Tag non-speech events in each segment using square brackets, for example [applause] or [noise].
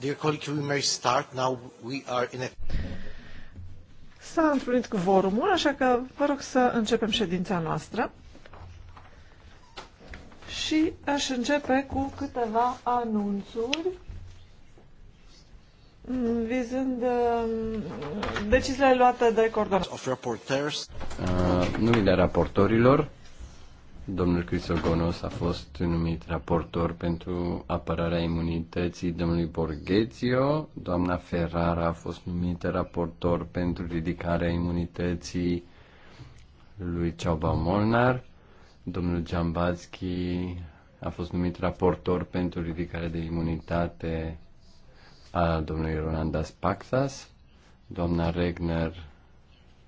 Dear colleague, we may start. Now we are in a... S-a întrunit cvorumul, așa că vă rog să începem ședința noastră. Și aș începe cu câteva anunțuri mm, vizând mm, deciziile luate de coordonator. Of reporters. Uh, numele raportorilor Domnul Crisogonos a fost numit raportor pentru apărarea imunității domnului Borghețio, doamna Ferrara a fost numită raportor pentru ridicarea imunității lui Ceauba Molnar, domnul Giambazchi a fost numit raportor pentru ridicarea de imunitate a domnului Ronandas Paxas, doamna Regner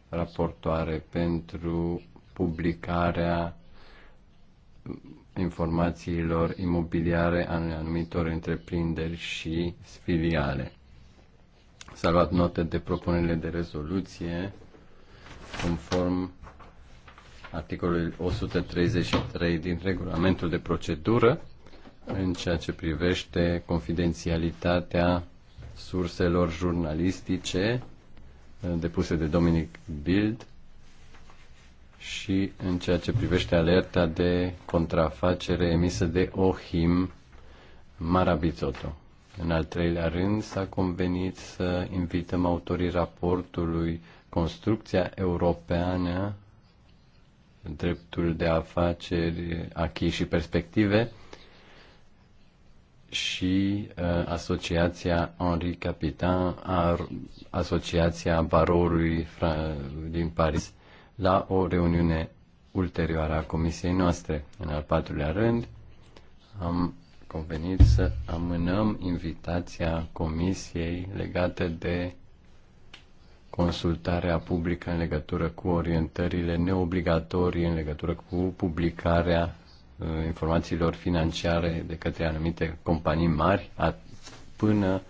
raportoare pentru publicarea informațiilor imobiliare a anumitor întreprinderi și filiale. S-a luat note de propunerile de rezoluție conform articolului 133 din regulamentul de procedură în ceea ce privește confidențialitatea surselor jurnalistice uh, depuse de Dominic Bild și în ceea ce privește alerta de contrafacere emisă de OHIM Marabizotto. În al treilea rând s-a convenit să invităm autorii raportului Construcția Europeană, Dreptul de Afaceri, Achi și Perspective și uh, Asociația Henri Capitan, a, Asociația Baroului din Paris la o reuniune ulterioară a comisiei noastre. În al patrulea rând, am convenit să amânăm invitația comisiei legată de consultarea publică în legătură cu orientările neobligatorii în legătură cu publicarea uh, informațiilor financiare de către anumite companii mari până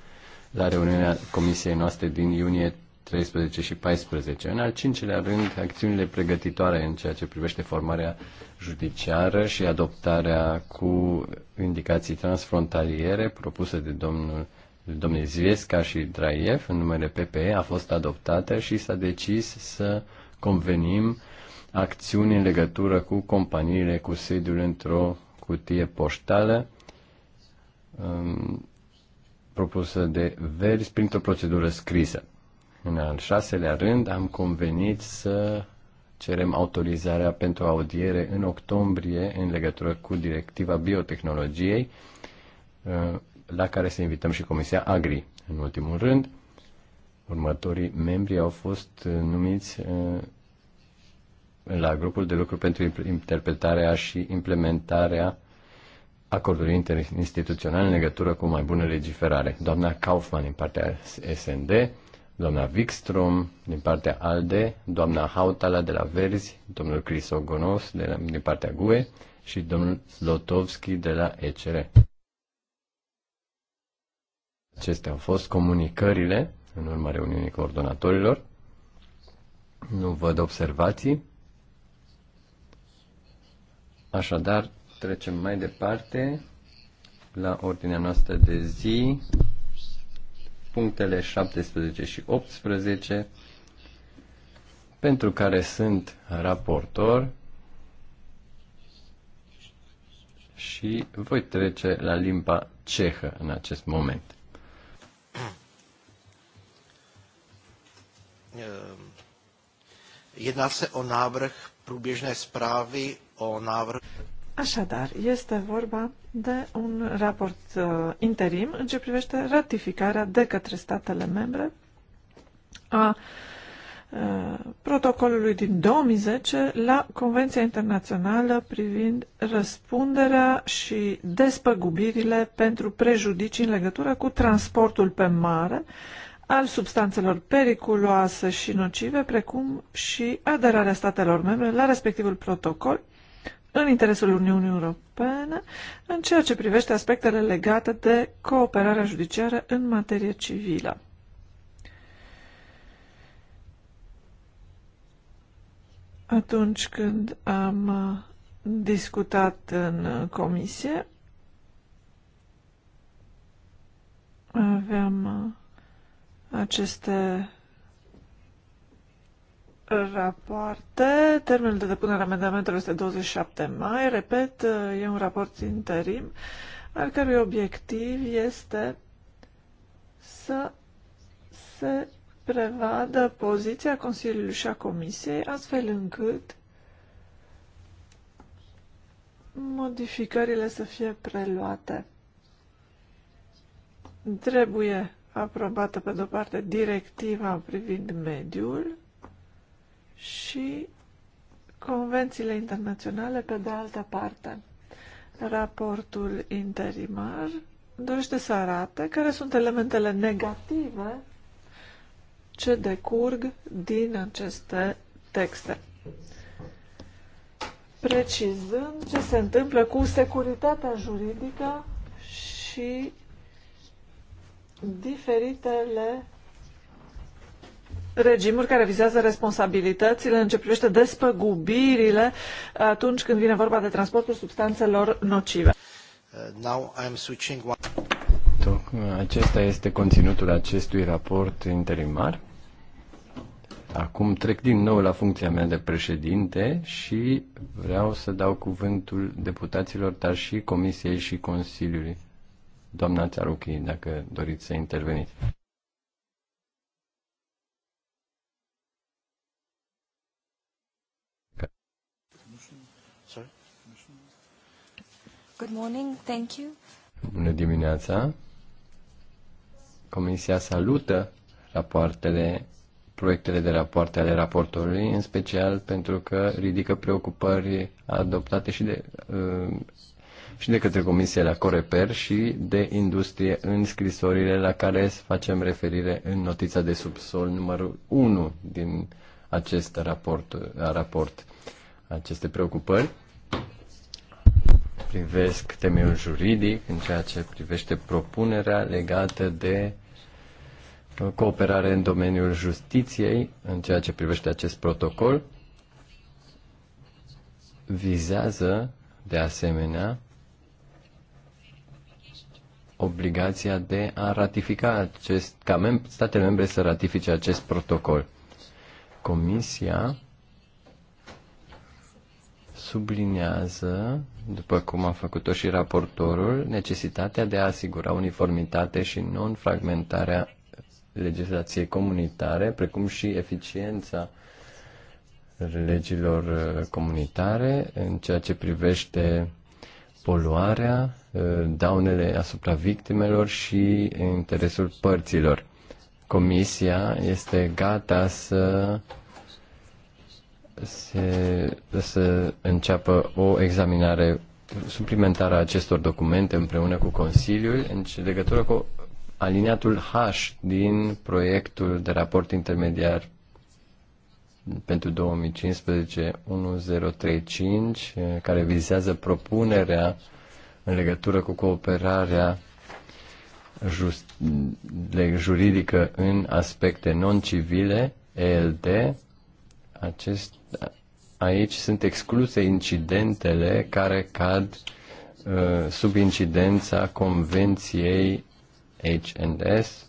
la reuniunea comisiei noastre din iunie 13 și 14. În al cincilea rând, acțiunile pregătitoare în ceea ce privește formarea judiciară și adoptarea cu indicații transfrontaliere propuse de domnul domnul Zviesca și Draiev în numele PPE a fost adoptată și s-a decis să convenim acțiuni în legătură cu companiile cu sediul într-o cutie poștală um, propusă de veris printr-o procedură scrisă. În al șaselea rând, am convenit să cerem autorizarea pentru audiere în octombrie în legătură cu directiva biotehnologiei, uh, la care să invităm și Comisia Agri. În ultimul rând, următorii membri au fost uh, numiți uh, la grupul de lucru pentru interpretarea și implementarea acordului interinstituțional în legătură cu mai bună legiferare. Doamna Kaufman din partea SND, doamna Wikström din partea ALDE, doamna Hautala de la Verzi, domnul Ogonos de la, din partea GUE și domnul Zlotovski de la ECR. Acestea au fost comunicările în urma reuniunii coordonatorilor. Nu văd observații. Așadar, trecem mai departe la ordinea noastră de zi punctele 17 și 18, pentru care sunt raportor și voi trece la limba cehă în acest moment. Ehm, jedná se o návrh průběžné zprávy o návrh. Așadar, este vorba de un raport uh, interim în ce privește ratificarea de către statele membre a uh, protocolului din 2010 la Convenția Internațională privind răspunderea și despăgubirile pentru prejudicii în legătură cu transportul pe mare al substanțelor periculoase și nocive, precum și aderarea statelor membre la respectivul protocol în interesul Uniunii Europene în ceea ce privește aspectele legate de cooperarea judiciară în materie civilă. Atunci când am uh, discutat în uh, comisie, aveam uh, aceste rapoarte. Termenul de depunere a amendamentelor este 27 mai. Repet, e un raport interim al cărui obiectiv este să se prevadă poziția Consiliului și a Comisiei astfel încât modificările să fie preluate. Trebuie aprobată, pe de-o parte, directiva privind mediul și convențiile internaționale pe de altă parte. Raportul interimar dorește să arate care sunt elementele negative ce decurg din aceste texte. Precizând ce se întâmplă cu securitatea juridică și diferitele regimuri care vizează responsabilitățile în ce privește despăgubirile atunci când vine vorba de transportul substanțelor nocive. Uh, now I'm switching one. Acesta este conținutul acestui raport interimar. Acum trec din nou la funcția mea de președinte și vreau să dau cuvântul deputaților, dar și Comisiei și Consiliului. Doamna Țaruchi, dacă doriți să interveniți. Good morning, thank you. Bună dimineața. Comisia salută rapoartele, proiectele de rapoarte ale raportorului, în special pentru că ridică preocupări adoptate și de, uh, și de către Comisia la Coreper și de industrie în scrisorile la care facem referire în notița de subsol numărul 1 din acest raport. raport aceste preocupări privesc temeiul juridic, în ceea ce privește propunerea legată de uh, cooperare în domeniul justiției, în ceea ce privește acest protocol, vizează, de asemenea, obligația de a ratifica acest, ca mem- statele membre să ratifice acest protocol. Comisia sublinează, după cum a făcut-o și raportorul, necesitatea de a asigura uniformitate și non-fragmentarea legislației comunitare, precum și eficiența legilor uh, comunitare în ceea ce privește poluarea, uh, daunele asupra victimelor și interesul părților. Comisia este gata să se, să înceapă o examinare suplimentară a acestor documente împreună cu Consiliul în legătură cu aliniatul H din proiectul de raport intermediar pentru 2015 1035 care vizează propunerea în legătură cu cooperarea just, juridică în aspecte non-civile, ELD, acest Aici sunt excluse incidentele care cad uh, sub incidența Convenției HNS.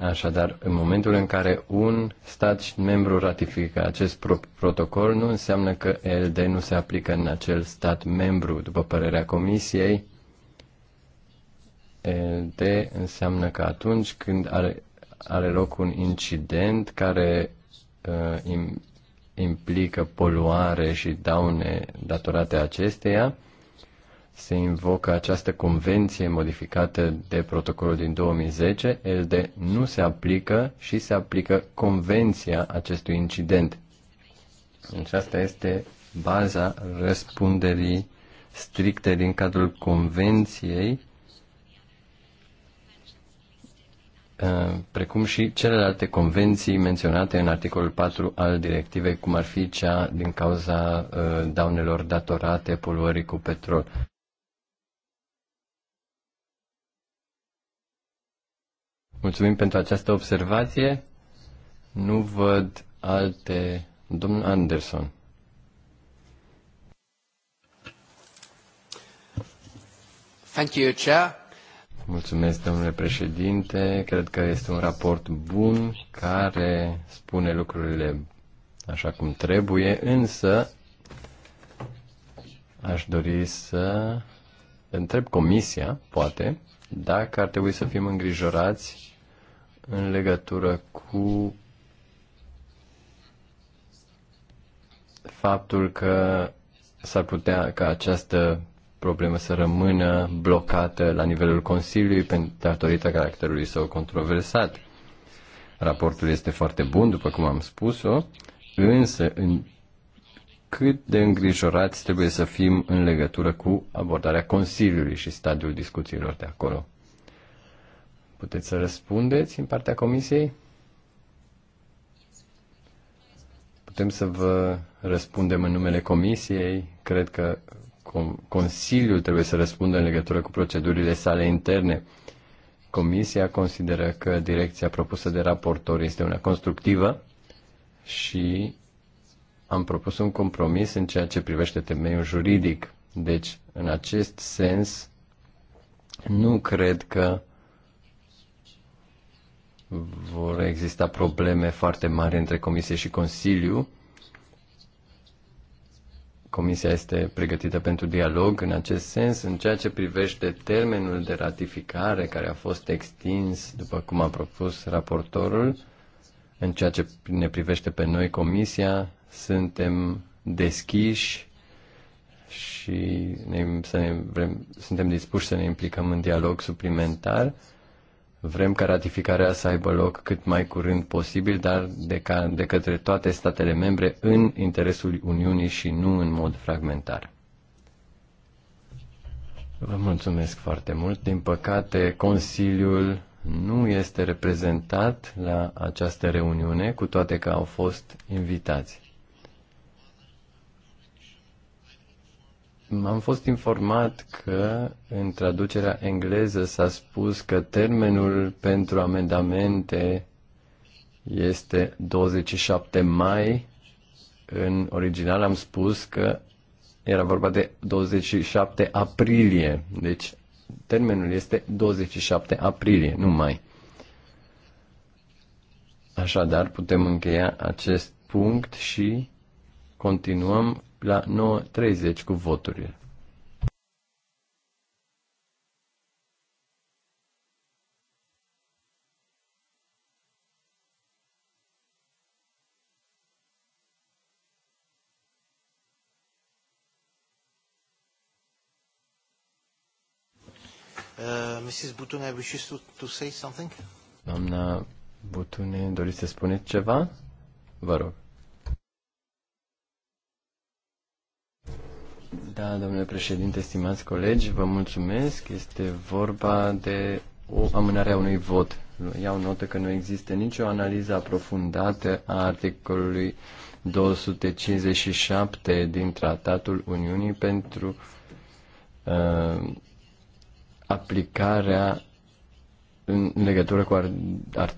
Așadar, în momentul în care un stat membru ratifică acest pro- protocol, nu înseamnă că ELD nu se aplică în acel stat membru. După părerea Comisiei, ELD înseamnă că atunci când are, are loc un incident care Uh, implică poluare și daune datorate acesteia, se invocă această convenție modificată de protocolul din 2010, el de nu se aplică și se aplică convenția acestui incident. Deci asta este baza răspunderii stricte din cadrul convenției Uh, precum și celelalte convenții menționate în articolul 4 al directivei, cum ar fi cea din cauza uh, daunelor datorate poluării cu petrol. Mulțumim pentru această observație. Nu văd alte. Domnul Anderson. Thank you, Chair. Mulțumesc, domnule președinte. Cred că este un raport bun care spune lucrurile așa cum trebuie, însă aș dori să întreb comisia, poate, dacă ar trebui să fim îngrijorați în legătură cu faptul că s-ar putea ca această problemă să rămână blocată la nivelul Consiliului pentru datorită caracterului său controversat. Raportul este foarte bun, după cum am spus-o, însă în cât de îngrijorați trebuie să fim în legătură cu abordarea Consiliului și stadiul discuțiilor de acolo. Puteți să răspundeți în partea Comisiei? Putem să vă răspundem în numele Comisiei. Cred că Consiliul trebuie să răspundă în legătură cu procedurile sale interne. Comisia consideră că direcția propusă de raportor este una constructivă și am propus un compromis în ceea ce privește temeiul juridic. Deci, în acest sens, nu cred că vor exista probleme foarte mari între Comisie și Consiliu Comisia este pregătită pentru dialog în acest sens, în ceea ce privește termenul de ratificare care a fost extins, după cum a propus raportorul, în ceea ce ne privește pe noi Comisia, suntem deschiși și ne, să ne, vrem, suntem dispuși să ne implicăm în dialog suplimentar Vrem ca ratificarea să aibă loc cât mai curând posibil, dar de, ca, de către toate statele membre în interesul Uniunii și nu în mod fragmentar. Vă mulțumesc foarte mult. Din păcate, Consiliul nu este reprezentat la această reuniune, cu toate că au fost invitați. m am fost informat că în traducerea engleză s-a spus că termenul pentru amendamente este 27 mai. În original am spus că era vorba de 27 aprilie. Deci termenul este 27 aprilie, nu mai. Așadar, putem încheia acest punct și continuăm la 9.30 cu voturile. Uh, Mrs. Butune, wishes to, to say something? Doamna Butune, doriți să spuneți ceva? Vă rog. Da, domnule președinte, stimați colegi, vă mulțumesc. Este vorba de o amânare a unui vot. Iau notă că nu există nicio analiză aprofundată a articolului 257 din Tratatul Uniunii pentru uh, aplicarea în legătură cu, ar, ar,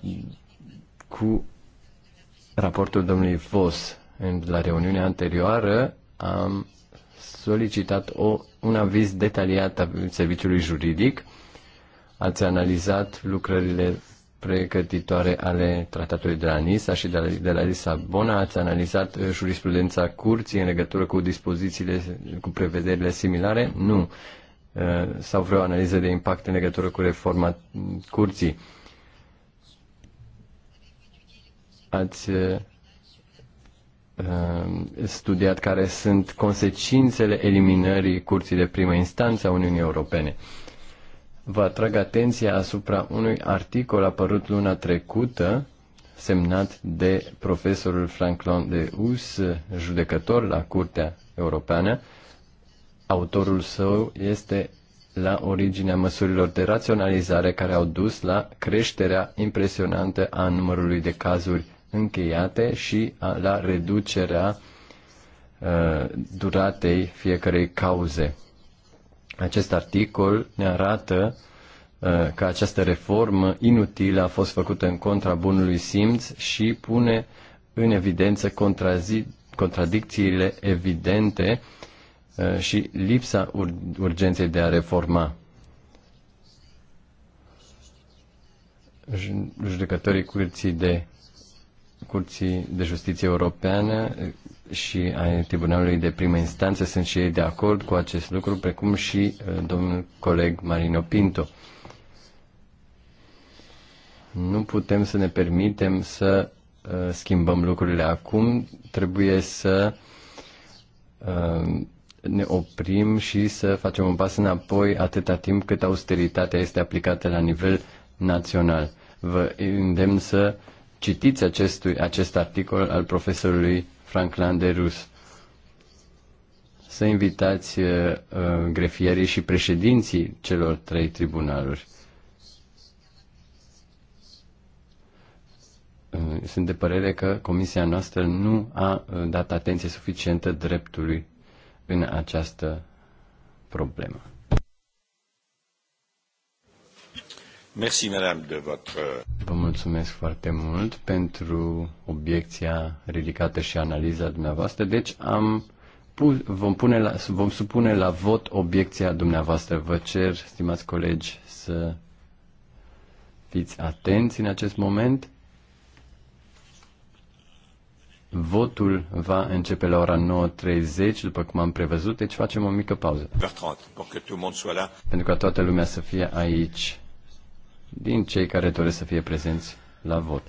cu raportul domnului Vos. la reuniunea anterioară am solicitat o, un aviz detaliat al serviciului juridic. Ați analizat lucrările pregătitoare ale tratatului de la Nisa și de la, de la Lisabona. Ați analizat uh, jurisprudența curții în legătură cu dispozițiile, cu prevederile similare? Nu. Uh, sau vreo analiză de impact în legătură cu reforma curții? Ați uh, Uh, studiat care sunt consecințele eliminării curții de primă instanță a Uniunii Europene. Vă atrag atenția asupra unui articol apărut luna trecută, semnat de profesorul Franklin de Us, judecător la Curtea Europeană. Autorul său este la originea măsurilor de raționalizare care au dus la creșterea impresionantă a numărului de cazuri încheiate și la reducerea uh, duratei fiecarei cauze. Acest articol ne arată uh, că această reformă inutilă a fost făcută în contra bunului simț și pune în evidență contradicțiile evidente uh, și lipsa urgenței de a reforma. Judecătorii curții de Curții de Justiție Europeană și ai Tribunalului de Primă Instanță sunt și ei de acord cu acest lucru, precum și uh, domnul coleg Marino Pinto. Nu putem să ne permitem să uh, schimbăm lucrurile acum, trebuie să uh, ne oprim și să facem un pas înapoi atâta timp cât austeritatea este aplicată la nivel național. Vă îndemn să uh, citiți acestui, acest articol al profesorului Frank Rus. Să invitați uh, grefierii și președinții celor trei tribunaluri. Uh, sunt de părere că comisia noastră nu a uh, dat atenție suficientă dreptului în această problemă. Merci, madame, de votre... Euh, Vă mulțumesc foarte mult pentru obiecția ridicată și analiza dumneavoastră. Deci am pus, vom, pune la, vom supune la vot obiecția dumneavoastră. Vă cer, stimați colegi, să fiți atenți în acest moment. Votul va începe la ora 9.30, după cum am prevăzut, deci facem o mică pauză. Pentru ca toată lumea să fie aici din cei care doresc să fie prezenți la vot.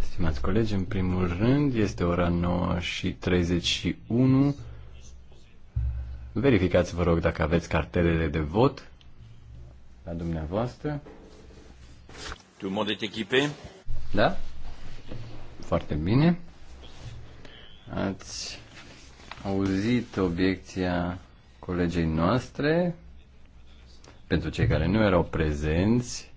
Stimați colegi, în primul rând, este ora 9 și 31. Verificați, vă rog, dacă aveți cartelele de vot la dumneavoastră. Tout le monde est équipé? Da? Foarte bine. Ați auzit obiecția colegei noastre. Pentru cei care nu erau prezenți,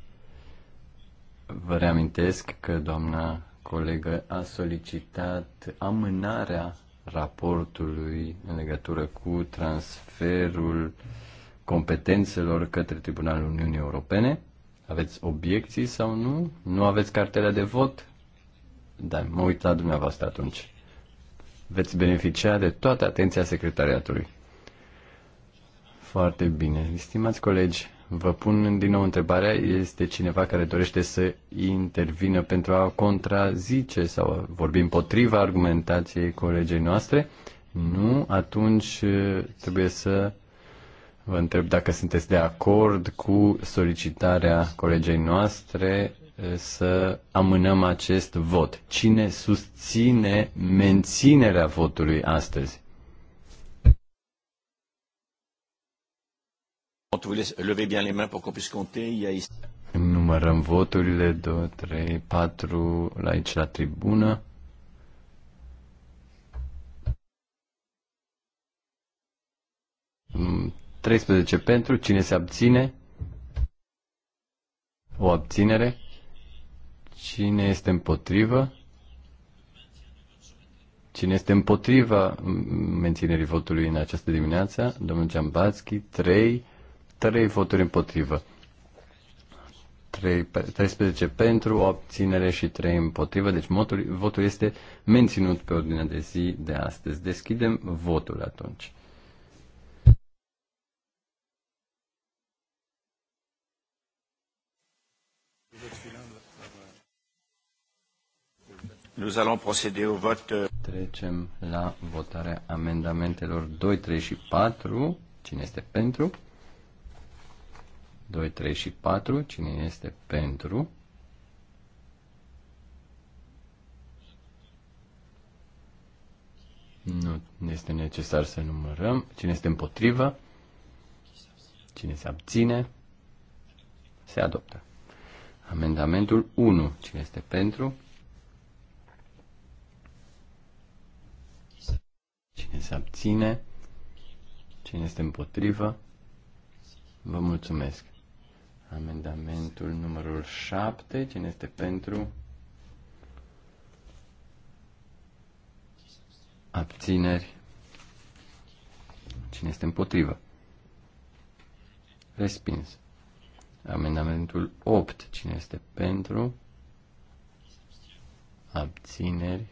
Vă reamintesc că doamna colegă a solicitat amânarea raportului în legătură cu transferul competențelor către Tribunalul Uniunii Europene. Aveți obiecții sau nu? Nu aveți cartela de vot? Da, mă uit la dumneavoastră atunci. Veți beneficia de toată atenția secretariatului. Foarte bine. Stimați colegi, Vă pun din nou întrebarea, este cineva care dorește să intervină pentru a contrazice sau a vorbi împotriva argumentației colegei noastre? Nu, atunci eh, trebuie să vă întreb dacă sunteți de acord cu solicitarea colegei noastre eh, să amânăm acest vot. Cine susține menținerea votului astăzi? Quand levez bien les mains pour qu'on puisse compter, il y a ici... Numărăm voturile, 2, 3, 4, la aici la tribună. Mm. 13 pentru, cine se abține? O abținere. Cine este împotrivă? Cine este împotriva menținerii votului în această dimineață? Domnul Giambatski, 3. 3 voturi împotrivă. 3, 13 pentru, o abținere și 3 împotrivă. Deci votul, votul este menținut pe ordinea de zi de astăzi. Deschidem votul atunci. Nous allons procéder au vote. Euh. Trecem la votarea amendamentelor 2, 3 și 4. Cine este pentru? 2, 3 și 4. Cine este pentru? Nu este necesar să numărăm. Cine este împotrivă? Cine se abține? Se adoptă. Amendamentul 1. Cine este pentru? Cine se abține? Cine este împotrivă? Vă mulțumesc. Amendamentul numărul 7. Cine este pentru? Abțineri. Cine este împotrivă? Respins. Amendamentul 8. Cine este pentru? Abțineri.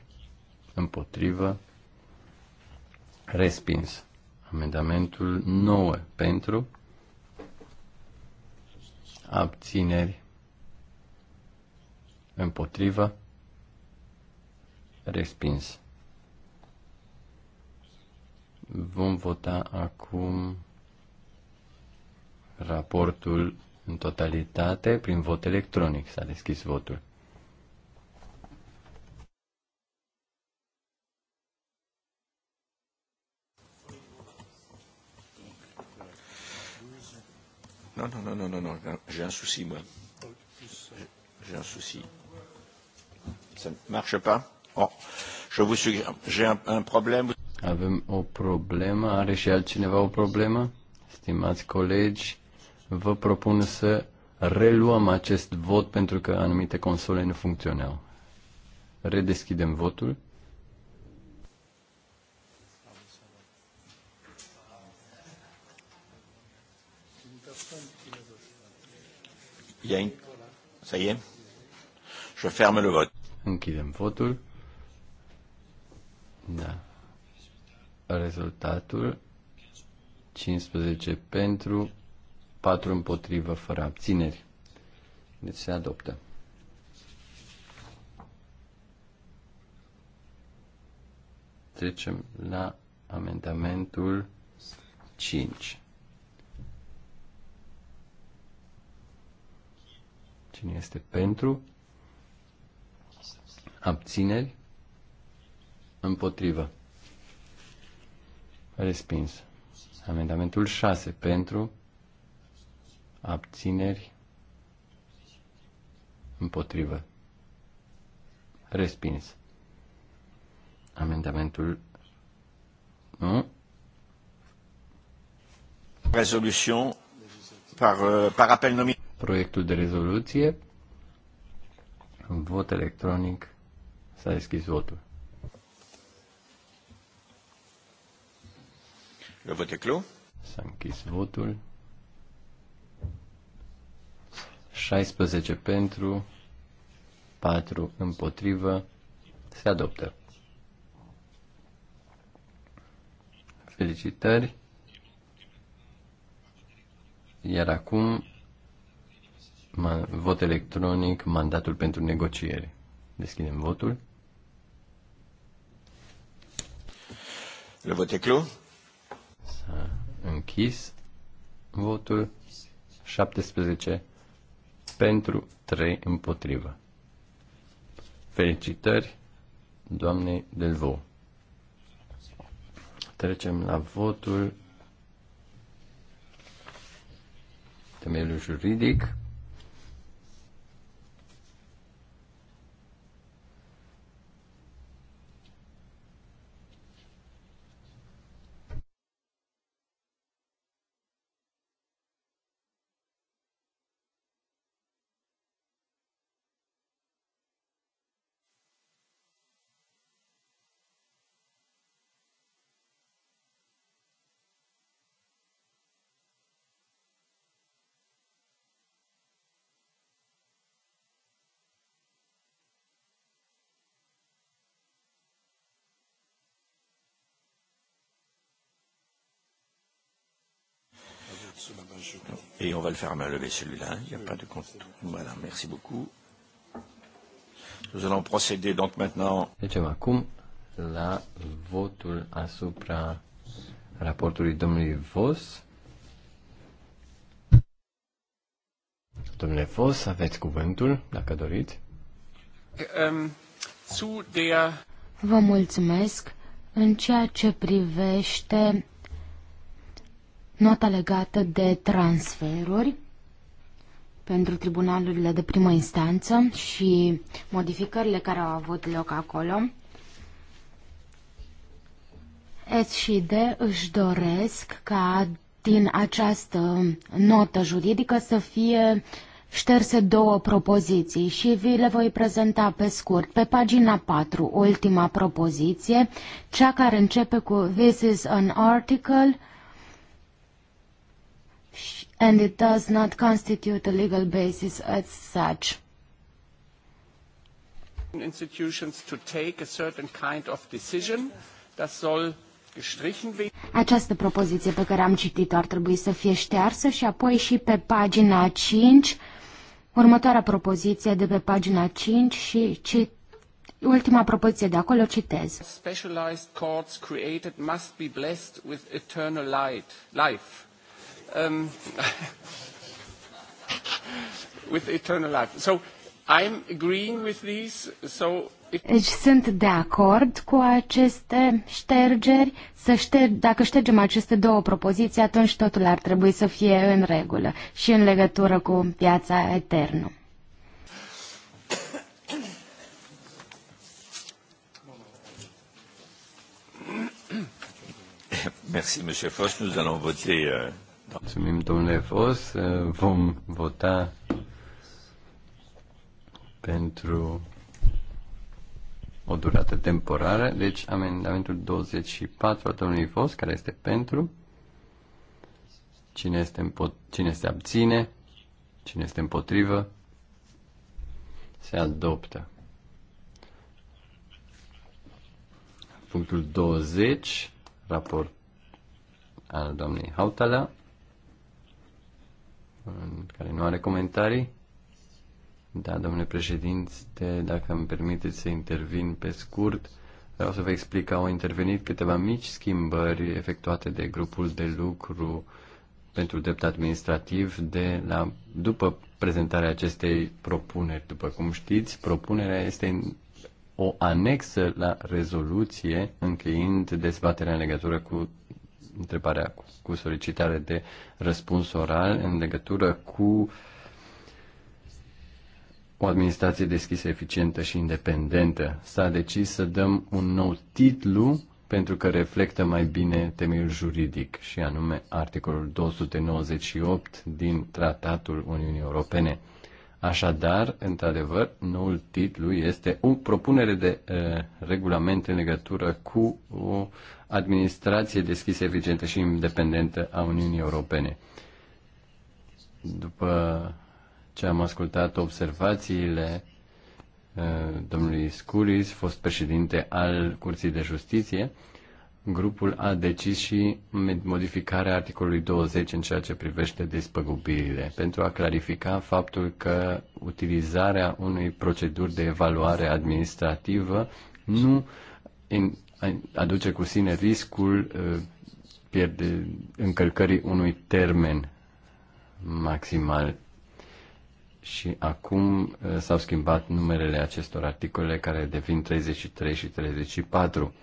Împotrivă. Respins. Amendamentul 9. Pentru abțineri, împotrivă, respins. Vom vota acum raportul în totalitate prin vot electronic. S-a deschis votul. Non, non, non, non, non, non. Euh, j'ai un souci, moi. J'ai un souci. Ça ne marche pas oh. Je vous suggère, j'ai un, un problème. Avem o problemă, are și altcineva o problemă? Stimați colegi, vă propun să reluăm acest vot pentru că anumite console nu funcționau. Redeschidem votul. Ça y est Je ferme le vote. Închidem votul. Da. Rezultatul 15 pentru, 4 împotrivă, fără abțineri. Deci se adoptă. Trecem la amendamentul 5. Cine este pentru? Abțineri? Împotrivă. Respins. Amendamentul 6 pentru abțineri împotrivă. Respins. Amendamentul nu. Resolution par, euh, par apel nominal proiectul de rezoluție. Vot electronic. S-a deschis votul. Le vote est clos. S-a închis votul. 16 pentru, 4 împotrivă, se adoptă. Felicitări! Iar acum vot electronic, mandatul pentru negociere. Deschidem votul. Le vot e S-a închis votul 17 pentru 3 împotrivă. Felicitări doamnei Delvaux. Trecem la votul temelul juridic. Et on va le faire à main levée celui-là. Il n'y a pas de compte. Voilà, merci beaucoup. Nous allons procéder donc maintenant. Trecem acum la votul asupra raportului domnului Vos. Domnule Vos, aveți cuvântul, dacă doriți. Ehm, Vă mulțumesc. În ceea ce privește Nota legată de transferuri pentru tribunalurile de primă instanță și modificările care au avut loc acolo. S și D își doresc ca din această notă juridică să fie șterse două propoziții și vi le voi prezenta pe scurt. Pe pagina 4, ultima propoziție, cea care începe cu This is an article – and it does not constitute a legal basis as such. Institutions to take a certain kind of decision. Das soll gestrichen werden. Această propoziție pe care am citit-o ar trebui să fie ștearsă și apoi și pe pagina 5, următoarea propoziție de pe pagina 5 și cit ultima propoziție de acolo citez. Specialized courts created must be blessed with eternal light, life um, [laughs] with eternal life. So I'm agreeing with these. So deci sunt de acord cu aceste ștergeri. Să șter, dacă ștergem aceste două propoziții, atunci totul ar trebui să fie în regulă și în legătură cu piața eternă. Merci, M. Foch. Nous allons voter euh, Mulțumim, domnule Vos. Vom vota pentru o durată temporară. Deci, amendamentul 24 al domnului Vos, care este pentru, cine este, împot- cine se abține, cine este împotrivă, se adoptă. Punctul 20, raport al doamnei Hautala, care nu are comentarii? Da, domnule președinte, dacă îmi permiteți să intervin pe scurt, vreau să vă explic că au intervenit câteva mici schimbări efectuate de grupul de lucru pentru drept administrativ de la, după prezentarea acestei propuneri. După cum știți, propunerea este o anexă la rezoluție, încheind dezbaterea în legătură cu întrebarea cu solicitare de răspuns oral în legătură cu o administrație deschisă, eficientă și independentă. S-a decis să dăm un nou titlu pentru că reflectă mai bine temeiul juridic și anume articolul 298 din Tratatul Uniunii Europene. Așadar, într-adevăr, noul titlu este o propunere de uh, regulament în legătură cu o administrație deschisă, eficientă și independentă a Uniunii Europene. După ce am ascultat observațiile uh, domnului Scuris, fost președinte al Curții de Justiție, grupul a decis și modificarea articolului 20 în ceea ce privește despăgubirile, pentru a clarifica faptul că utilizarea unei proceduri de evaluare administrativă nu aduce cu sine riscul uh, pierde încălcării unui termen maximal. Și acum uh, s-au schimbat numerele acestor articole care devin 33 și 34.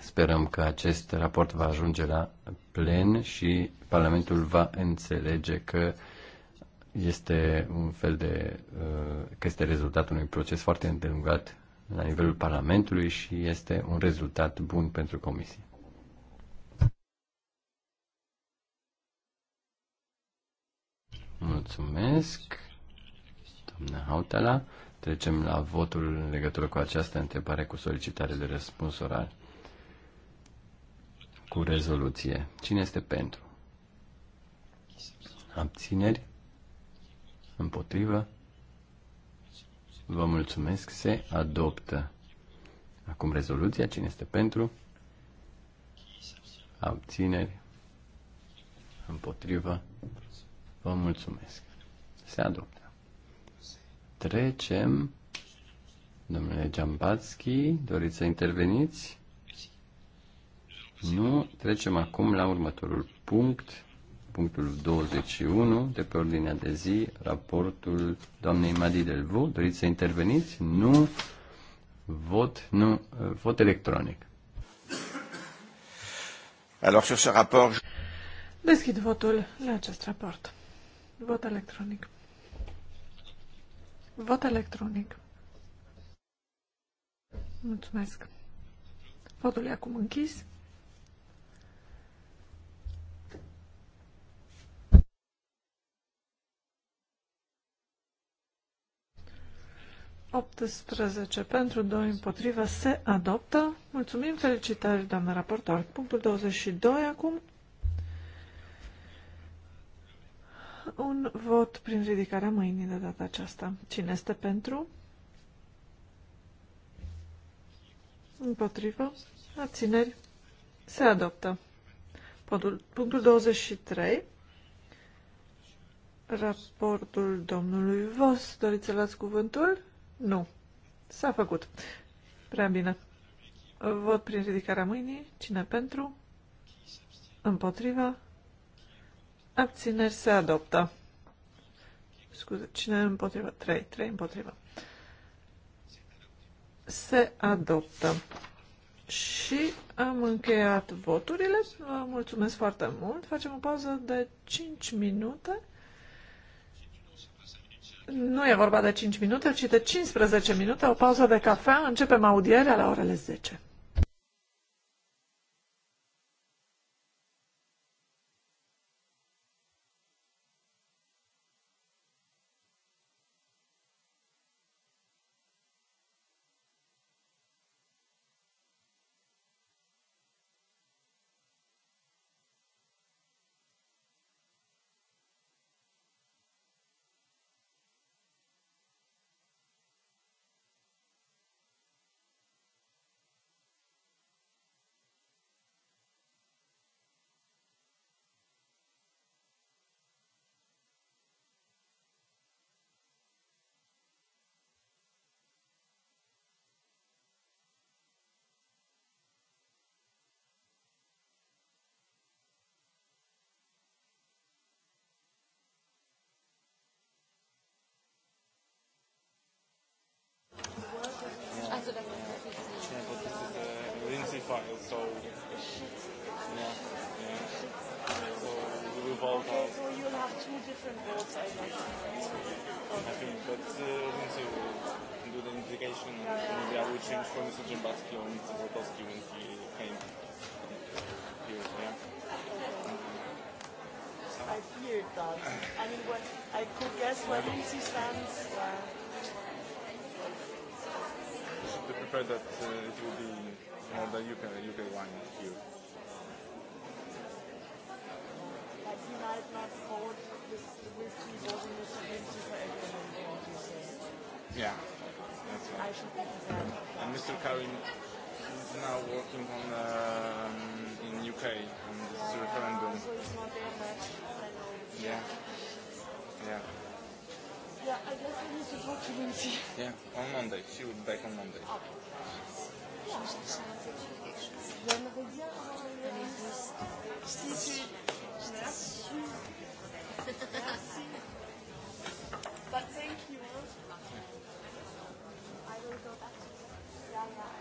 Sperăm că acest raport va ajunge la plen și Parlamentul va înțelege că este un fel de uh, că este rezultatul unui proces foarte îndelungat la nivelul Parlamentului și este un rezultat bun pentru Comisie. Mulțumesc, doamna Hautala. Trecem la votul în legătură cu această întrebare cu solicitare de răspuns oral. Cu rezoluție. Cine este pentru? Abțineri? Împotrivă? Vă mulțumesc. Se adoptă. Acum rezoluția. Cine este pentru? Abțineri. Împotrivă. Vă mulțumesc. Se adoptă. Trecem. Domnule Giambatski, doriți să interveniți? Nu. Trecem acum la următorul punct punctul 21 de pe ordinea de zi, raportul doamnei Madi Vu. Doriți să interveniți? Nu. Vot, nu. Vot electronic. Alors, sur ce rapport... Deschid votul la acest raport. Vot electronic. Vot electronic. Mulțumesc. Votul e acum închis. 18 pentru 2 împotrivă se adoptă. Mulțumim, felicitări, doamnă raportor. Punctul 22 acum. Un vot prin ridicarea mâinii de data aceasta. Cine este pentru? Împotrivă. Abțineri. Se adoptă. Punctul, punctul 23. Raportul domnului Vos. Doriți să luați cuvântul? Nu. S-a făcut. Prea bine. Vot prin ridicarea mâinii. Cine pentru? Împotrivă? Abțineri se adoptă. Scuze, cine împotrivă? 3. 3 împotrivă. Se adoptă. Și am încheiat voturile. Vă mulțumesc foarte mult. Facem o pauză de 5 minute. Nu e vorba de 5 minute, ci de 15 minute, o pauză de cafea, începem audierea la orele 10. prefer that uh, it will be more the UK, UK wine here. you might not hold this whiskey doesn't need to everyone, you say. Yeah, that's right. And Mr. Karim is now working on um, in UK on this yeah, referendum. So it's not Yeah, yeah. Yeah, I guess I need to talk to Lindsay. Yeah, on Monday. She will be back on Monday. Oh. But thank you. I will go back to... Yeah, yeah.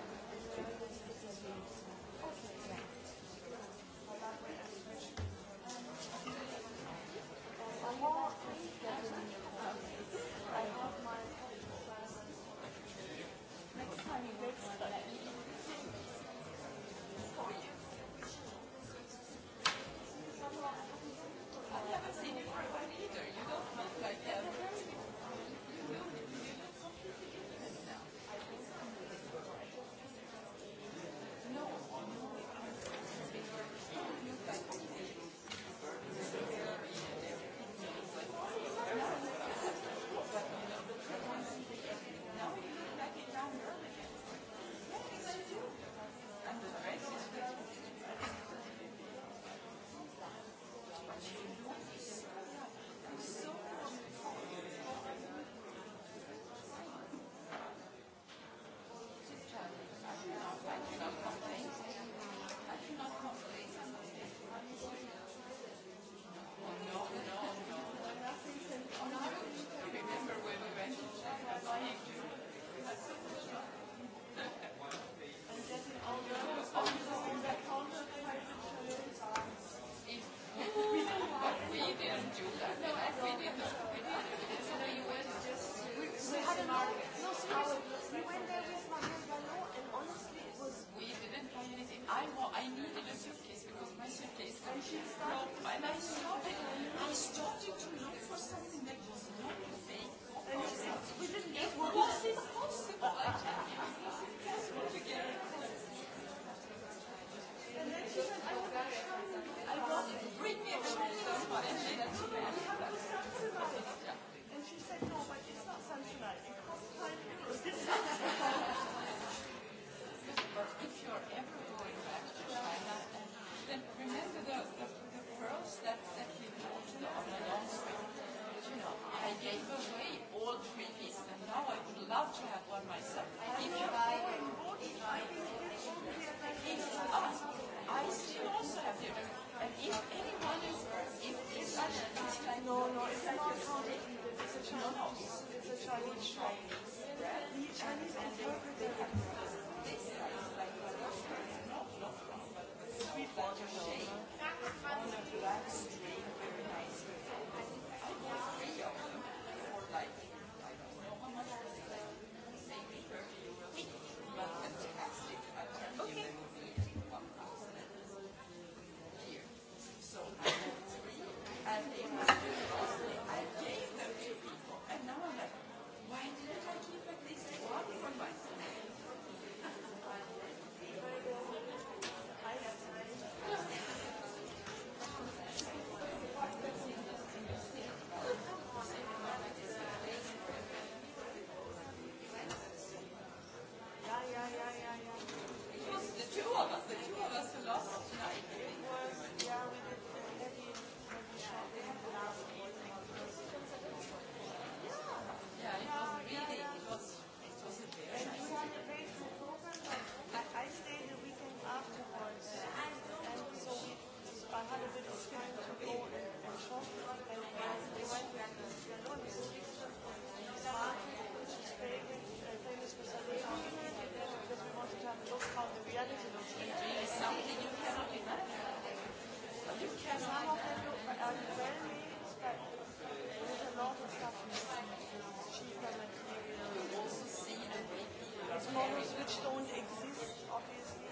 models which don't exist, obviously.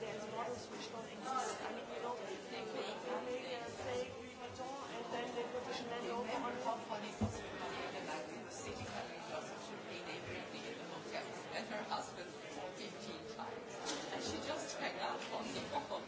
There's models which don't exist. I mean, you know, they could make a fake Louis Vuitton and then they put the Chanel logo on top of it. her husband 15 times and she just hang up on the phone.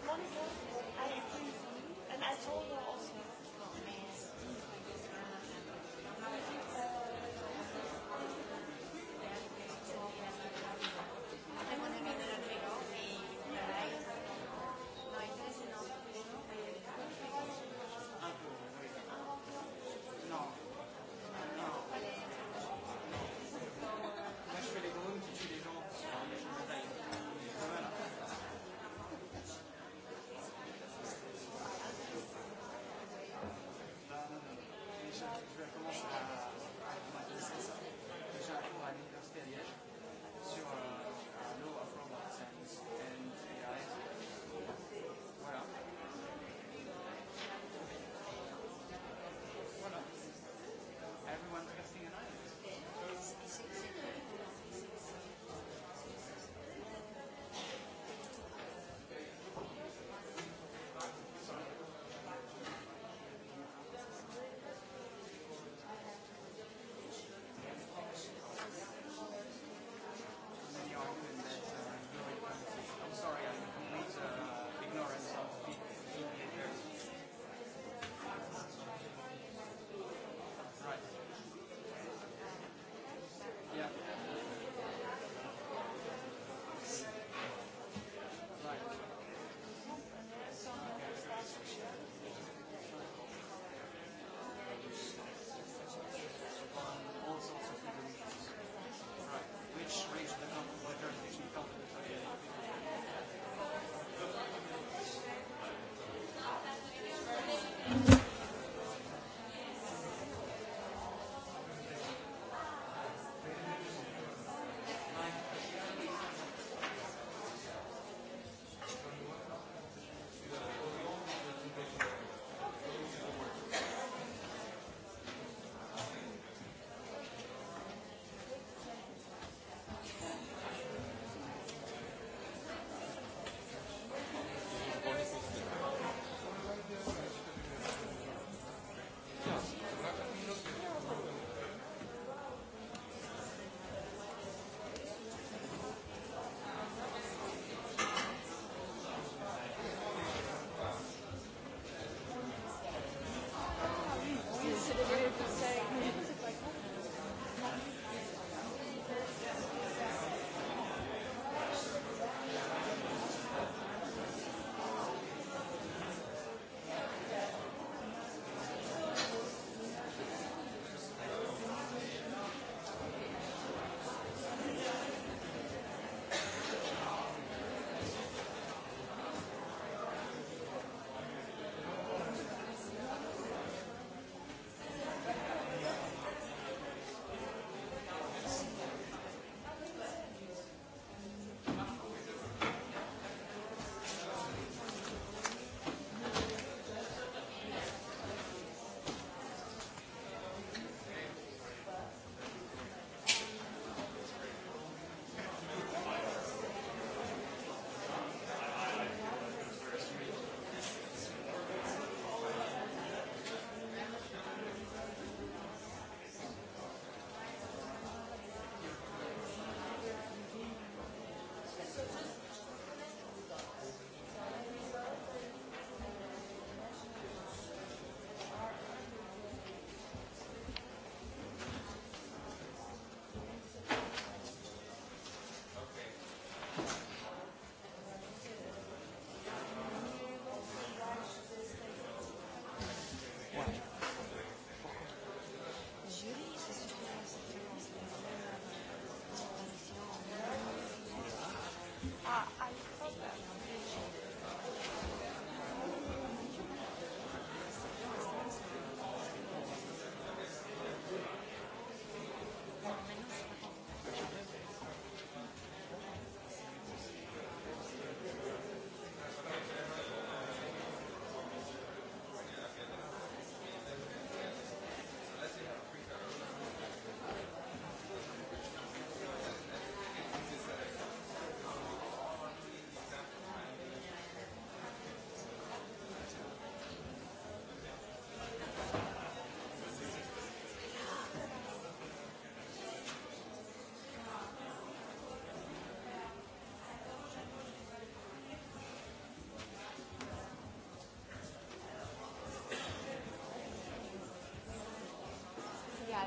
Good morning.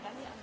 Madame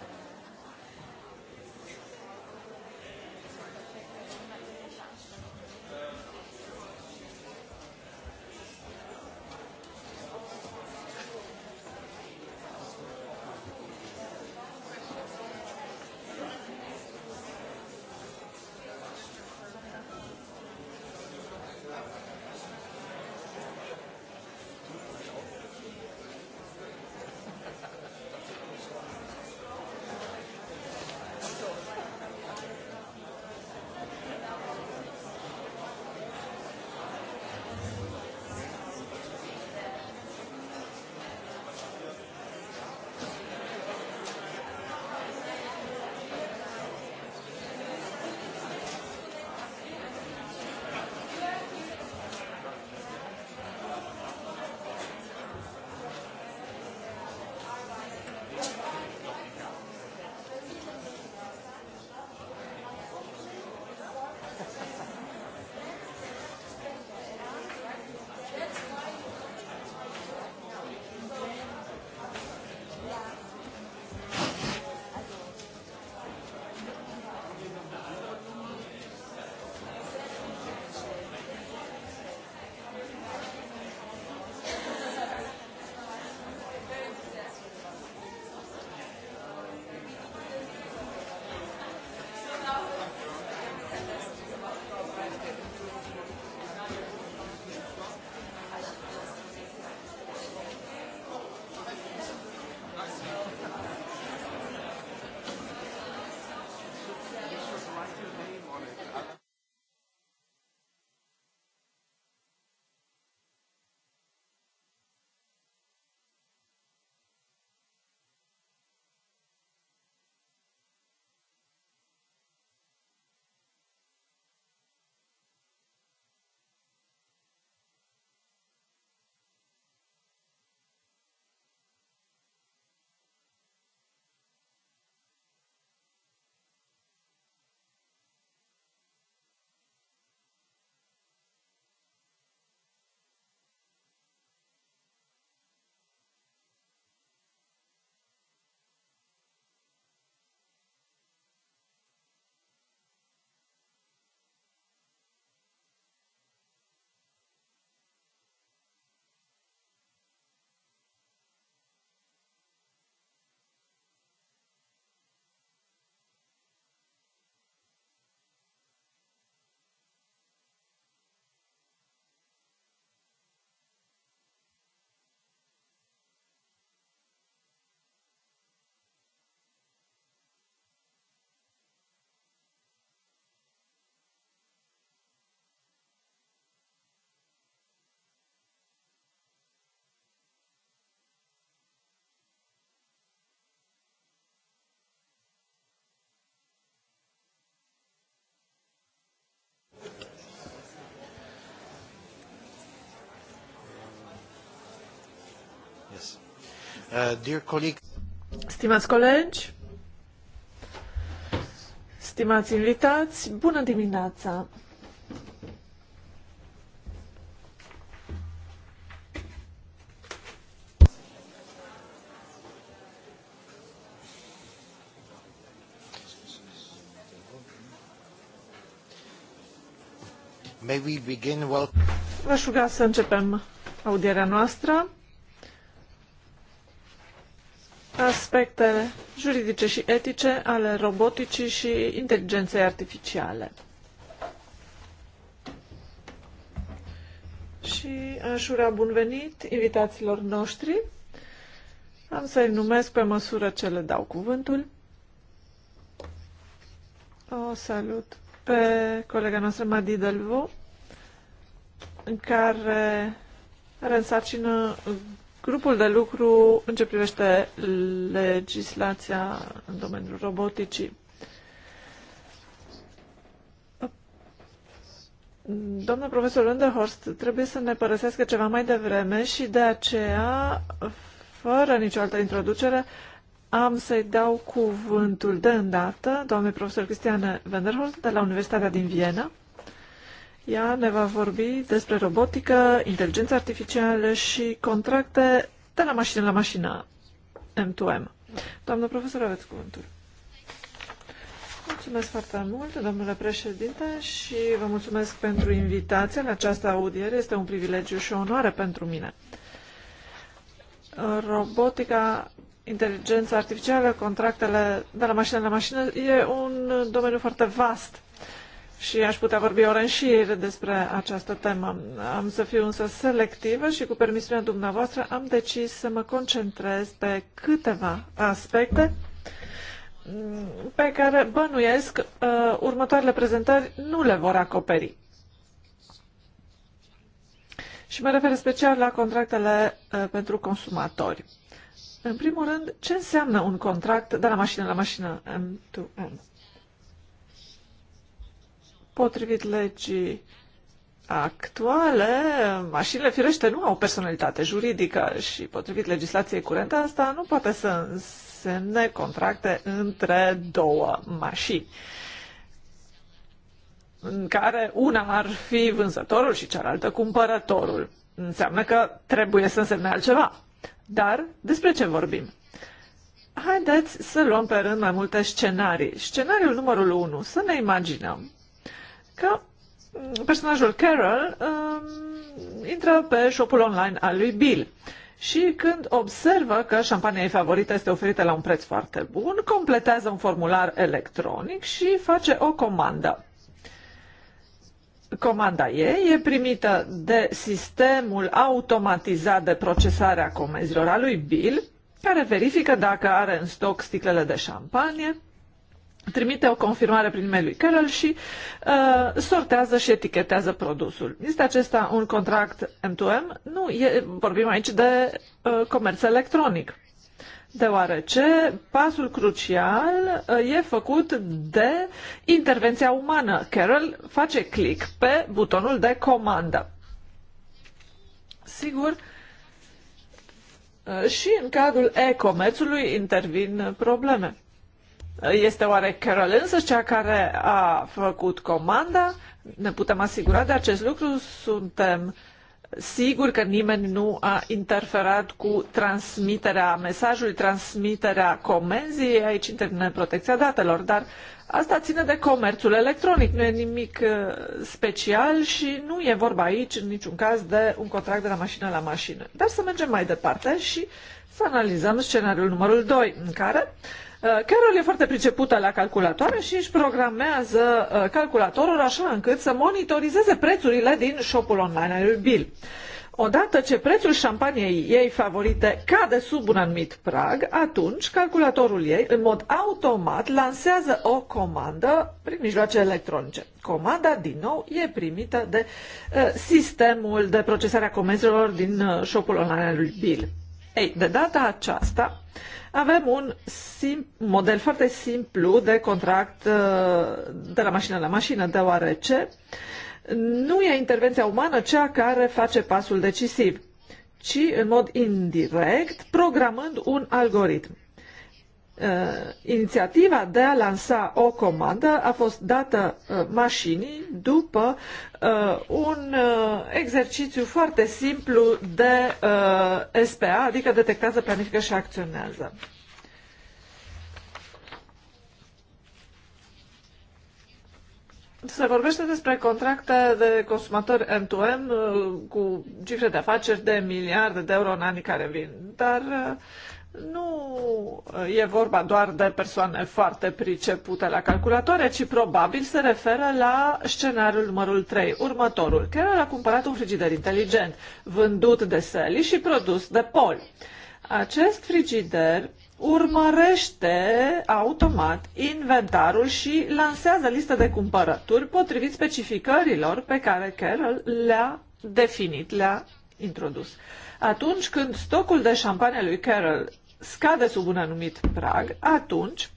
Uh, dear colleague... Stimați colegi, stimați invitați, bună dimineața! May we begin? Well... Vă aș ruga să începem audierea noastră aspecte juridice și etice ale roboticii și inteligenței artificiale. Și aș urea bun venit invitaților noștri. Am să-i numesc pe măsură ce le dau cuvântul. O salut pe colega noastră Madi Delvo, care are în sarcină Grupul de lucru în ce privește legislația în domeniul roboticii. Domnul profesor Underhorst trebuie să ne părăsească ceva mai devreme și de aceea, fără nicio altă introducere, am să-i dau cuvântul de îndată doamnei profesor Cristiane Wenderhorst de la Universitatea din Viena ea ne va vorbi despre robotică, inteligență artificială și contracte de la mașină la mașină, M2M. Doamnă profesor, aveți cuvântul. Mulțumesc foarte mult, domnule președinte, și vă mulțumesc pentru invitație la această audiere. Este un privilegiu și o onoare pentru mine. Robotica, inteligența artificială, contractele de la mașină la mașină e un domeniu foarte vast și aș putea vorbi ore în șir despre această temă. Am să fiu însă selectivă și cu permisiunea dumneavoastră am decis să mă concentrez pe câteva aspecte pe care bănuiesc uh, următoarele prezentări nu le vor acoperi. Și mă refer special la contractele uh, pentru consumatori. În primul rând, ce înseamnă un contract de la mașină la mașină M2M? Potrivit legii actuale, mașinile firește nu au personalitate juridică și potrivit legislației curente asta nu poate să însemne contracte între două mașini în care una ar fi vânzătorul și cealaltă cumpărătorul. Înseamnă că trebuie să însemne altceva. Dar despre ce vorbim? Haideți să luăm pe rând mai multe scenarii. Scenariul numărul 1. Să ne imaginăm că personajul Carol um, intră pe shopul online al lui Bill și când observă că șampania ei favorită este oferită la un preț foarte bun, completează un formular electronic și face o comandă. Comanda ei e primită de sistemul automatizat de procesare a comenzilor a lui Bill, care verifică dacă are în stoc sticlele de șampanie, trimite o confirmare prin mail lui Carol și uh, sortează și etichetează produsul. Este acesta un contract M2M? Nu, e, vorbim aici de uh, comerț electronic. Deoarece pasul crucial uh, e făcut de intervenția umană. Carol face click pe butonul de comandă. Sigur, uh, și în cadrul e-comerțului intervin probleme este oare Carol însăși cea care a făcut comanda? Ne putem asigura de acest lucru? Suntem siguri că nimeni nu a interferat cu transmiterea mesajului, transmiterea comenzii, aici intervine protecția datelor, dar asta ține de comerțul electronic, nu e nimic uh, special și nu e vorba aici în niciun caz de un contract de la mașină la mașină. Dar să mergem mai departe și să analizăm scenariul numărul 2, în care Uh, Carol e foarte pricepută la calculatoare și își programează uh, calculatorul așa încât să monitorizeze prețurile din shopul online al lui Bill. Odată ce prețul șampaniei ei favorite cade sub un anumit prag, atunci calculatorul ei, în mod automat, lansează o comandă prin mijloace electronice. Comanda, din nou, e primită de uh, sistemul de procesare a comenzilor din uh, shopul online al lui Bill. Ei, de data aceasta, uh, avem un sim- model foarte simplu de contract uh, de la mașină la mașină, deoarece nu e intervenția umană cea care face pasul decisiv, ci în mod indirect programând un algoritm. Uh, inițiativa de a lansa o comandă a fost dată uh, mașinii după uh, un exercițiu foarte simplu de SPA, adică detectează, planifică și acționează. Se vorbește despre contracte de consumatori M2M cu cifre de afaceri de miliarde de euro în anii care vin, dar uh, nu e vorba doar de persoane foarte pricepute la calculatoare, ci probabil se referă la scenariul numărul 3, următorul. Carol a cumpărat un frigider inteligent, vândut de Sally și produs de Paul. Acest frigider urmărește automat inventarul și lansează listă de cumpărături potrivit specificărilor pe care Carol le-a definit, le-a introdus. Atunci când stocul de șampanie lui Carol scade sub un anumit prag, atunci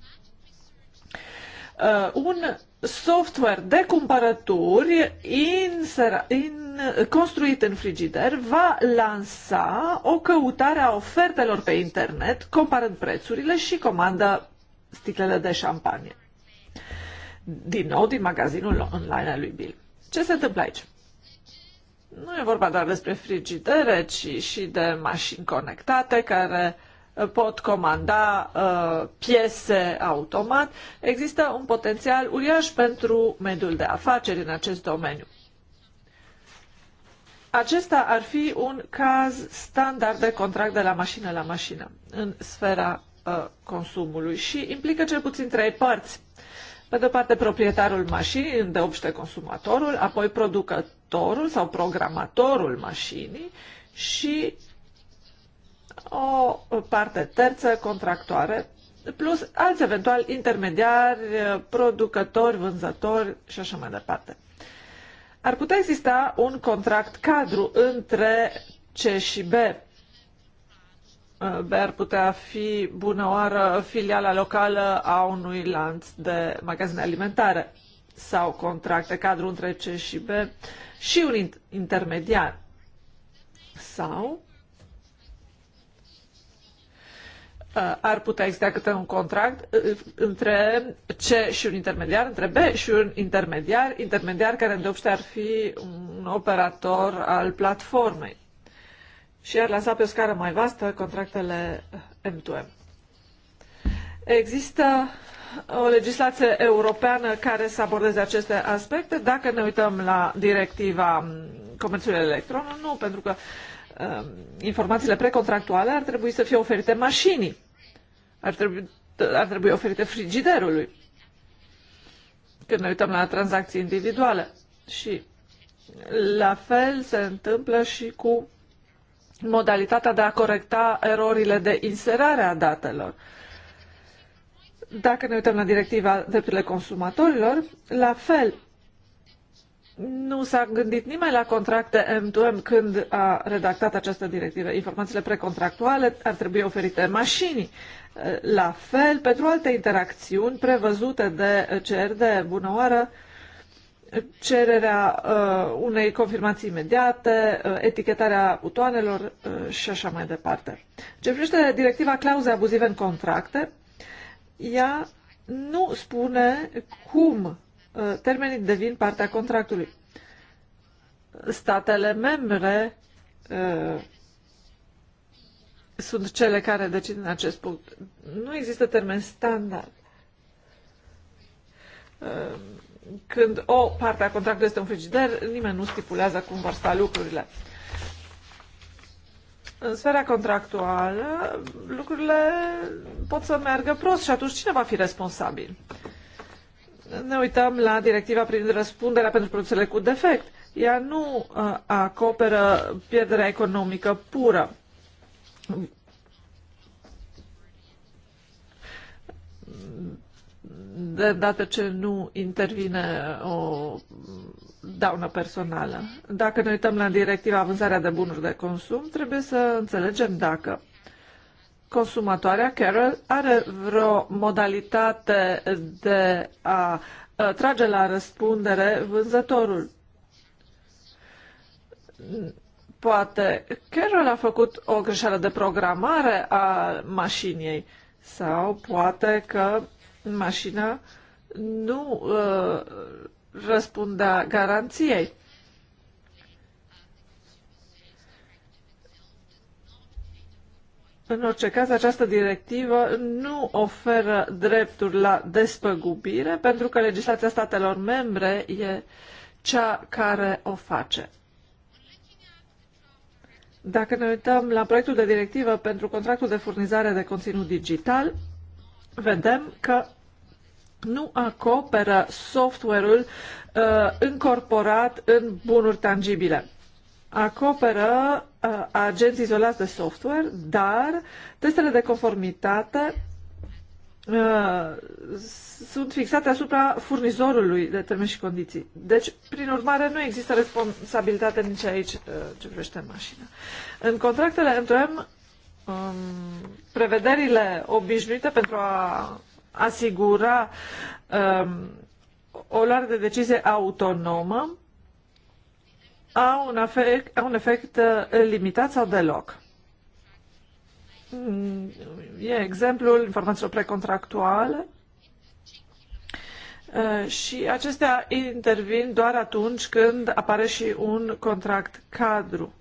uh, un software de cumpărături insera, in, construit în frigider va lansa o căutare a ofertelor pe internet, comparând prețurile și comandă sticlele de șampanie. Din nou, din magazinul online al lui Bill. Ce se întâmplă aici? Nu e vorba doar despre frigidere, ci și de mașini conectate care pot comanda uh, piese automat, există un potențial uriaș pentru mediul de afaceri în acest domeniu. Acesta ar fi un caz standard de contract de la mașină la mașină în sfera uh, consumului și implică cel puțin trei părți. Pe de-o parte, proprietarul mașinii îndeopște consumatorul, apoi producătorul sau programatorul mașinii și o parte terță contractoare, plus alți eventual intermediari, producători, vânzători și așa mai departe. Ar putea exista un contract cadru între C și B. B ar putea fi bună oară filiala locală a unui lanț de magazine alimentare sau contracte cadru între C și B și un intermediar. Sau Uh, ar putea exista câte un contract uh, între C și un intermediar, între B și un intermediar, intermediar care de obște ar fi un operator al platformei și ar lansa pe o scară mai vastă contractele M2M. Există o legislație europeană care să abordeze aceste aspecte. Dacă ne uităm la directiva comerțului electron, nu, pentru că uh, informațiile precontractuale ar trebui să fie oferite mașinii ar trebui, ar trebui oferite frigiderului când ne uităm la tranzacții individuale. Și la fel se întâmplă și cu modalitatea de a corecta erorile de inserare a datelor. Dacă ne uităm la directiva drepturile consumatorilor, la fel nu s-a gândit nimeni la contracte M2M când a redactat această directivă. Informațiile precontractuale ar trebui oferite mașinii la fel, pentru alte interacțiuni prevăzute de CRD, bună oară, cererea uh, unei confirmații imediate, uh, etichetarea butoanelor uh, și așa mai departe. Ce privește directiva clauze abuzive în contracte, ea nu spune cum uh, termenii devin partea contractului. Statele membre uh, sunt cele care decid în acest punct. Nu există termen standard. Ehm, când o parte a contractului este un frigider, nimeni nu stipulează cum vor sta lucrurile. În sfera contractuală, lucrurile pot să meargă prost și atunci cine va fi responsabil? Ne uităm la directiva privind răspunderea pentru produsele cu defect. Ea nu uh, acoperă pierderea economică pură de dată ce nu intervine o daună personală. Dacă ne uităm la directiva vânzarea de bunuri de consum, trebuie să înțelegem dacă consumatoarea Carol are vreo modalitate de a trage la răspundere vânzătorul Poate Carol a făcut o greșeală de programare a mașinii sau poate că mașina nu uh, răspundea garanției. În orice caz, această directivă nu oferă drepturi la despăgubire pentru că legislația statelor membre e cea care o face. Dacă ne uităm la proiectul de directivă pentru contractul de furnizare de conținut digital, vedem că nu acoperă software-ul uh, încorporat în bunuri tangibile. Acoperă uh, agenți izolați de software, dar testele de conformitate Uh, sunt fixate asupra furnizorului de termeni și condiții. Deci, prin urmare, nu există responsabilitate nici aici uh, ce privește mașina. În contractele M2M, um, prevederile obișnuite pentru a asigura um, o luare de decizie autonomă au un efect, au un efect uh, limitat sau deloc e exemplul informațiilor precontractuale și acestea intervin doar atunci când apare și un contract cadru,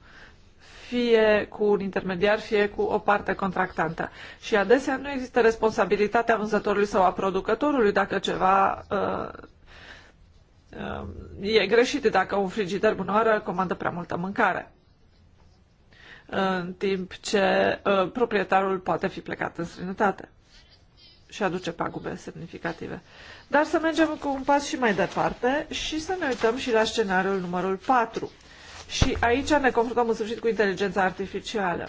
fie cu un intermediar, fie cu o parte contractantă. Și adesea nu există responsabilitatea vânzătorului sau a producătorului dacă ceva uh, uh, e greșit, dacă un frigider bună oară comandă prea multă mâncare în timp ce ă, proprietarul poate fi plecat în străinătate și aduce pagube semnificative. Dar să mergem cu un pas și mai departe și să ne uităm și la scenariul numărul 4. Și aici ne confruntăm în sfârșit cu inteligența artificială,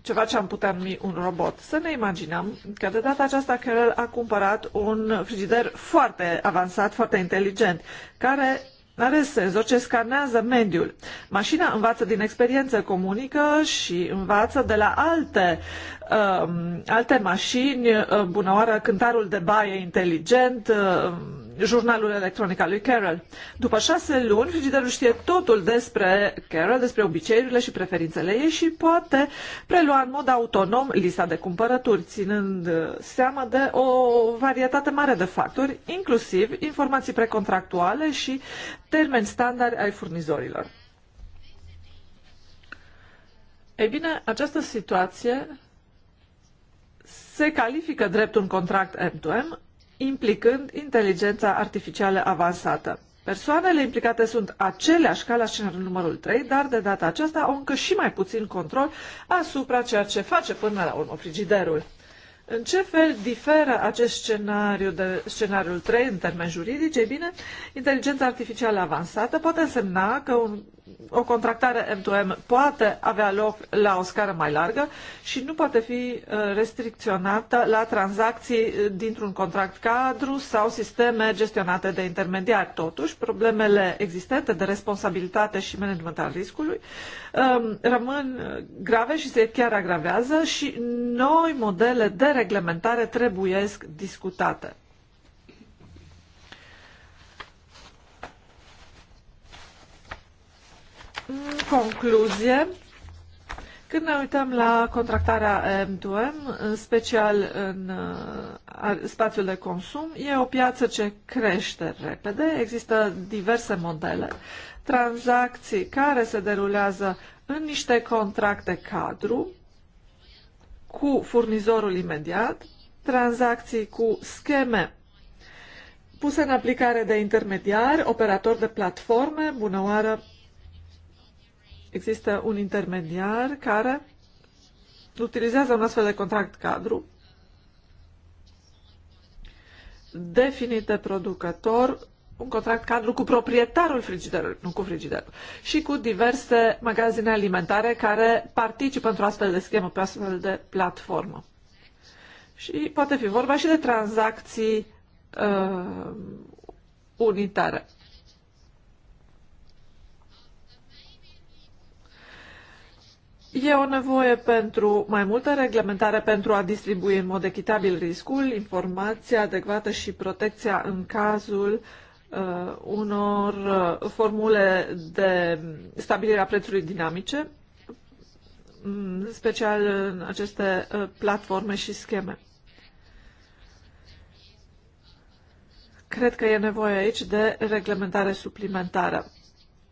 ceva ce am putea numi un robot. Să ne imaginăm că de data aceasta Carol a cumpărat un frigider foarte avansat, foarte inteligent, care are senzor orice scanează mediul. Mașina învață din experiență, comunică și învață de la alte, um, alte mașini. Uh, bună oară, cântarul de baie inteligent, uh, jurnalul electronic al lui Carol. După șase luni, frigiderul știe totul despre Carol, despre obiceiurile și preferințele ei și poate prelua în mod autonom lista de cumpărături, ținând uh, seama de o varietate mare de factori, inclusiv informații precontractuale și termeni standard ai furnizorilor. Ei bine, această situație se califică drept un contract M2M implicând inteligența artificială avansată. Persoanele implicate sunt aceleași ca la scenariul numărul 3, dar de data aceasta au încă și mai puțin control asupra ceea ce face până la urmă frigiderul. În ce fel diferă acest scenariu de scenariul 3 în termeni juridici? Ei bine, inteligența artificială avansată poate însemna că un o contractare M2M poate avea loc la o scară mai largă și nu poate fi uh, restricționată la tranzacții uh, dintr-un contract cadru sau sisteme gestionate de intermediari. Totuși, problemele existente de responsabilitate și management al riscului um, rămân uh, grave și se chiar agravează și noi modele de reglementare trebuiesc discutate. În concluzie, când ne uităm la contractarea M2M, în special în uh, spațiul de consum, e o piață ce crește repede, există diverse modele, tranzacții care se derulează în niște contracte cadru cu furnizorul imediat, tranzacții cu scheme puse în aplicare de intermediari, operatori de platforme, bunăoară Există un intermediar care utilizează un astfel de contract cadru definit de producător, un contract cadru cu proprietarul frigiderului, nu cu frigiderul, și cu diverse magazine alimentare care participă într-o astfel de schemă, pe astfel de platformă. Și poate fi vorba și de tranzacții uh, unitare. E o nevoie pentru mai multă reglementare pentru a distribui în mod echitabil riscul, informația adecvată și protecția în cazul uh, unor uh, formule de stabilire a prețului dinamice, mm, în special în aceste uh, platforme și scheme. Cred că e nevoie aici de reglementare suplimentară.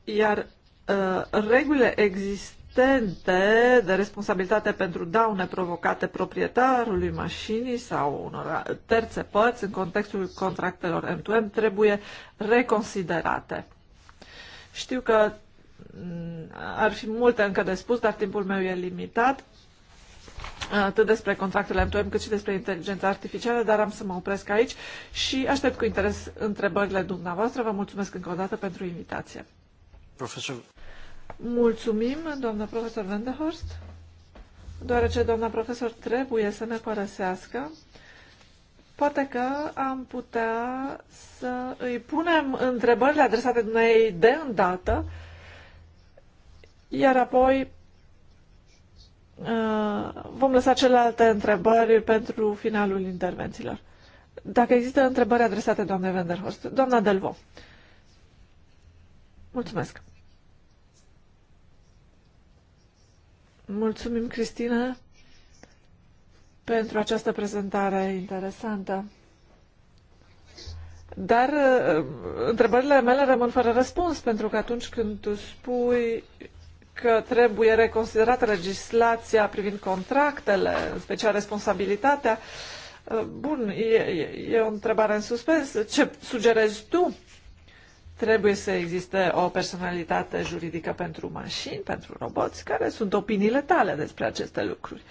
Iar uh, regulile există existente de responsabilitate pentru daune provocate proprietarului mașinii sau unor terțe părți în contextul contractelor M2M trebuie reconsiderate. Știu că mm, ar fi multe încă de spus, dar timpul meu e limitat atât despre contractele M2M cât și despre inteligența artificială, dar am să mă opresc aici și aștept cu interes întrebările dumneavoastră. Vă mulțumesc încă o dată pentru invitație. Profesor Mulțumim, doamna profesor Vendehorst, deoarece doamna profesor trebuie să ne părăsească. Poate că am putea să îi punem întrebările adresate dumneavoastră de îndată, iar apoi uh, vom lăsa celelalte întrebări pentru finalul intervențiilor. Dacă există întrebări adresate doamnei Vanderhorst, Doamna Delvo. Mulțumesc. Mulțumim, Cristina, pentru această prezentare interesantă. Dar uh, întrebările mele rămân fără răspuns, pentru că atunci când tu spui că trebuie reconsiderată legislația privind contractele, în special responsabilitatea, uh, bun, e, e, e o întrebare în suspens. Ce sugerezi tu? Trebuie să existe o personalitate juridică pentru mașini, pentru roboți. Care sunt opiniile tale despre aceste lucruri?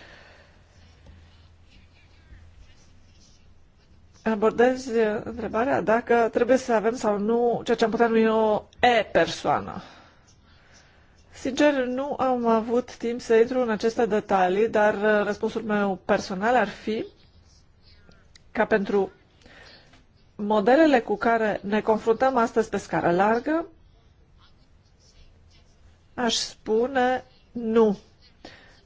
abordez uh, întrebarea dacă trebuie să avem sau nu ceea ce am putea numi o e-persoană. Sincer, nu am avut timp să intru în aceste detalii, dar uh, răspunsul meu personal ar fi ca pentru modelele cu care ne confruntăm astăzi pe scară largă, aș spune nu.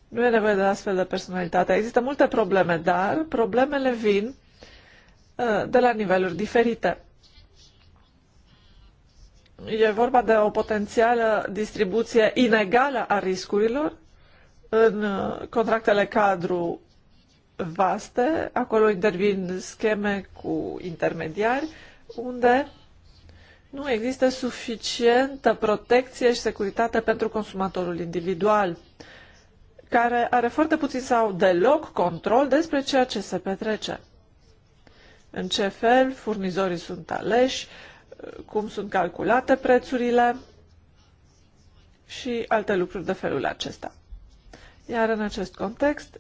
Nu e nevoie de astfel de personalitate. Există multe probleme, dar problemele vin uh, de la niveluri diferite. E vorba de o potențială distribuție inegală a riscurilor în uh, contractele cadru vaste, acolo intervin scheme cu intermediari, unde nu există suficientă protecție și securitate pentru consumatorul individual, care are foarte puțin sau deloc control despre ceea ce se petrece. În ce fel furnizorii sunt aleși, cum sunt calculate prețurile și alte lucruri de felul acesta. Iar în acest context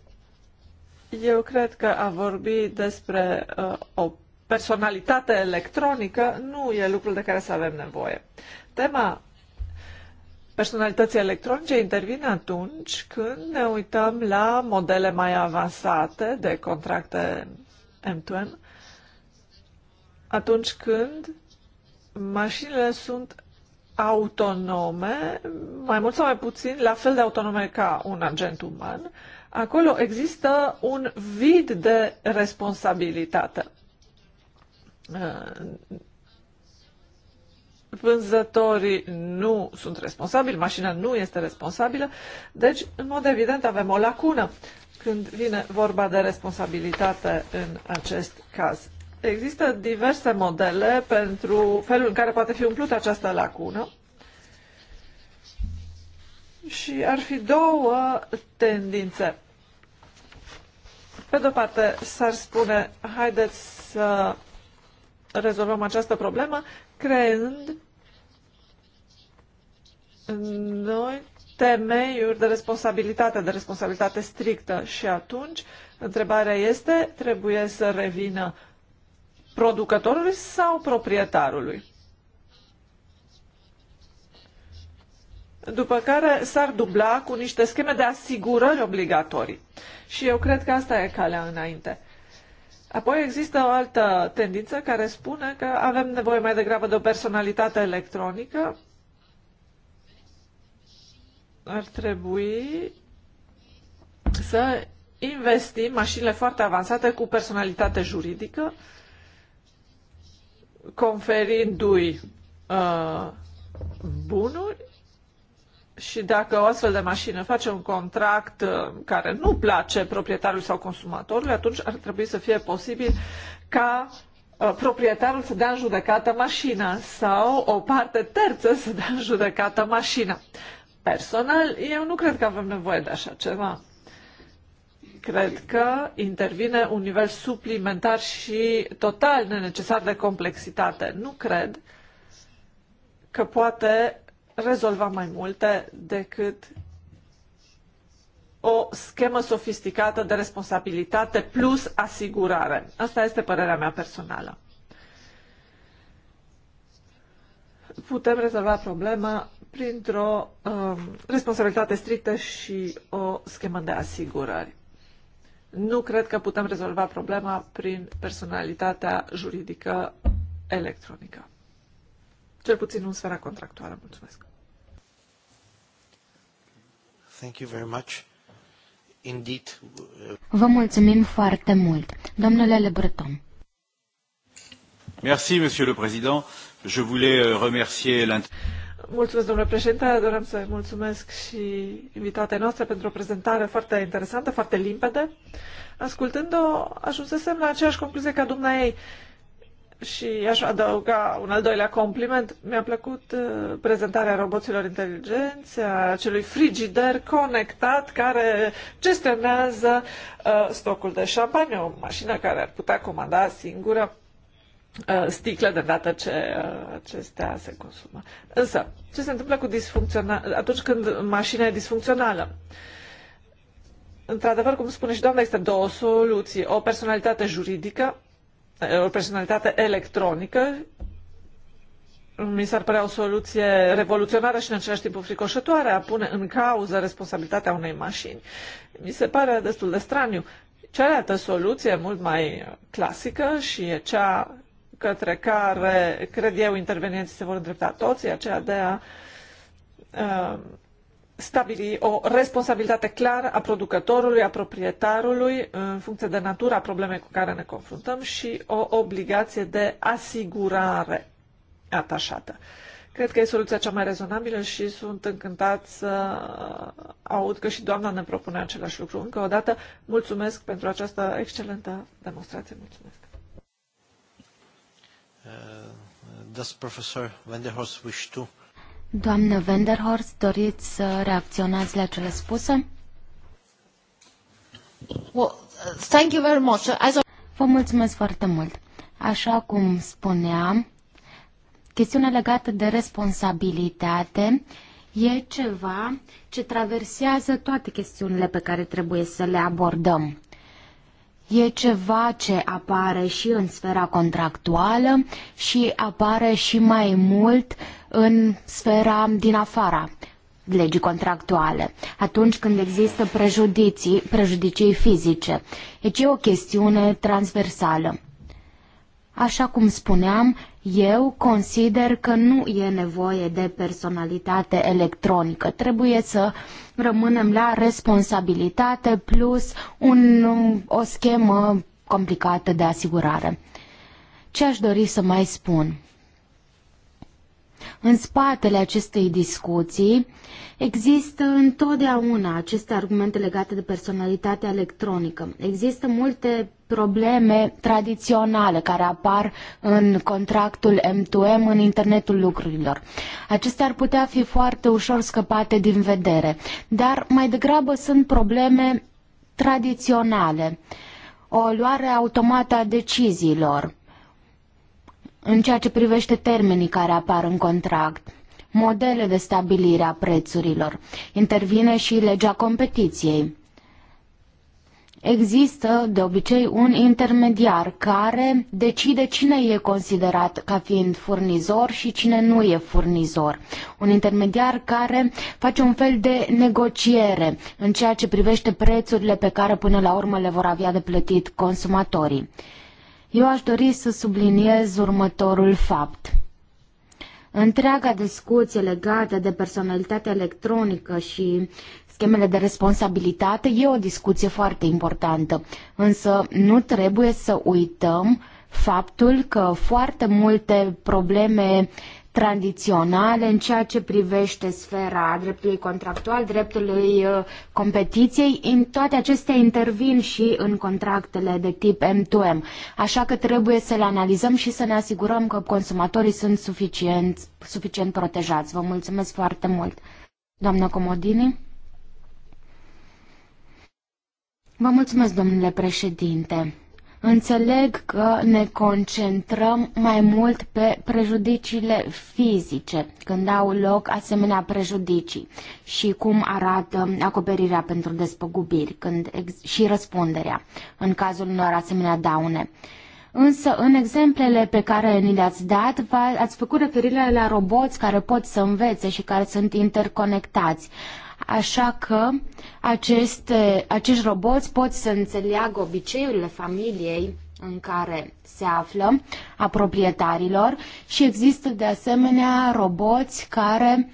eu cred că a vorbi despre uh, o personalitate electronică nu e lucrul de care să avem nevoie. Tema personalității electronice intervine atunci când ne uităm la modele mai avansate de contracte M2M, atunci când mașinile sunt autonome, mai mult sau mai puțin, la fel de autonome ca un agent uman, Acolo există un vid de responsabilitate. Vânzătorii nu sunt responsabili, mașina nu este responsabilă, deci, în mod evident, avem o lacună când vine vorba de responsabilitate în acest caz. Există diverse modele pentru felul în care poate fi umplută această lacună și ar fi două tendințe. Pe de-o parte, s-ar spune, haideți să rezolvăm această problemă creând noi temeiuri de responsabilitate, de responsabilitate strictă. Și atunci, întrebarea este, trebuie să revină producătorului sau proprietarului. după care s-ar dubla cu niște scheme de asigurări obligatorii. Și eu cred că asta e calea înainte. Apoi există o altă tendință care spune că avem nevoie mai degrabă de o personalitate electronică. Ar trebui să investim mașinile foarte avansate cu personalitate juridică, conferindu-i uh, bunuri și dacă o astfel de mașină face un contract uh, care nu place proprietarului sau consumatorului, atunci ar trebui să fie posibil ca uh, proprietarul să dea în judecată mașina sau o parte terță să dea în judecată mașina. Personal, eu nu cred că avem nevoie de așa ceva. Cred că intervine un nivel suplimentar și total nenecesar de complexitate. Nu cred că poate rezolva mai multe decât o schemă sofisticată de responsabilitate plus asigurare. Asta este părerea mea personală. Putem rezolva problema printr-o um, responsabilitate strictă și o schemă de asigurări. Nu cred că putem rezolva problema prin personalitatea juridică electronică. Cel puțin în sfera contractuală. Mulțumesc. Uh, Vă mulțumim foarte mult. Domnule Le Breton. Merci, Monsieur le Président. Je voulais euh, remercier Mulțumesc, domnule președinte. Doream să mulțumesc și invitatei noastre pentru o prezentare foarte interesantă, foarte limpede. Ascultând-o, ajunsesem la aceeași concluzie ca dumnea ei. Și aș adăuga un al doilea compliment. Mi-a plăcut uh, prezentarea roboților inteligenți, a acelui frigider conectat care gestionează uh, stocul de șampanie, o mașină care ar putea comanda singură uh, sticle de data ce uh, acestea se consumă. Însă, ce se întâmplă cu disfuncțional, atunci când mașina e disfuncțională? Într-adevăr, cum spune și doamna, există două soluții. O personalitate juridică o personalitate electronică mi s-ar părea o soluție revoluționară și în același timp fricoșătoare a pune în cauză responsabilitatea unei mașini. Mi se pare destul de straniu. Cealaltă soluție, mult mai clasică și e cea către care, cred eu, intervenienții se vor îndrepta toți, e aceea de a uh, stabili o responsabilitate clară a producătorului, a proprietarului, în funcție de natura problemei cu care ne confruntăm și o obligație de asigurare atașată. Cred că e soluția cea mai rezonabilă și sunt încântat să aud că și doamna ne propune același lucru. Încă o dată, mulțumesc pentru această excelentă demonstrație. Mulțumesc. Uh, does Professor Wenderhorst wish to Doamnă Venderhorst, doriți să reacționați la cele spuse? Well, thank you very much. As Vă mulțumesc foarte mult. Așa cum spuneam, chestiunea legată de responsabilitate e ceva ce traversează toate chestiunile pe care trebuie să le abordăm. E ceva ce apare și în sfera contractuală și apare și mai mult în sfera din afara legii contractuale, atunci când există prejudicii, prejudicii fizice. Deci e o chestiune transversală. Așa cum spuneam, eu consider că nu e nevoie de personalitate electronică. Trebuie să rămânem la responsabilitate plus un, o schemă complicată de asigurare. Ce aș dori să mai spun? În spatele acestei discuții Există întotdeauna aceste argumente legate de personalitatea electronică. Există multe probleme tradiționale care apar în contractul M2M, în internetul lucrurilor. Acestea ar putea fi foarte ușor scăpate din vedere, dar mai degrabă sunt probleme tradiționale, o luare automată a deciziilor în ceea ce privește termenii care apar în contract modele de stabilire a prețurilor. Intervine și legea competiției. Există, de obicei, un intermediar care decide cine e considerat ca fiind furnizor și cine nu e furnizor. Un intermediar care face un fel de negociere în ceea ce privește prețurile pe care până la urmă le vor avea de plătit consumatorii. Eu aș dori să subliniez următorul fapt. Întreaga discuție legată de personalitatea electronică și schemele de responsabilitate e o discuție foarte importantă, însă nu trebuie să uităm faptul că foarte multe probleme tradiționale în ceea ce privește sfera dreptului contractual, dreptului uh, competiției. În toate acestea intervin și în contractele de tip M2M, așa că trebuie să le analizăm și să ne asigurăm că consumatorii sunt suficient, suficient protejați. Vă mulțumesc foarte mult, Doamna Comodini. Vă mulțumesc, domnule președinte. Înțeleg că ne concentrăm mai mult pe prejudiciile fizice, când au loc asemenea prejudicii și cum arată acoperirea pentru despăgubiri când și răspunderea în cazul unor asemenea daune. Însă, în exemplele pe care ni le-ați dat, ați făcut referire la roboți care pot să învețe și care sunt interconectați așa că aceste, acești roboți pot să înțeleagă obiceiurile familiei în care se află a proprietarilor și există de asemenea roboți care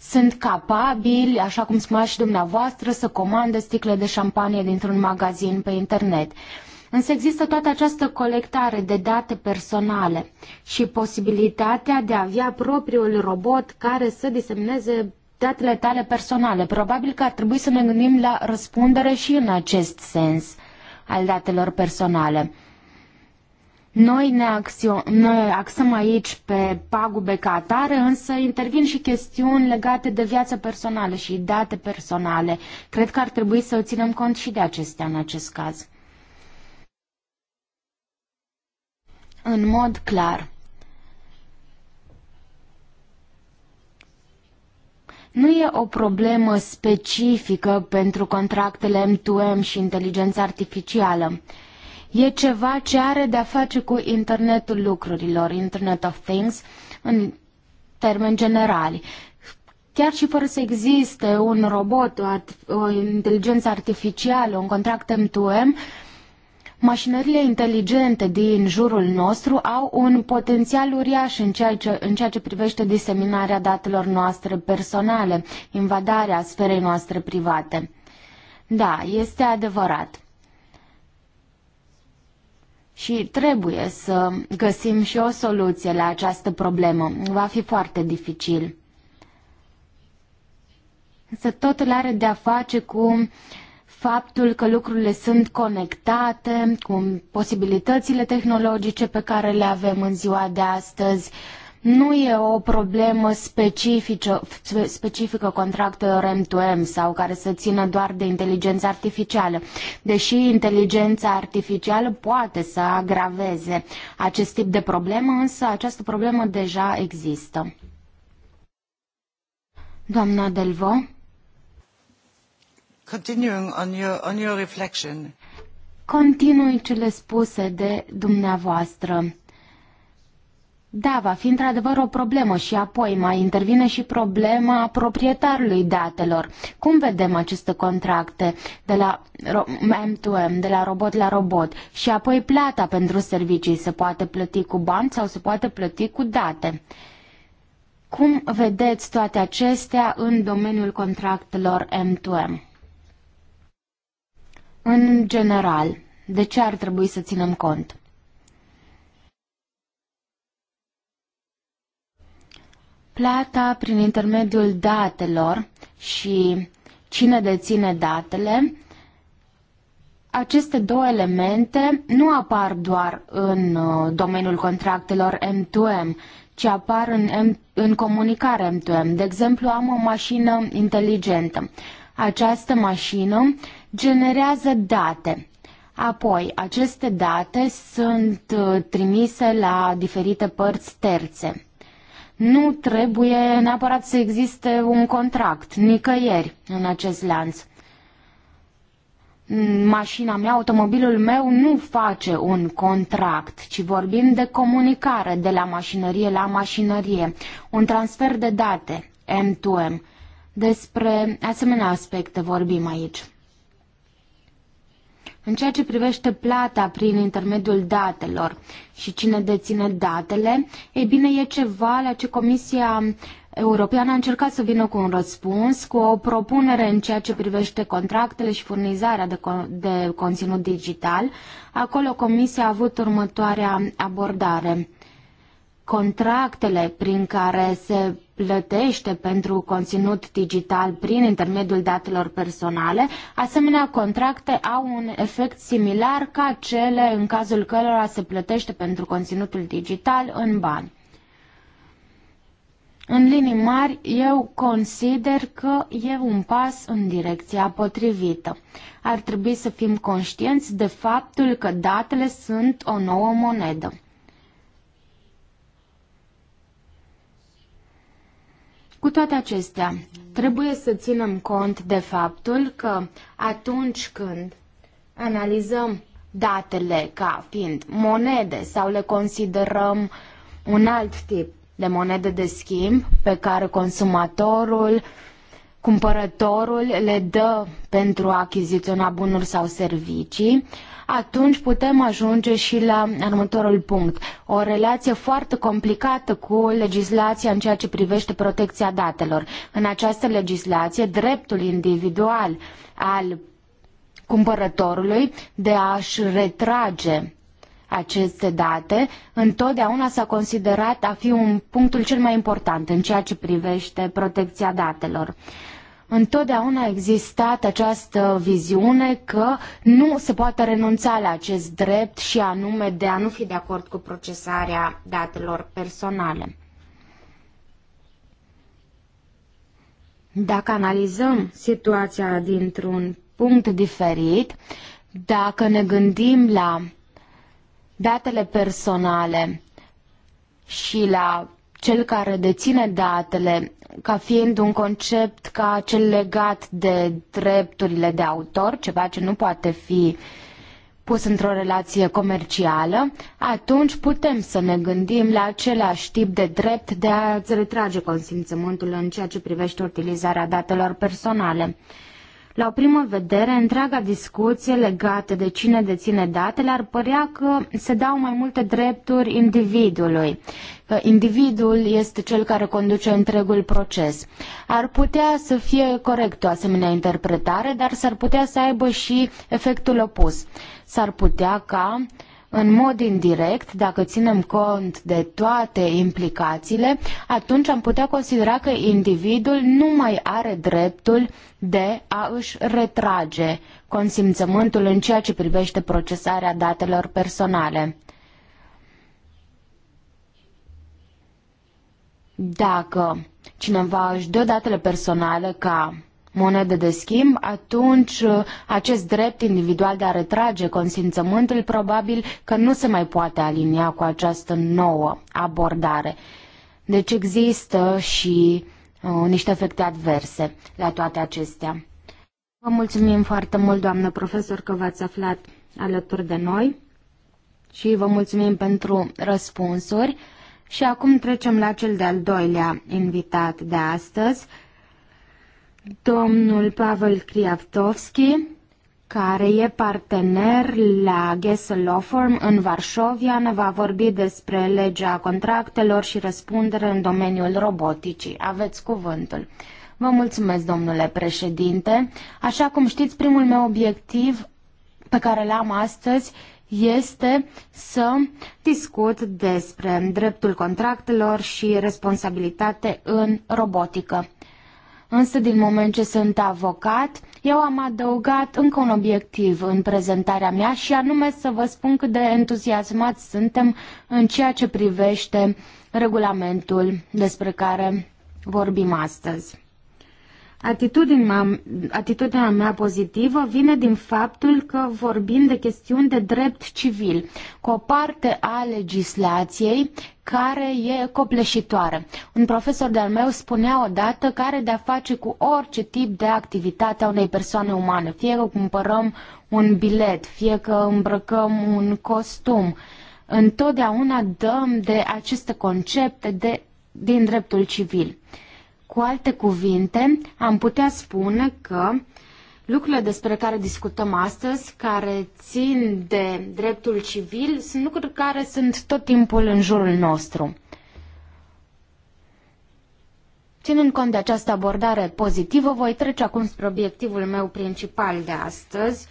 sunt capabili, așa cum spunea și dumneavoastră, să comandă sticle de șampanie dintr-un magazin pe internet. Însă există toată această colectare de date personale și posibilitatea de a avea propriul robot care să disemineze datele tale personale. Probabil că ar trebui să ne gândim la răspundere și în acest sens al datelor personale. Noi ne, axio- noi axăm aici pe pagube ca atare, însă intervin și chestiuni legate de viață personală și date personale. Cred că ar trebui să ținem cont și de acestea în acest caz. În mod clar. Nu e o problemă specifică pentru contractele M2M și inteligența artificială. E ceva ce are de-a face cu internetul lucrurilor, Internet of Things, în termeni generali chiar și fără să existe un robot, o, o inteligență artificială, un contract M2M, Mașinările inteligente din jurul nostru au un potențial uriaș în ceea, ce, în ceea ce privește diseminarea datelor noastre personale, invadarea sferei noastre private. Da, este adevărat. Și trebuie să găsim și o soluție la această problemă. Va fi foarte dificil. Însă totul are de-a face cu faptul că lucrurile sunt conectate cu posibilitățile tehnologice pe care le avem în ziua de astăzi. Nu e o problemă specifică, specifică contractelor M2M sau care să țină doar de inteligența artificială, deși inteligența artificială poate să agraveze acest tip de problemă, însă această problemă deja există. Doamna Delvaux? Continuing on your, on your reflection. Continui cele spuse de dumneavoastră. Da, va fi într-adevăr o problemă și apoi mai intervine și problema proprietarului datelor. Cum vedem aceste contracte de la M2M, de la robot la robot și apoi plata pentru servicii se poate plăti cu bani sau se poate plăti cu date? Cum vedeți toate acestea în domeniul contractelor M2M? În general, de ce ar trebui să ținem cont? Plata prin intermediul datelor și cine deține datele, aceste două elemente nu apar doar în uh, domeniul contractelor M2M, ci apar în, în comunicare M2M. De exemplu, am o mașină inteligentă. Această mașină uh, generează date. Apoi, aceste date sunt uh, trimise la diferite părți terțe. Nu trebuie neapărat să existe un contract, nicăieri, în acest lanț. Mașina mea, automobilul meu nu face un contract, ci vorbim de comunicare de la mașinărie la mașinărie, un transfer de date, M2M. Despre asemenea aspecte vorbim aici. În ceea ce privește plata prin intermediul datelor și cine deține datele, e bine, e ceva la ce Comisia Europeană a încercat să vină cu un răspuns, cu o propunere în ceea ce privește contractele și furnizarea de, con- de conținut digital. Acolo Comisia a avut următoarea abordare contractele prin care se plătește pentru conținut digital prin intermediul datelor personale, asemenea contracte au un efect similar ca cele în cazul cărora se plătește pentru conținutul digital în bani. În linii mari, eu consider că e un pas în direcția potrivită. Ar trebui să fim conștienți de faptul că datele sunt o nouă monedă Cu toate acestea, trebuie să ținem cont de faptul că atunci când analizăm datele ca fiind monede sau le considerăm un alt tip de monede de schimb pe care consumatorul, cumpărătorul le dă pentru a achiziționa bunuri sau servicii, atunci putem ajunge și la următorul punct. O relație foarte complicată cu legislația în ceea ce privește protecția datelor. În această legislație, dreptul individual al cumpărătorului de a-și retrage aceste date, întotdeauna s-a considerat a fi un punctul cel mai important în ceea ce privește protecția datelor. Întotdeauna a existat această viziune că nu se poate renunța la acest drept și anume de a nu fi de acord cu procesarea datelor personale. Dacă analizăm situația dintr-un punct diferit, dacă ne gândim la datele personale și la cel care deține datele ca fiind un concept ca cel legat de drepturile de autor, ceva ce nu poate fi pus într-o relație comercială, atunci putem să ne gândim la același tip de drept de a-ți retrage consimțământul în ceea ce privește utilizarea datelor personale. La o primă vedere, întreaga discuție legată de cine deține datele ar părea că se dau mai multe drepturi individului, că individul este cel care conduce întregul proces. Ar putea să fie corect o asemenea interpretare, dar s-ar putea să aibă și efectul opus. S-ar putea ca uh, în mod indirect, dacă ținem cont de toate implicațiile, atunci am putea considera că individul nu mai are dreptul de a își retrage consimțământul în ceea ce privește procesarea datelor personale. Dacă cineva își dă datele personale ca monedă de schimb, atunci uh, acest drept individual de a retrage consimțământul probabil că nu se mai poate alinia cu această nouă abordare. Deci există și uh, niște efecte adverse la toate acestea. Vă mulțumim foarte mult, doamnă profesor, că v-ați aflat alături de noi și vă mulțumim pentru răspunsuri. Și acum trecem la cel de-al doilea invitat de astăzi, domnul Pavel Kriavtovski, care e partener la Gessel Law Firm în Varșovia, ne va vorbi despre legea contractelor și răspundere în domeniul roboticii. Aveți cuvântul. Vă mulțumesc, domnule președinte. Așa cum știți, primul meu obiectiv pe care l-am astăzi este să discut despre dreptul contractelor și responsabilitate în robotică. Însă, din moment ce sunt avocat, eu am adăugat încă un obiectiv în prezentarea mea și anume să vă spun cât de entuziasmați suntem în ceea ce privește regulamentul despre care vorbim astăzi. Atitudinea, atitudinea mea pozitivă vine din faptul că vorbim de chestiuni de drept civil, cu o parte a legislației care e copleșitoare. Un profesor de-al meu spunea odată că are de-a face cu orice tip de activitate a unei persoane umane, fie că cumpărăm un bilet, fie că îmbrăcăm un costum. Întotdeauna dăm de aceste concepte de, din dreptul civil. Cu alte cuvinte, am putea spune că lucrurile despre care discutăm astăzi, care țin de dreptul civil, sunt lucruri care sunt tot timpul în jurul nostru. Ținând cont de această abordare pozitivă, voi trece acum spre obiectivul meu principal de astăzi,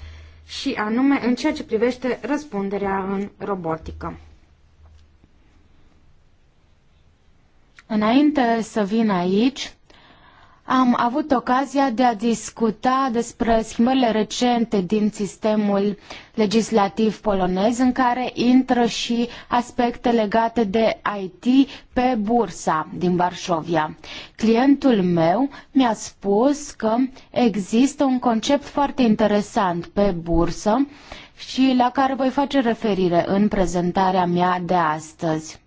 și anume în ceea ce privește răspunderea în robotică. Înainte să vin aici, am avut ocazia de a discuta despre schimbările recente din sistemul legislativ polonez, în care intră și aspecte legate de IT pe bursa din Varșovia. Clientul meu mi-a spus că există un concept foarte interesant pe bursă și la care voi face referire în prezentarea mea de astăzi.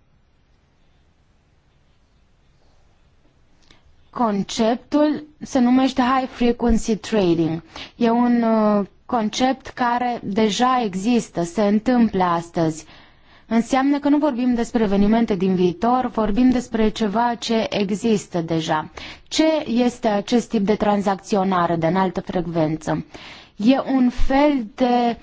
Conceptul se numește High Frequency Trading. E un uh, concept care deja există, se întâmplă astăzi. Înseamnă că nu vorbim despre evenimente din viitor, vorbim despre ceva ce există deja. Ce este acest tip de tranzacționare de înaltă frecvență? E un fel de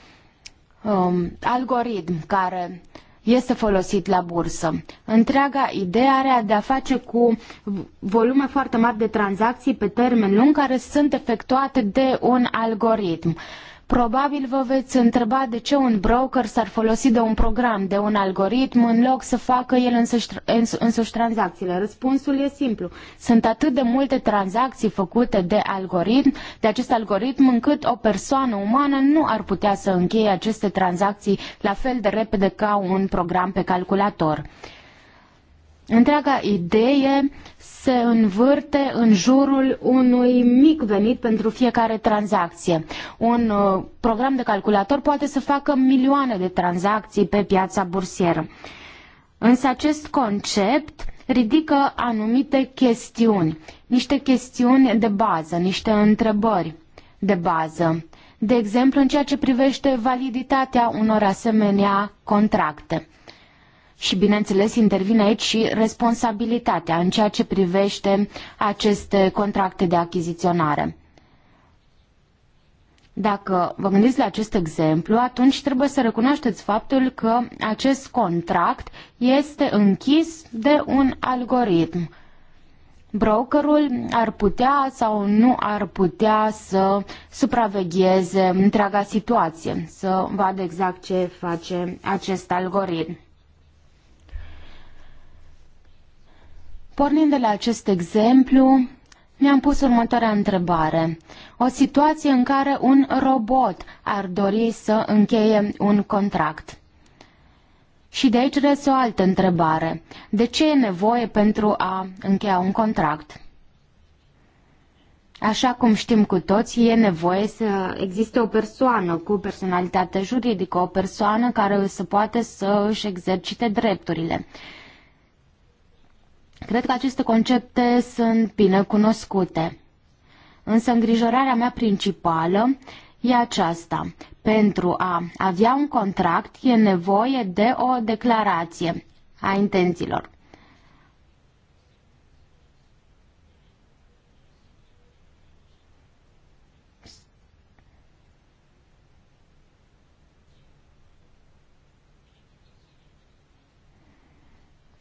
um, algoritm care uh, este folosit la bursă. Întreaga idee are de a face cu volume foarte mari de tranzacții pe termen lung care sunt efectuate de un algoritm. Probabil vă veți întreba de ce un broker s-ar folosi de un program, de un algoritm, în loc să facă el însuși, însuși tranzacțiile. Răspunsul e simplu. Sunt atât de multe tranzacții făcute de algoritm, de acest algoritm, încât o persoană umană nu ar putea să încheie aceste tranzacții la fel de repede ca un program pe calculator. Întreaga idee se învârte în jurul unui mic venit pentru fiecare tranzacție. Un uh, program de calculator poate să facă milioane de tranzacții pe piața bursieră. Însă acest concept ridică anumite chestiuni, niște chestiuni de bază, niște întrebări de bază. De exemplu, în ceea ce privește validitatea unor asemenea contracte. Și, bineînțeles, intervine aici și responsabilitatea în ceea ce privește aceste contracte de achiziționare. Dacă vă gândiți la acest exemplu, atunci trebuie să recunoașteți faptul că acest contract este închis de un algoritm. Brokerul ar putea sau nu ar putea să supravegheze întreaga situație, să vadă exact ce face acest algoritm. Pornind de la acest exemplu, mi-am pus următoarea întrebare. O situație în care un robot ar dori să încheie un contract. Și de aici reiese o altă întrebare. De ce e nevoie pentru a încheia un contract? Așa cum știm cu toți, e nevoie să existe o persoană cu personalitate juridică, o persoană care să poate să își exercite drepturile. Cred că aceste concepte sunt bine cunoscute. Însă îngrijorarea mea principală e aceasta. Pentru a avea un contract e nevoie de o declarație a intențiilor.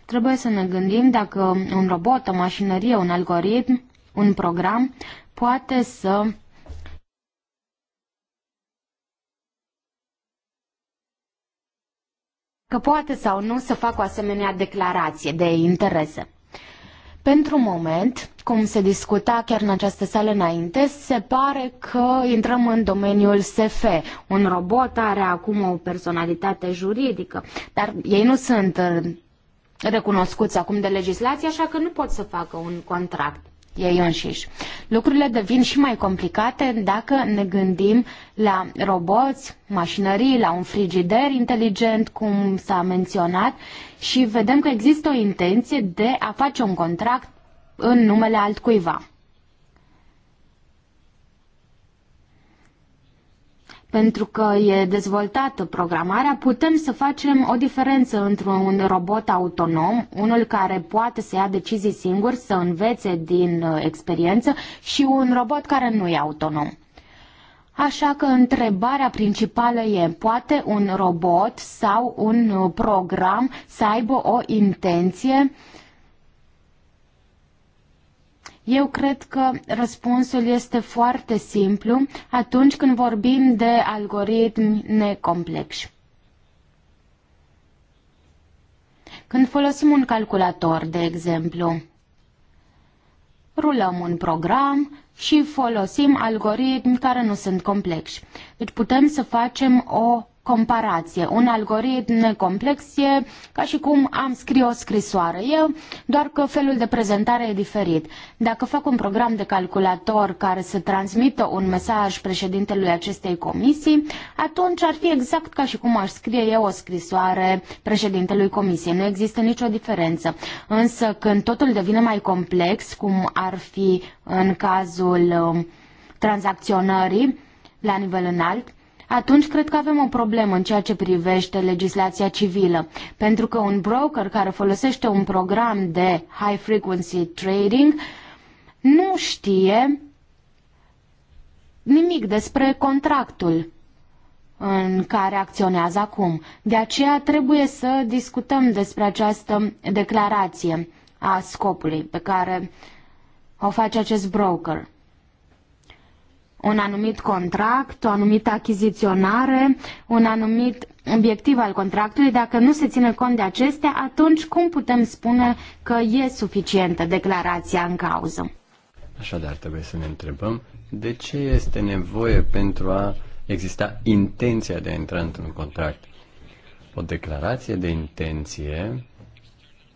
Trebuie să ne gândim dacă un robot, o mașinărie, un algoritm, un program poate să că poate sau nu să facă o asemenea declarație de interese. Pentru moment, cum se discuta chiar în această sală înainte, se pare că intrăm în domeniul SF. Un robot are acum o personalitate juridică, dar ei nu sunt recunoscuți acum de legislație, așa că nu pot să facă un contract ei înșiși. Lucrurile devin și mai complicate dacă ne gândim la roboți, mașinării, la un frigider inteligent, cum s-a menționat, și vedem că există o intenție de a face un contract în numele altcuiva. pentru că e dezvoltată programarea, putem să facem o diferență între un robot autonom, unul care poate să ia decizii singur, să învețe din uh, experiență și un robot care nu e autonom. Așa că întrebarea principală e, poate un robot sau un uh, program să aibă o intenție uh, eu cred că răspunsul este foarte simplu atunci când vorbim de algoritmi necomplexi. Când folosim un calculator, de exemplu, rulăm un program și folosim algoritmi care nu sunt complexi. Deci putem să facem o comparație. Un algoritm complex, e ca și cum am scris o scrisoare. E doar că felul de prezentare e diferit. Dacă fac un program de calculator care să transmită un mesaj președintelui acestei comisii, atunci ar fi exact ca și cum aș scrie eu o scrisoare președintelui comisiei. Nu există nicio diferență. Însă când totul devine mai complex, cum ar fi în cazul um, tranzacționării la nivel înalt, atunci cred că avem o problemă în ceea ce privește legislația civilă, pentru că un broker care folosește un program de high frequency trading nu știe nimic despre contractul în care acționează acum. De aceea trebuie să discutăm despre această declarație a scopului pe care o face acest broker un anumit contract, o anumită achiziționare, un anumit obiectiv al contractului, dacă nu se ține cont de acestea, atunci cum putem spune că e suficientă declarația în cauză? Așadar, trebuie să ne întrebăm de ce este nevoie pentru a exista intenția de a intra într-un contract. O declarație de intenție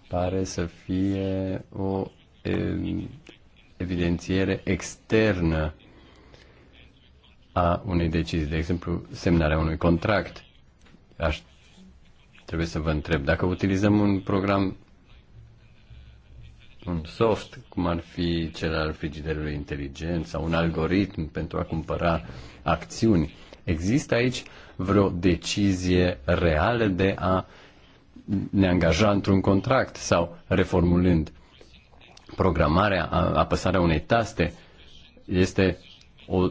pare să fie o evidențiere externă a unei decizii, de exemplu, semnarea unui contract. Aș, trebuie să vă întreb, dacă utilizăm un program, un soft, cum ar fi cel al frigiderului inteligent sau un algoritm pentru a cumpăra acțiuni, există aici vreo decizie reală de a ne angaja într-un contract sau reformulând programarea, apăsarea unei taste este o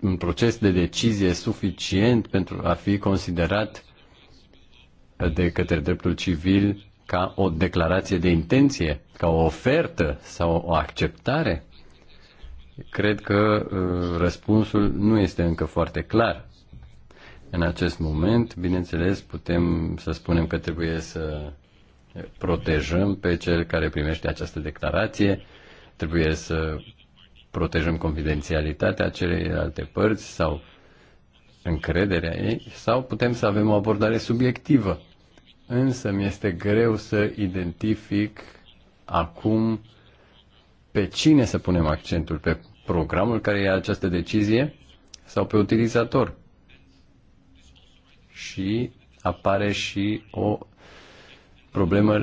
un proces de decizie suficient pentru a fi considerat de către dreptul civil ca o declarație de intenție, ca o ofertă sau o acceptare? Cred că uh, răspunsul nu este încă foarte clar. În acest moment, bineînțeles, putem să spunem că trebuie să protejăm pe cel care primește această declarație, trebuie să protejăm confidențialitatea celelalte părți sau încrederea ei, sau putem să avem o abordare subiectivă. Însă mi este greu să identific acum pe cine să punem accentul, pe programul care ia această decizie sau pe utilizator. Și apare și o problemă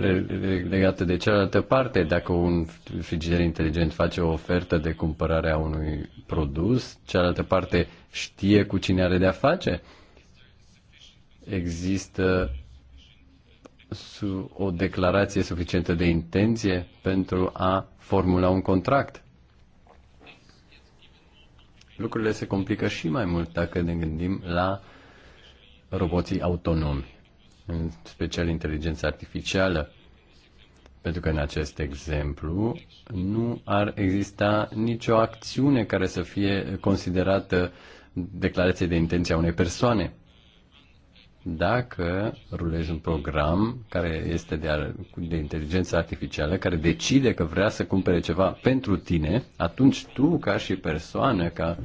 legată de cealaltă parte. Dacă un frigider inteligent face o ofertă de cumpărare a unui produs, cealaltă parte știe cu cine are de-a face. Există o declarație suficientă de intenție pentru a formula un contract. Lucrurile se complică și mai mult dacă ne gândim la roboții autonomi în special inteligența artificială, pentru că în acest exemplu nu ar exista nicio acțiune care să fie considerată declarație de intenție a unei persoane. Dacă rulezi un program care este de, de inteligență artificială, care decide că vrea să cumpere ceva pentru tine, atunci tu, ca și persoană, ca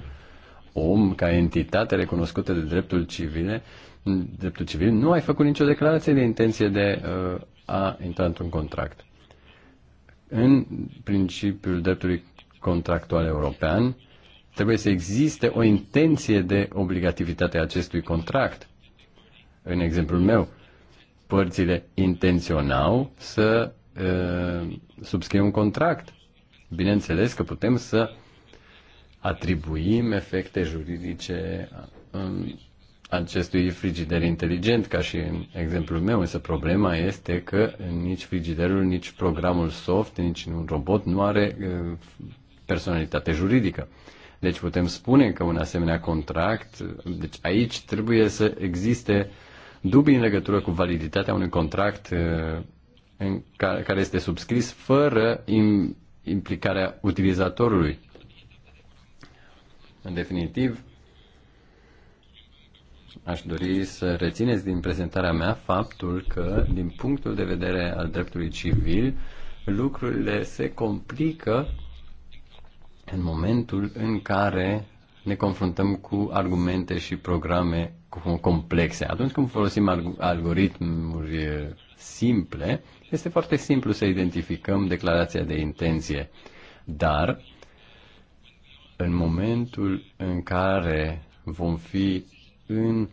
om, ca entitate recunoscută de dreptul civile, în dreptul civil, nu ai făcut nicio declarație de intenție de uh, a intra într-un contract. În principiul dreptului contractual european, trebuie să existe o intenție de obligativitate a acestui contract. În exemplul meu, părțile intenționau să uh, subscrie un contract. Bineînțeles că putem să atribuim efecte juridice um, acestui frigider inteligent, ca și în exemplul meu, însă problema este că nici frigiderul, nici programul soft, nici un robot nu are personalitate juridică. Deci putem spune că un asemenea contract, deci aici trebuie să existe dubii în legătură cu validitatea unui contract în care, care este subscris fără implicarea utilizatorului. În definitiv, Aș dori să rețineți din prezentarea mea faptul că, din punctul de vedere al dreptului civil, lucrurile se complică în momentul în care ne confruntăm cu argumente și programe complexe. Atunci când folosim algoritmuri simple, este foarte simplu să identificăm declarația de intenție. Dar, în momentul în care vom fi în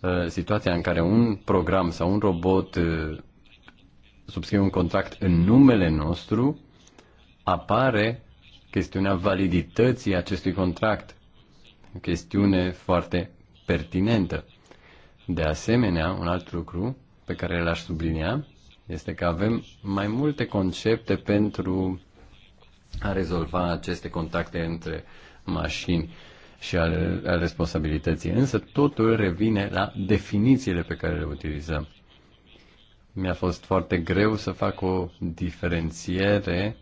uh, situația în care un program sau un robot uh, subscrie un contract în numele nostru, apare chestiunea validității acestui contract. O chestiune foarte pertinentă. De asemenea, un alt lucru pe care l-aș sublinia este că avem mai multe concepte pentru a rezolva aceste contacte între mașini și ale responsabilității. Însă totul revine la definițiile pe care le utilizăm. Mi-a fost foarte greu să fac o diferențiere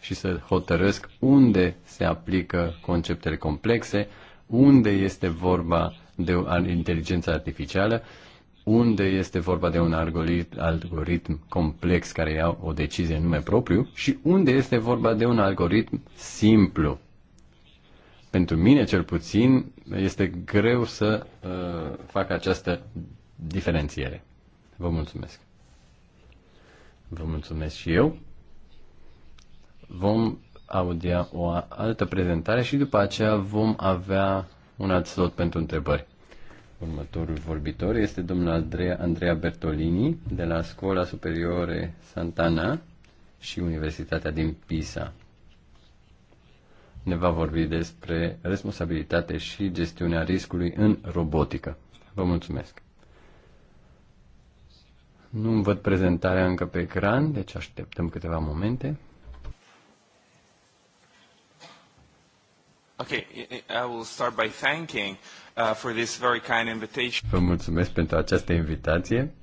și să hotărăsc unde se aplică conceptele complexe, unde este vorba de inteligența artificială, unde este vorba de un algoritm, algoritm complex care ia o decizie în nume propriu și unde este vorba de un algoritm simplu pentru mine, cel puțin, este greu să uh, fac această diferențiere. Vă mulțumesc. Vă mulțumesc și eu. Vom audia o altă prezentare și după aceea vom avea un alt slot pentru întrebări. Următorul vorbitor este domnul Andrea, Andrea Bertolini de la Scola Superiore Santana și Universitatea din Pisa ne va vorbi despre responsabilitate și gestiunea riscului în robotică. Vă mulțumesc! Nu văd prezentarea încă pe ecran, deci așteptăm câteva momente. I will start by thanking uh, for this very kind invitation. Vă mulțumesc pentru această invitație.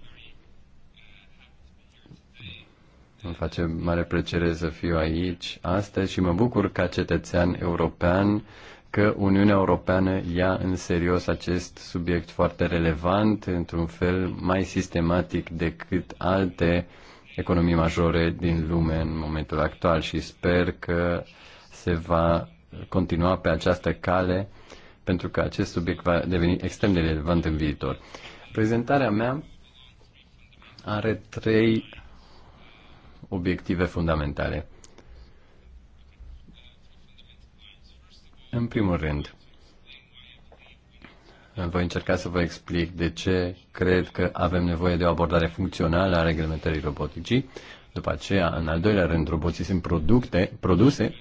Îmi face mare plăcere să fiu aici astăzi și mă bucur ca cetățean european că Uniunea Europeană ia în serios acest subiect foarte relevant, într-un fel mai sistematic decât alte economii majore din lume în momentul actual și sper că se va continua pe această cale pentru că acest subiect va deveni extrem de relevant în viitor. Prezentarea mea are trei obiective fundamentale. În primul rând, voi încerca să vă explic de ce cred că avem nevoie de o abordare funcțională a reglementării roboticii. După aceea, în al doilea rând, roboții sunt producte, produse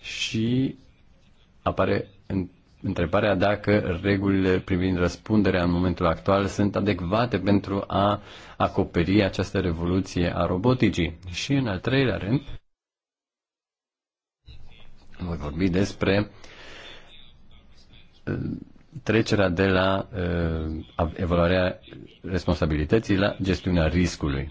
și apare în întrebarea dacă regulile privind răspunderea în momentul actual sunt adecvate pentru a acoperi această revoluție a roboticii. Și în al treilea rând, voi vorbi despre uh, trecerea de la uh, evaluarea responsabilității la gestiunea riscului.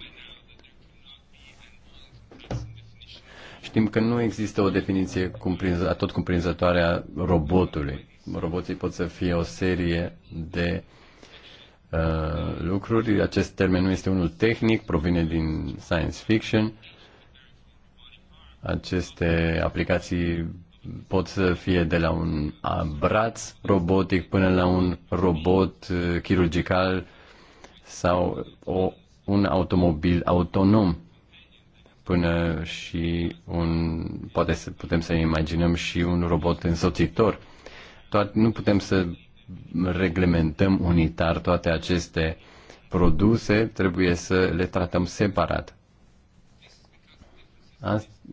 Știm că nu există o definiție cumprinză, tot cumprinzătoare a robotului roboții pot să fie o serie de uh, lucruri. Acest termen nu este unul tehnic, provine din science fiction. Aceste aplicații pot să fie de la un braț robotic până la un robot uh, chirurgical sau o, un automobil autonom până și un, poate să putem să imaginăm și un robot însoțitor. Toate nu putem să reglementăm unitar toate aceste produse, trebuie să le tratăm separat.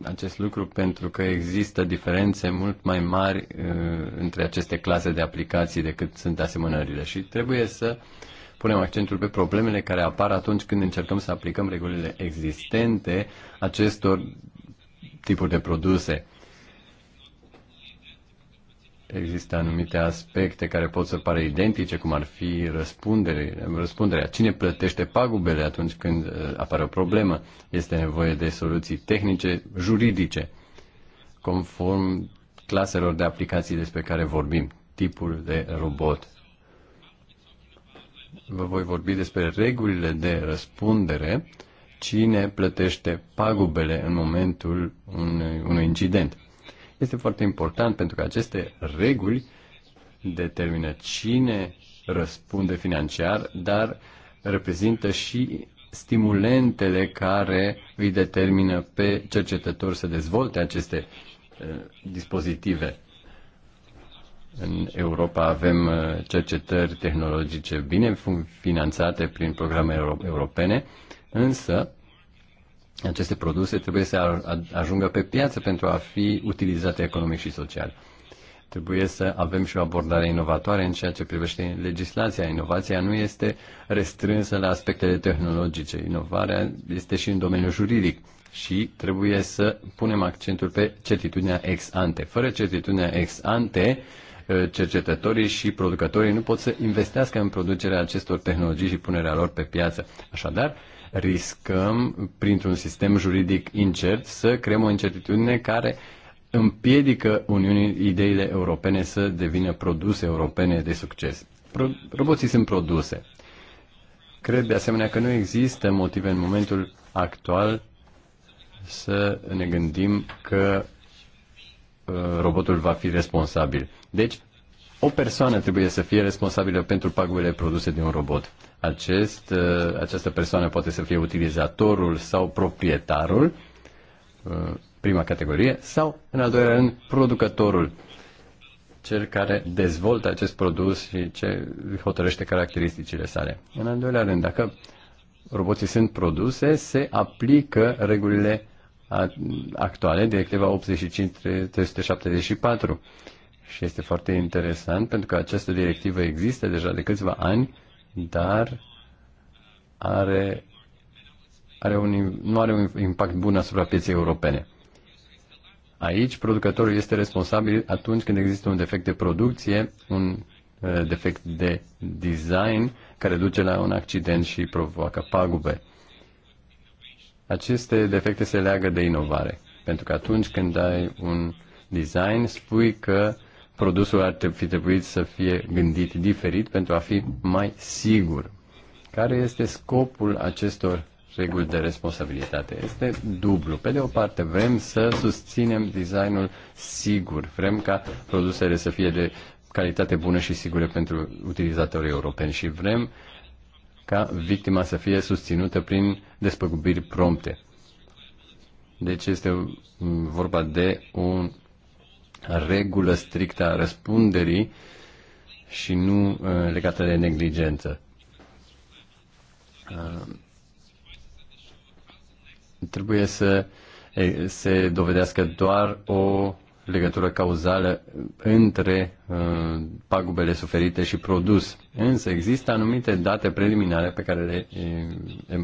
Acest lucru pentru că există diferențe mult mai mari uh, între aceste clase de aplicații decât sunt asemănările și trebuie să punem accentul pe problemele care apar atunci când încercăm să aplicăm regulile existente acestor tipuri de produse există anumite aspecte care pot să pară identice, cum ar fi răspundere, răspunderea. Cine plătește pagubele atunci când uh, apare o problemă? Este nevoie de soluții tehnice, juridice, conform claselor de aplicații despre care vorbim, tipul de robot. Vă voi vorbi despre regulile de răspundere, cine plătește pagubele în momentul unui, unui incident este foarte important pentru că aceste reguli determină cine răspunde financiar, dar reprezintă și stimulentele care îi determină pe cercetători să dezvolte aceste uh, dispozitive. În Europa avem uh, cercetări tehnologice bine finanțate prin programe europene, însă aceste produse trebuie să ajungă pe piață pentru a fi utilizate economic și social. Trebuie să avem și o abordare inovatoare în ceea ce privește legislația. Inovația nu este restrânsă la aspectele tehnologice. Inovarea este și în domeniul juridic și trebuie să punem accentul pe certitudinea ex ante. Fără certitudinea ex ante, cercetătorii și producătorii nu pot să investească în producerea acestor tehnologii și punerea lor pe piață. Așadar, riscăm, printr-un sistem juridic incert, să creăm o incertitudine care împiedică Uniunii ideile europene să devină produse europene de succes. Pro- roboții sunt produse. Cred de asemenea că nu există motive în momentul actual să ne gândim că uh, robotul va fi responsabil. Deci, o persoană trebuie să fie responsabilă pentru pagubele produse de un robot. Acest, uh, această persoană poate să fie utilizatorul sau proprietarul, uh, prima categorie, sau, în al doilea rând, producătorul, cel care dezvoltă acest produs și ce hotărăște caracteristicile sale. În al doilea rând, dacă roboții sunt produse, se aplică regulile actuale, directiva 85-374. Și este foarte interesant pentru că această directivă există deja de câțiva ani dar are, are un, nu are un impact bun asupra pieței europene. Aici, producătorul este responsabil atunci când există un defect de producție, un uh, defect de design care duce la un accident și provoacă pagube. Aceste defecte se leagă de inovare, pentru că atunci când ai un design, spui că produsul ar fi trebuit să fie gândit diferit pentru a fi mai sigur. Care este scopul acestor reguli de responsabilitate? Este dublu. Pe de o parte, vrem să susținem designul sigur. Vrem ca produsele să fie de calitate bună și sigură pentru utilizatorii europeni și vrem ca victima să fie susținută prin despăgubiri prompte. Deci este vorba de un regulă strictă a răspunderii și nu uh, legată de negligență. Uh, trebuie să se dovedească doar o legătură cauzală între uh, pagubele suferite și produs. Însă există anumite date preliminare pe care le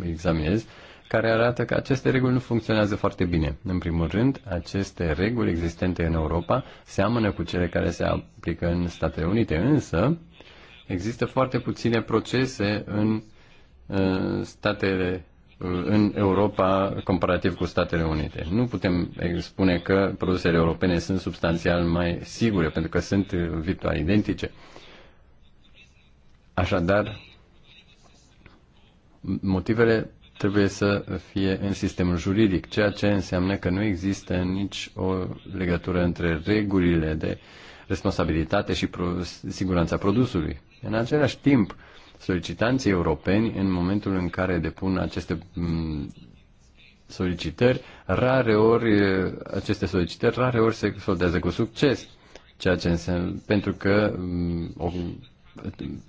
examinez care arată că aceste reguli nu funcționează foarte bine. În primul rând, aceste reguli existente în Europa seamănă cu cele care se aplică în Statele Unite, însă există foarte puține procese în uh, statele uh, în Europa comparativ cu Statele Unite. Nu putem spune că produsele europene sunt substanțial mai sigure, pentru că sunt uh, virtual identice. Așadar, motivele trebuie să fie în sistemul juridic, ceea ce înseamnă că nu există nici o legătură între regulile de responsabilitate și pro- siguranța produsului. În același timp, solicitanții europeni, în momentul în care depun aceste mm, solicitări, rare ori, aceste solicitări rare ori se soldează cu succes, ceea ce înseamnă, pentru că mm, o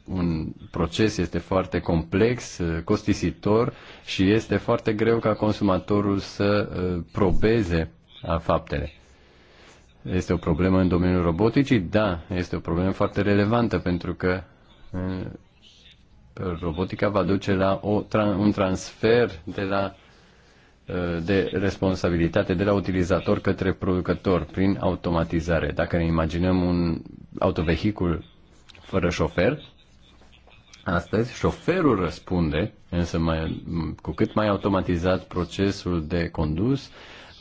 un proces este foarte complex, uh, costisitor și este foarte greu ca consumatorul să uh, probeze uh, faptele. Este o problemă în domeniul roboticii? Da, este o problemă foarte relevantă pentru că robotica va duce la o, un transfer de la de responsabilitate de la utilizator către producător prin automatizare. Dacă ne imaginăm un autovehicul fără șofer. Astăzi, șoferul răspunde, însă mai, cu cât mai automatizat procesul de condus,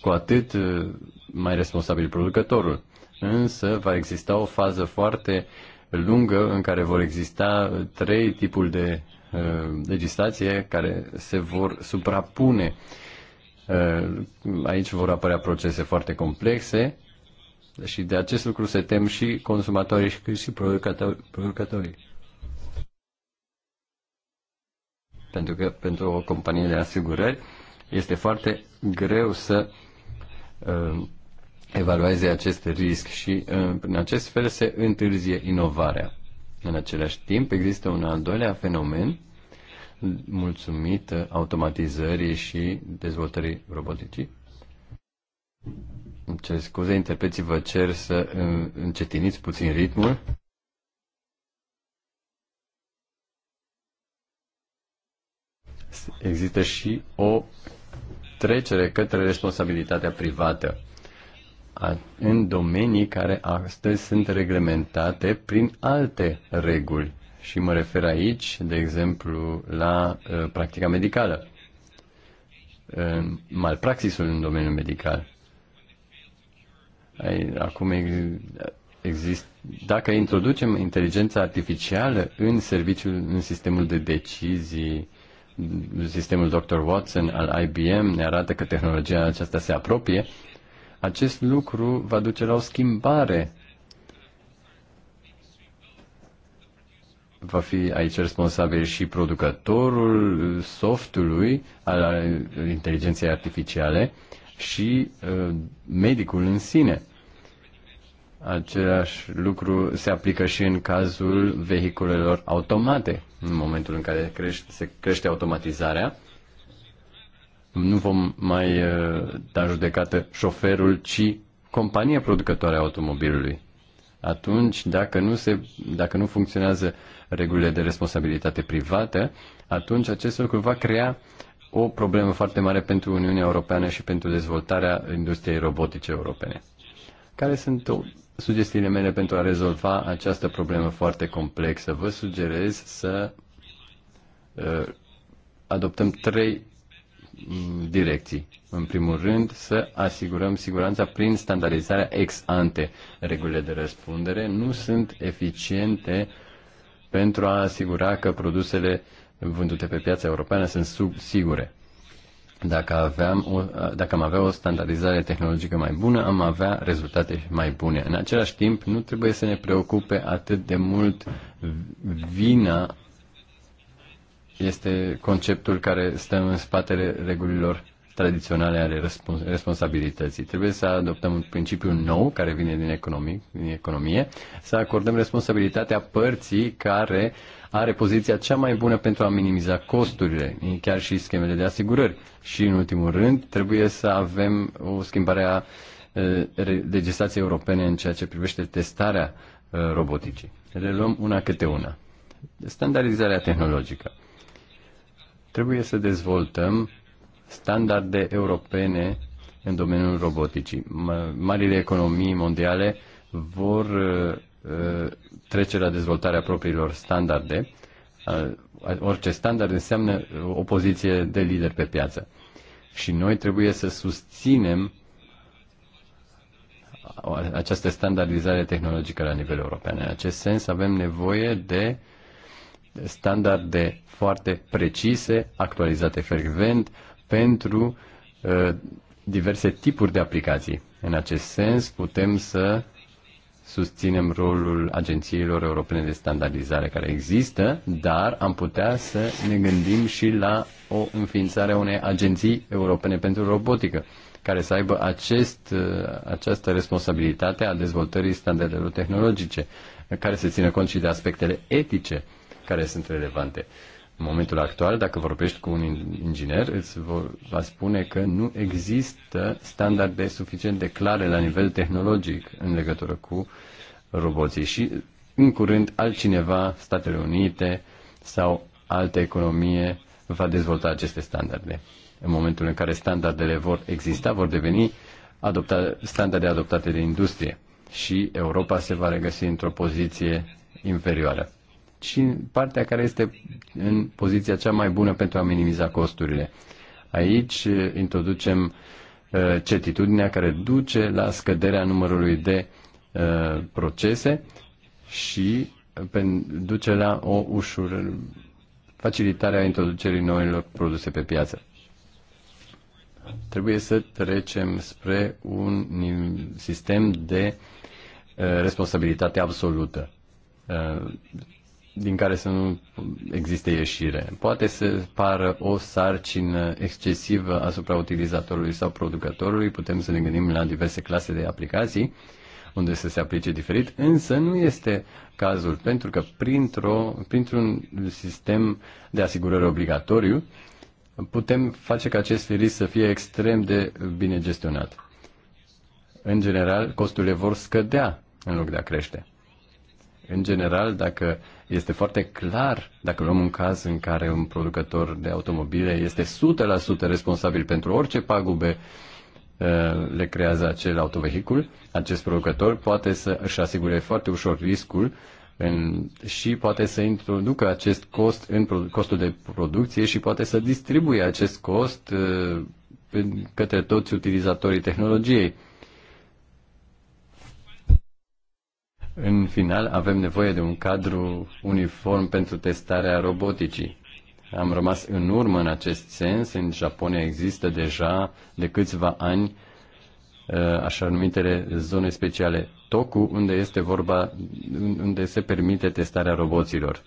cu atât uh, mai responsabil producătorul. Însă va exista o fază foarte lungă în care vor exista uh, trei tipuri de uh, legislație care se vor suprapune. Uh, aici vor apărea procese foarte complexe și deci de acest lucru se tem și consumatorii și, și producătorii. Pentru că pentru o companie de asigurări este foarte greu să uh, evalueze acest risc și uh, în acest fel se întârzie inovarea. În același timp există un al doilea fenomen mulțumită automatizării și dezvoltării roboticii îmi cer scuze, interpreții vă cer să uh, încetiniți puțin ritmul. Există și o trecere către responsabilitatea privată în domenii care astăzi sunt reglementate prin alte reguli. Și mă refer aici, de exemplu, la uh, practica medicală, uh, malpraxisul în domeniul medical. Acum există, dacă introducem inteligența artificială în serviciul, în sistemul de decizii, sistemul Dr. Watson al IBM ne arată că tehnologia aceasta se apropie, acest lucru va duce la o schimbare. Va fi aici responsabil și producătorul softului al inteligenței artificiale și uh, medicul în sine. Același lucru se aplică și în cazul vehiculelor automate. În momentul în care crește, se crește automatizarea, nu vom mai uh, da judecată șoferul, ci compania producătoare a automobilului. Atunci, dacă nu, se, dacă nu funcționează regulile de responsabilitate privată, atunci acest lucru va crea o problemă foarte mare pentru Uniunea Europeană și pentru dezvoltarea industriei robotice europene. Care sunt sugestiile mele pentru a rezolva această problemă foarte complexă? Vă sugerez să uh, adoptăm trei mm, direcții. În primul rând, să asigurăm siguranța prin standardizarea ex ante. Regulile de răspundere nu sunt eficiente pentru a asigura că produsele uh, vândute pe piața europeană sunt sub sigure. Dacă, aveam o, dacă am avea o standardizare tehnologică mai bună, am avea rezultate mai bune. În același timp, nu trebuie să ne preocupe atât de mult vina este conceptul care stă în spatele regulilor tradiționale ale responsabilității. Trebuie să adoptăm un principiu nou care vine din economie, din economie să acordăm responsabilitatea părții care uh, are poziția cea mai bună pentru a minimiza costurile, chiar și schemele de asigurări. Și, în ultimul rând, trebuie să avem o schimbare a legislației europene în ceea ce privește testarea roboticii. Le luăm una câte una. Standardizarea tehnologică. Trebuie să dezvoltăm standarde europene în domeniul roboticii. Marile economii mondiale vor Uh, trece la dezvoltarea propriilor standarde. Uh, orice standard înseamnă o poziție de lider pe piață. Și noi trebuie să susținem această standardizare tehnologică la nivel european. În acest sens avem nevoie de standarde foarte precise, actualizate frecvent pentru uh, diverse tipuri de aplicații. În acest sens putem să susținem rolul agențiilor europene de standardizare care există, dar am putea să ne gândim și la o înființare a unei agenții europene pentru robotică, care să aibă acest, această responsabilitate a dezvoltării standardelor tehnologice, care să țină cont și de aspectele etice care sunt relevante. În momentul actual, dacă vorbești cu un inginer, îți va spune că nu există standarde suficient de clare la nivel tehnologic în legătură cu roboții și în curând altcineva, Statele Unite sau alte economie va dezvolta aceste standarde. În momentul în care standardele vor exista, vor deveni adopta, standarde adoptate de industrie și Europa se va regăsi într-o poziție inferioară. Și partea care este în poziția cea mai bună pentru a minimiza costurile. Aici eh, introducem eh, certitudinea care duce la scăderea numărului de uh, Uh, procese și duce la o ușură facilitare a introducerii noilor produse pe piață. Trebuie să trecem spre un sistem de uh, responsabilitate absolută uh, din care să nu existe ieșire. Poate să pară o sarcină excesivă asupra utilizatorului sau producătorului, putem să ne gândim la diverse clase de aplicații, uh, unde să se aplice diferit, însă nu este cazul, pentru că printr-o, printr-un sistem de asigurări obligatoriu putem face ca acest risc să fie extrem de bine gestionat. În general, costurile vor scădea în loc de a crește. În general, dacă este foarte clar, dacă luăm un caz în care un producător de automobile este 100% responsabil pentru orice pagube uh, Uh, le creează acel autovehicul, acest producător poate să își asigure foarte ușor riscul în, și poate să introducă acest cost în costul de producție și poate să distribuie acest cost uh, către toți utilizatorii tehnologiei. În final, avem nevoie de un cadru uniform pentru testarea roboticii. Am rămas în urmă în acest sens. În Japonia există deja de câțiva ani uh, așa numitele zone speciale Toku, unde este vorba, unde se permite testarea roboților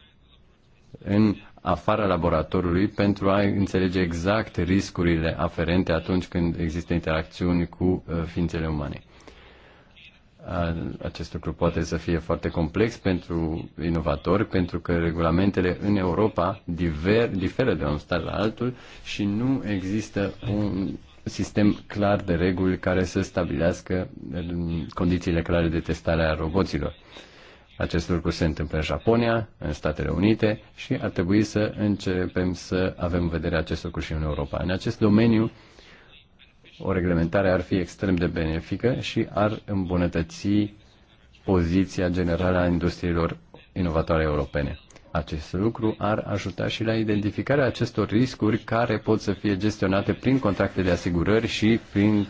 în afara laboratorului pentru a înțelege exact riscurile aferente atunci când există interacțiuni cu uh, ființele umane. Acest lucru poate să fie foarte complex pentru inovatori, pentru că regulamentele în Europa diver, diferă de un stat la altul și nu există un sistem clar de reguli care să stabilească condițiile clare de testare a roboților. Acest lucru se întâmplă în Japonia, în Statele Unite și ar trebui să începem să avem în vedere acest lucru și în Europa. În acest domeniu o reglementare ar fi extrem de benefică și ar îmbunătăți poziția generală a industriilor inovatoare europene. Acest lucru ar ajuta și la identificarea acestor riscuri care pot să fie gestionate prin contracte de asigurări și prin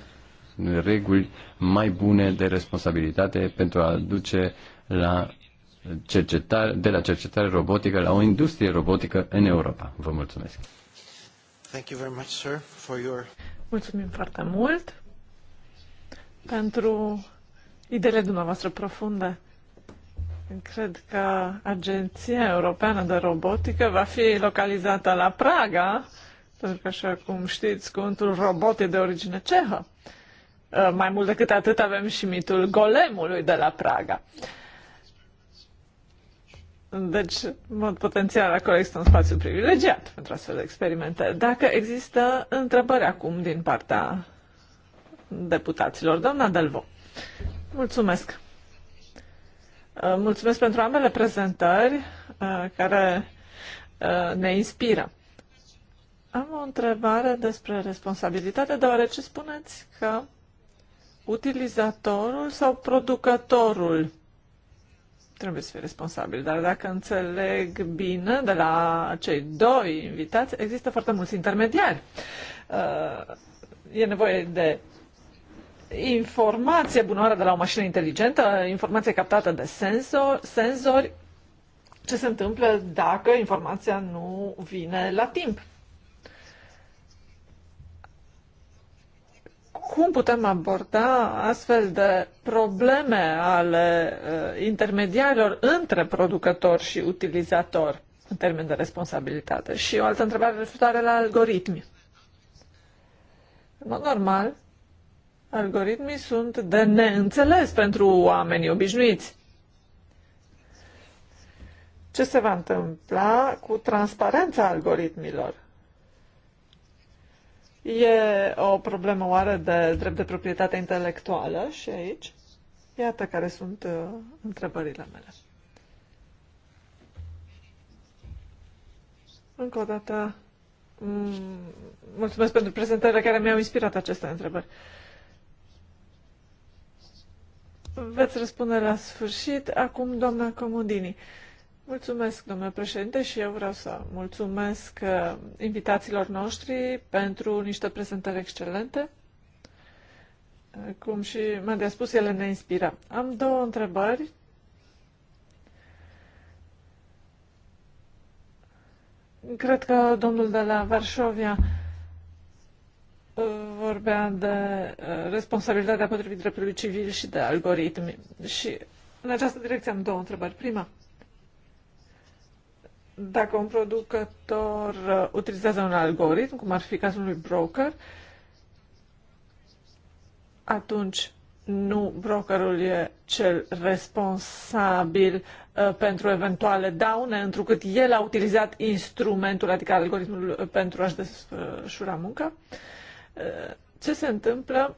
reguli mai bune de responsabilitate pentru a duce la cercetare, de la cercetare robotică la o industrie robotică în Europa. Vă mulțumesc. Thank you very much, sir, for your... Mulțumim foarte mult pentru ideile dumneavoastră profunde. Cred că Agenția Europeană de Robotică va fi localizată la Praga, pentru că, așa cum știți, cuvântul robot e de origine cehă. Mai mult decât atât avem și mitul golemului de la Praga. Deci, în mod potențial, acolo există un spațiu privilegiat pentru astfel de experimente. Dacă există întrebări acum din partea deputaților, doamna Delvo. Mulțumesc. Uh, mulțumesc pentru ambele prezentări uh, care uh, ne inspiră. Am o întrebare despre responsabilitate, deoarece spuneți că utilizatorul sau producătorul trebuie să fie responsabil. Dar dacă înțeleg bine de la cei doi invitați, există foarte mulți intermediari. Uh, e nevoie de informație bunoară de la o mașină inteligentă, informație captată de senzor, senzori, ce se întâmplă dacă informația nu vine la timp. cum putem aborda astfel de probleme ale uh, intermediarilor între producător și utilizator în termen de responsabilitate. Și o altă întrebare referitoare la algoritmi. În mod normal, algoritmii sunt de neînțeles pentru oamenii obișnuiți. Ce se va întâmpla cu transparența algoritmilor? E o problemă oare de drept de proprietate intelectuală și aici? Iată care sunt uh, întrebările mele. Încă o dată, mm, mulțumesc pentru prezentările care mi-au inspirat aceste întrebări. Veți răspunde la sfârșit. Acum, doamna Comodini. Uh, Mulțumesc, domnule președinte, și eu vreau să mulțumesc uh, invitațiilor noștri pentru niște prezentări excelente. Uh, cum și m-a de spus, ele ne inspiră. Am două întrebări. Cred că domnul de la Varșovia uh, vorbea de responsabilitatea potrivit dreptului civil și de algoritmi. Și în această direcție am două întrebări. Prima, dacă un producător uh, utilizează un algoritm, cum ar fi cazul unui broker, atunci nu brokerul e cel responsabil uh, pentru eventuale daune, întrucât el a utilizat instrumentul, adică algoritmul, uh, pentru a-și desfășura munca. Uh, ce se întâmplă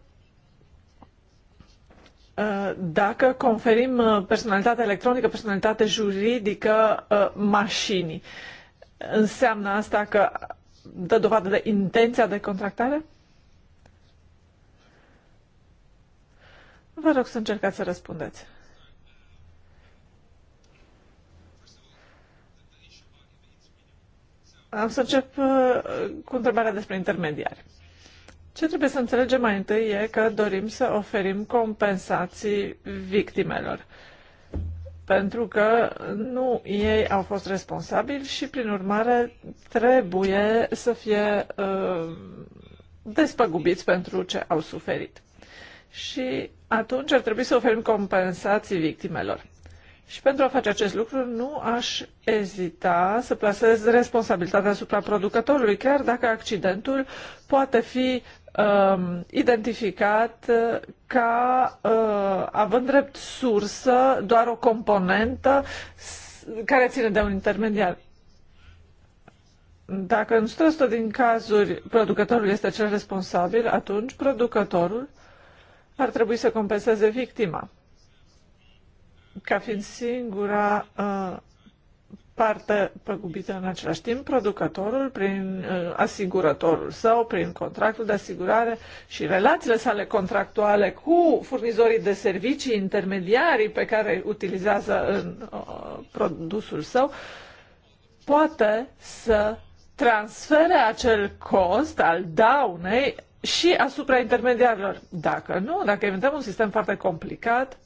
Uh, dacă conferim uh, personalitate electronică, personalitate juridică uh, mașinii. Înseamnă asta că dă dovadă de intenția de contractare? Vă rog să încercați să răspundeți. Am să încep cu întrebarea despre intermediari. Ce trebuie să înțelegem mai întâi e că dorim să oferim compensații victimelor, pentru că nu ei au fost responsabili și, prin urmare, trebuie să fie uh, despăgubiți pentru ce au suferit. Și atunci ar trebui să oferim compensații victimelor. Și pentru a face acest lucru nu aș ezita să plasez responsabilitatea asupra producătorului, chiar dacă accidentul poate fi Um, uh, identificat ca uh, având drept sursă doar o componentă care ține de un intermediar. Dacă în 100% din cazuri producătorul este cel responsabil, atunci producătorul ar trebui să compenseze victima ca fiind singura uh, parte păgubită în același timp, producătorul, prin uh, asigurătorul său, prin contractul de asigurare și relațiile sale contractuale cu furnizorii de servicii, intermediarii pe care utilizează în uh, produsul său, poate să transfere acel cost al daunei și asupra intermediarilor. Dacă nu, dacă inventăm un sistem foarte complicat,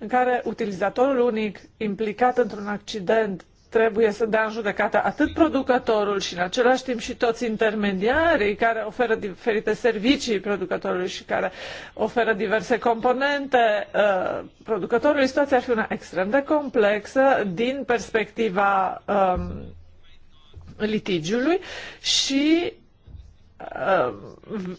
în care utilizatorul unic implicat într-un accident trebuie să dea în judecată atât producătorul și în același timp și toți intermediarii care oferă diferite servicii producătorului și care oferă diverse componente uh, producătorului, situația ar fi una extrem de complexă din perspectiva um, litigiului și Uh,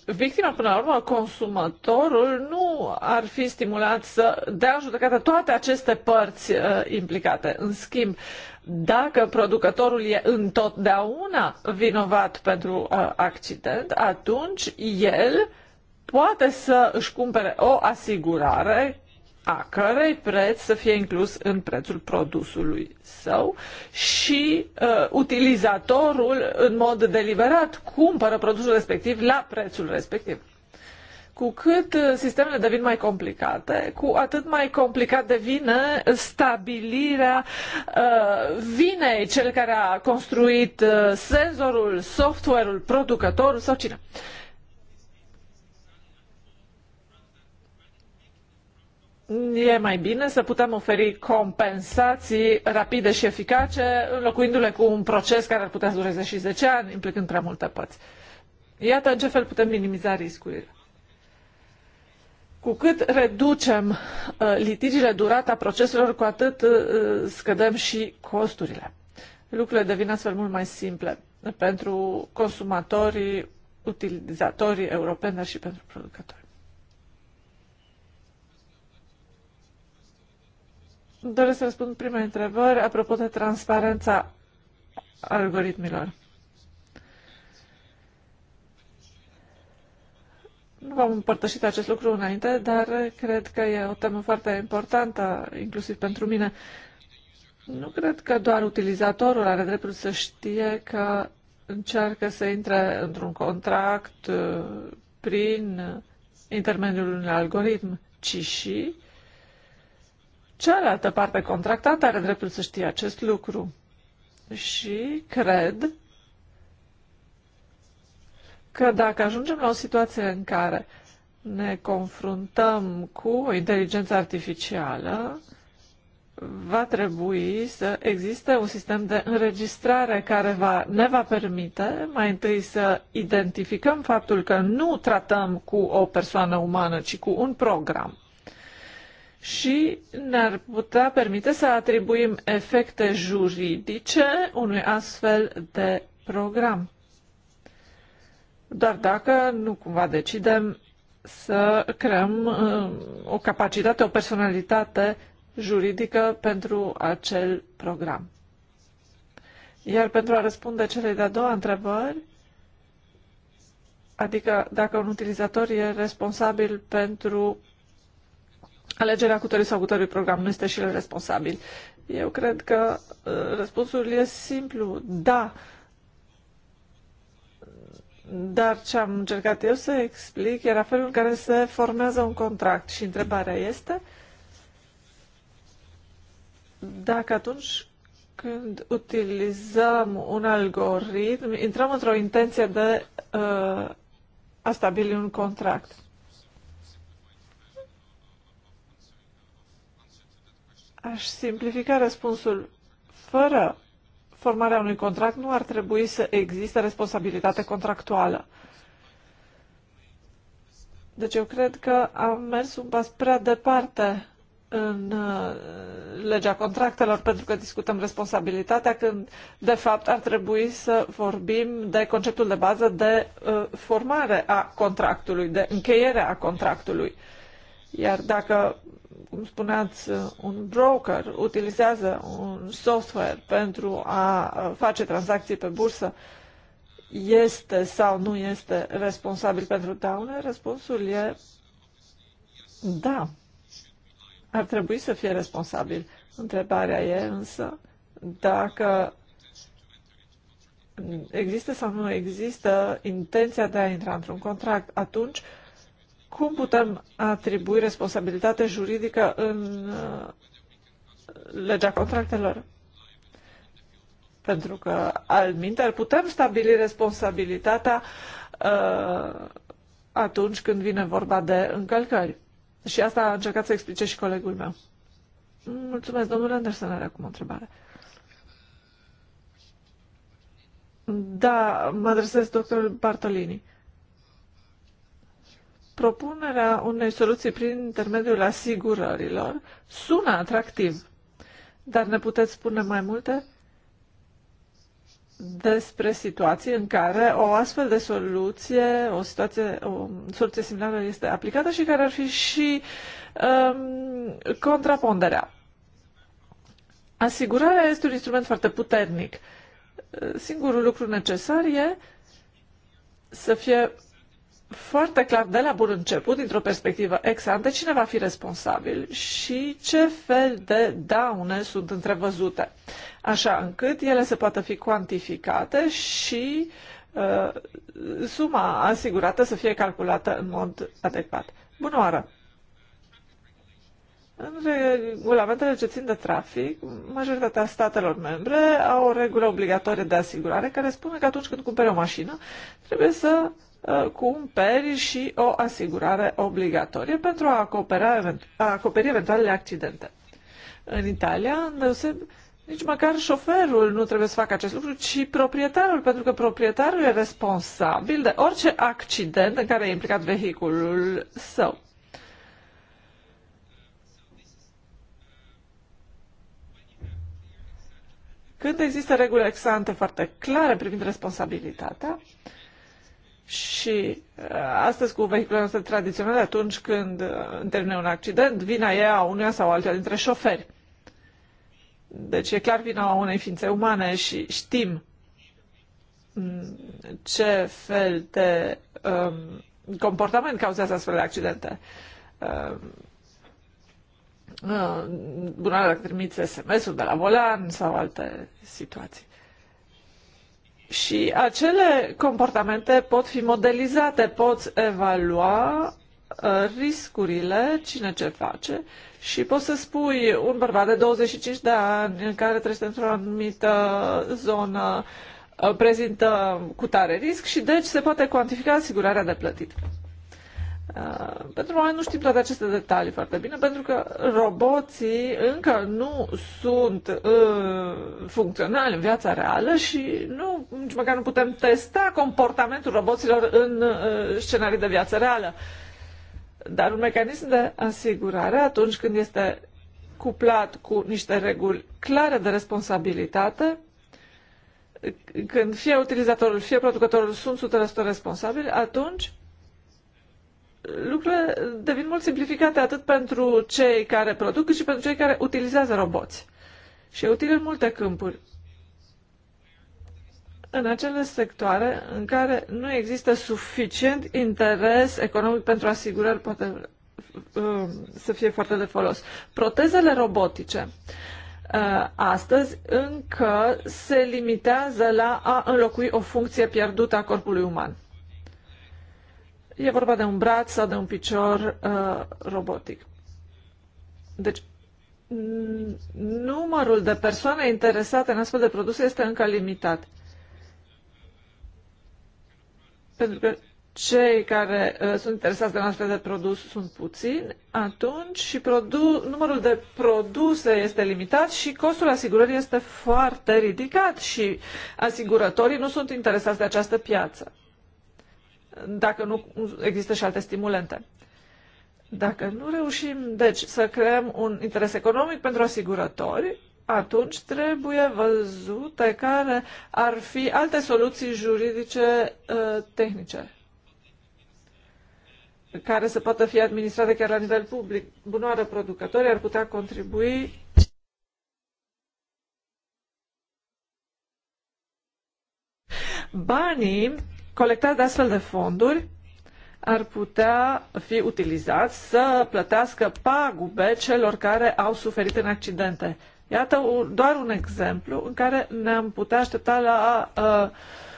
victima, până la urmă, consumatorul, nu ar fi stimulat să dea judecată toate aceste părți uh, implicate. În schimb, dacă producătorul e întotdeauna vinovat pentru uh, accident, atunci el poate să își cumpere o asigurare a cărei preț să fie inclus în prețul produsului său și uh, utilizatorul în mod deliberat cumpără produsul respectiv la prețul respectiv. Cu cât uh, sistemele devin mai complicate, cu atât mai complicat devine stabilirea uh, vinei, cel care a construit uh, senzorul, software-ul, producătorul sau cine. Uh, e mai bine să putem oferi compensații rapide și eficace, înlocuindu-le cu un proces care ar putea să dureze și 10 ani, implicând prea multe părți. Iată în ce fel putem minimiza riscurile. Cu cât reducem uh, litigiile, durata proceselor, cu atât uh, scădem și costurile. Lucrurile devin astfel mult mai simple pentru consumatorii, utilizatorii europeni, dar și pentru producători. Doresc să răspund prima întrebări apropo de transparența algoritmilor. Nu v-am împărtășit acest lucru înainte, dar cred că e o temă foarte importantă, inclusiv pentru mine. Nu cred că doar utilizatorul are dreptul să știe că încearcă să intre într-un contract uh, prin intermediul unui algoritm, ci și uh, Cealaltă parte contractată are dreptul să știe acest lucru. Și cred că dacă ajungem la o situație în care ne confruntăm cu o inteligență artificială, va trebui să existe un sistem de înregistrare care va, ne va permite mai întâi să identificăm faptul că nu tratăm cu o persoană umană, ci cu un program și ne-ar putea permite să atribuim efecte juridice unui astfel de program. Doar dacă nu cumva decidem să creăm uh, o capacitate, o personalitate juridică pentru acel program. Iar pentru a răspunde celei de-a doua întrebări, adică dacă un utilizator e responsabil pentru alegerea cutării sau cutării program nu este și el responsabil. Eu cred că uh, răspunsul e simplu, da. Dar ce am încercat eu să explic era felul în care se formează un contract și întrebarea este dacă atunci când utilizăm un algoritm, intrăm într-o intenție de uh, a stabili un contract. Aș simplifica răspunsul. Fără formarea unui contract nu ar trebui să existe responsabilitate contractuală. Deci eu cred că am mers un pas prea departe în uh, legea contractelor, pentru că discutăm responsabilitatea, când de fapt ar trebui să vorbim de conceptul de bază de uh, formare a contractului, de încheiere a contractului. Iar dacă cum spuneați, un broker utilizează un software pentru a face tranzacții pe bursă, este sau nu este responsabil pentru daune? Răspunsul e da. Ar trebui să fie responsabil. Întrebarea e însă dacă există sau nu există intenția de a intra într-un contract, atunci uh, cum putem atribui responsabilitate juridică în uh, legea contractelor? Pentru că, al minter, putem stabili responsabilitatea uh, atunci când vine vorba de încălcări. Și asta a încercat să explice și colegul meu. Mulțumesc, domnule Anderson, are acum o întrebare. Da, mă adresez doctorul Bartolini propunerea unei soluții prin intermediul asigurărilor sună atractiv, dar ne puteți spune mai multe despre situații în care o astfel de soluție, o situație, o soluție similară este aplicată și care ar fi și um, contraponderea. Asigurarea este un instrument foarte puternic. Singurul lucru necesar e să fie foarte clar de la bun început, dintr-o perspectivă ex ante, cine va fi responsabil și ce fel de daune sunt întrevăzute, așa încât ele se poată fi cuantificate și uh, suma asigurată să fie calculată în mod adecvat. Bună oară! În regulamentele ce țin de trafic, majoritatea statelor membre au o regulă obligatorie de asigurare care spune că atunci când cumpere o mașină, trebuie să Uh, cumperi și o asigurare obligatorie pentru a, acopera, a acoperi eventualele accidente. În Italia, îndeoseb, nici măcar șoferul nu trebuie să facă acest lucru, ci proprietarul, pentru că proprietarul e responsabil de orice accident în care e implicat vehiculul său. Când există reguli exante foarte clare privind responsabilitatea, uh, și uh, astăzi cu vehiculele noastre tradiționale, atunci când uh, întâlne un accident, vina e a unuia sau altuia dintre șoferi. Deci e clar vina a unei ființe umane și știm mm, ce fel de um, comportament cauzează astfel de accidente. Um, uh, bună dacă trimiți SMS-ul de la volan sau alte situații. Și acele comportamente pot fi modelizate, poți evalua uh, riscurile, cine ce face și poți să spui un bărbat de 25 de ani în care trece într-o anumită zonă uh, prezintă cu tare risc și deci se poate cuantifica asigurarea de plătit. Uh, pentru că nu știm toate aceste detalii foarte bine, pentru că roboții încă nu sunt uh, funcționali în viața reală și nu, nici măcar nu putem testa comportamentul roboților în uh, scenarii de viață reală. Dar un mecanism de asigurare, atunci când este cuplat cu niște reguli clare de responsabilitate, când fie utilizatorul, fie producătorul sunt 100% responsabili, atunci lucrurile devin mult simplificate atât pentru cei care produc, cât și pentru cei care utilizează roboți. Și e util în multe câmpuri. În acele sectoare în care nu există suficient interes economic pentru asigurări, poate um, să fie foarte de folos. Protezele robotice uh, astăzi încă se limitează la a înlocui o funcție pierdută a corpului uman. E vorba de un braț sau de un picior uh, robotic. Deci, numărul de persoane interesate în astfel de produse este încă limitat. Pentru că cei care uh, sunt interesați de un astfel de produs sunt puțini, atunci și produ- numărul de produse este limitat și costul asigurării este foarte ridicat și asigurătorii nu sunt interesați de această piață dacă nu există și alte stimulente. Dacă nu reușim, deci, să creăm un interes economic pentru asigurători, atunci trebuie văzute care ar fi alte soluții juridice uh, tehnice care să poată fi administrate chiar la nivel public. Bunoară producătorii ar putea contribui banii colectat de astfel de fonduri ar putea fi utilizat să plătească pagube celor care au suferit în accidente. Iată doar un exemplu în care ne-am putea aștepta la uh,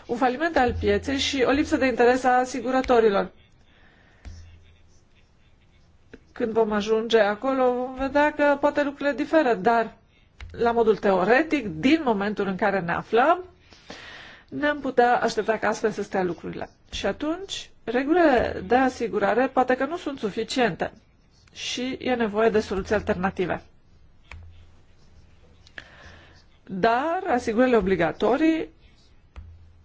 un faliment al pieței și o lipsă de interes a asigurătorilor. Când vom ajunge acolo, vom vedea că poate lucrurile diferă, dar la modul teoretic, din momentul în care ne aflăm, ne-am putea aștepta ca astfel să stea lucrurile. Și atunci, regulile de asigurare poate că nu sunt suficiente și e nevoie de soluții alternative. Dar asigurările obligatorii,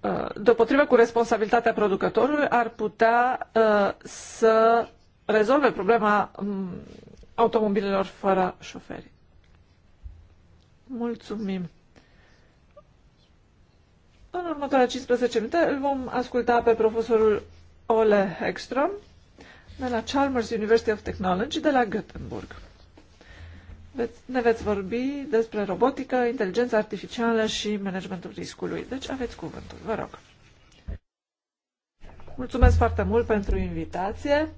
uh, deopotrivă cu responsabilitatea producătorului, ar putea uh, să rezolve problema um, automobilelor fără șoferi. Mulțumim! În următoarele 15 minute îl vom asculta pe profesorul Ole Hegström de la Chalmers University of Technology de la Göteborg. Ne veți vorbi despre robotică, inteligența artificială și managementul riscului. Deci aveți cuvântul, vă rog. Mulțumesc foarte mult pentru invitație.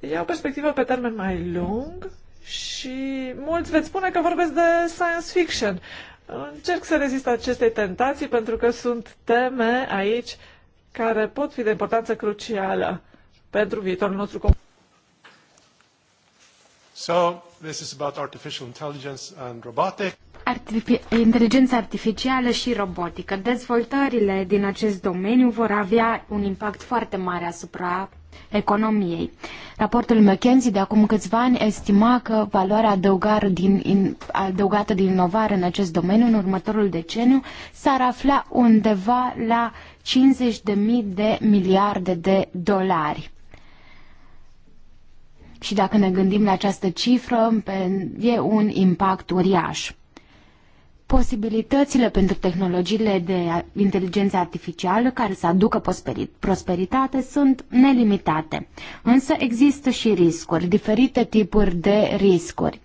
Iau perspectivă pe termen mai lung și mulți veți spune că vorbesc de science fiction. Încerc să rezist acestei tentații pentru că sunt teme aici care pot fi de importanță crucială pentru viitorul nostru comun. So, this is about artificial intelligence and robotics. Artific inteligența artificială și robotică. Dezvoltările din acest domeniu vor avea un impact foarte mare asupra economiei. Raportul McKenzie de acum câțiva ani estima că valoarea adăugată din, in, adăugată din inovare în acest domeniu în următorul deceniu s-ar afla undeva la 50.000 de miliarde de dolari. Și dacă ne gândim la această cifră, e un impact uriaș posibilitățile pentru tehnologiile de inteligență artificială care să aducă prosperitate sunt nelimitate. Însă există și riscuri, diferite tipuri de riscuri.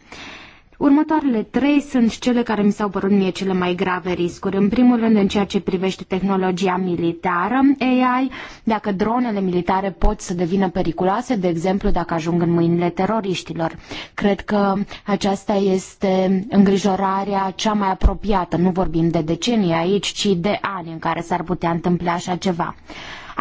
Următoarele trei sunt cele care mi s-au părut mie cele mai grave riscuri. În primul rând, în ceea ce privește tehnologia militară, AI, dacă dronele militare pot să devină periculoase, de exemplu, dacă ajung în mâinile teroriștilor. Cred că aceasta este îngrijorarea cea mai apropiată. Nu vorbim de decenii aici, ci de ani în care s-ar putea întâmpla așa ceva.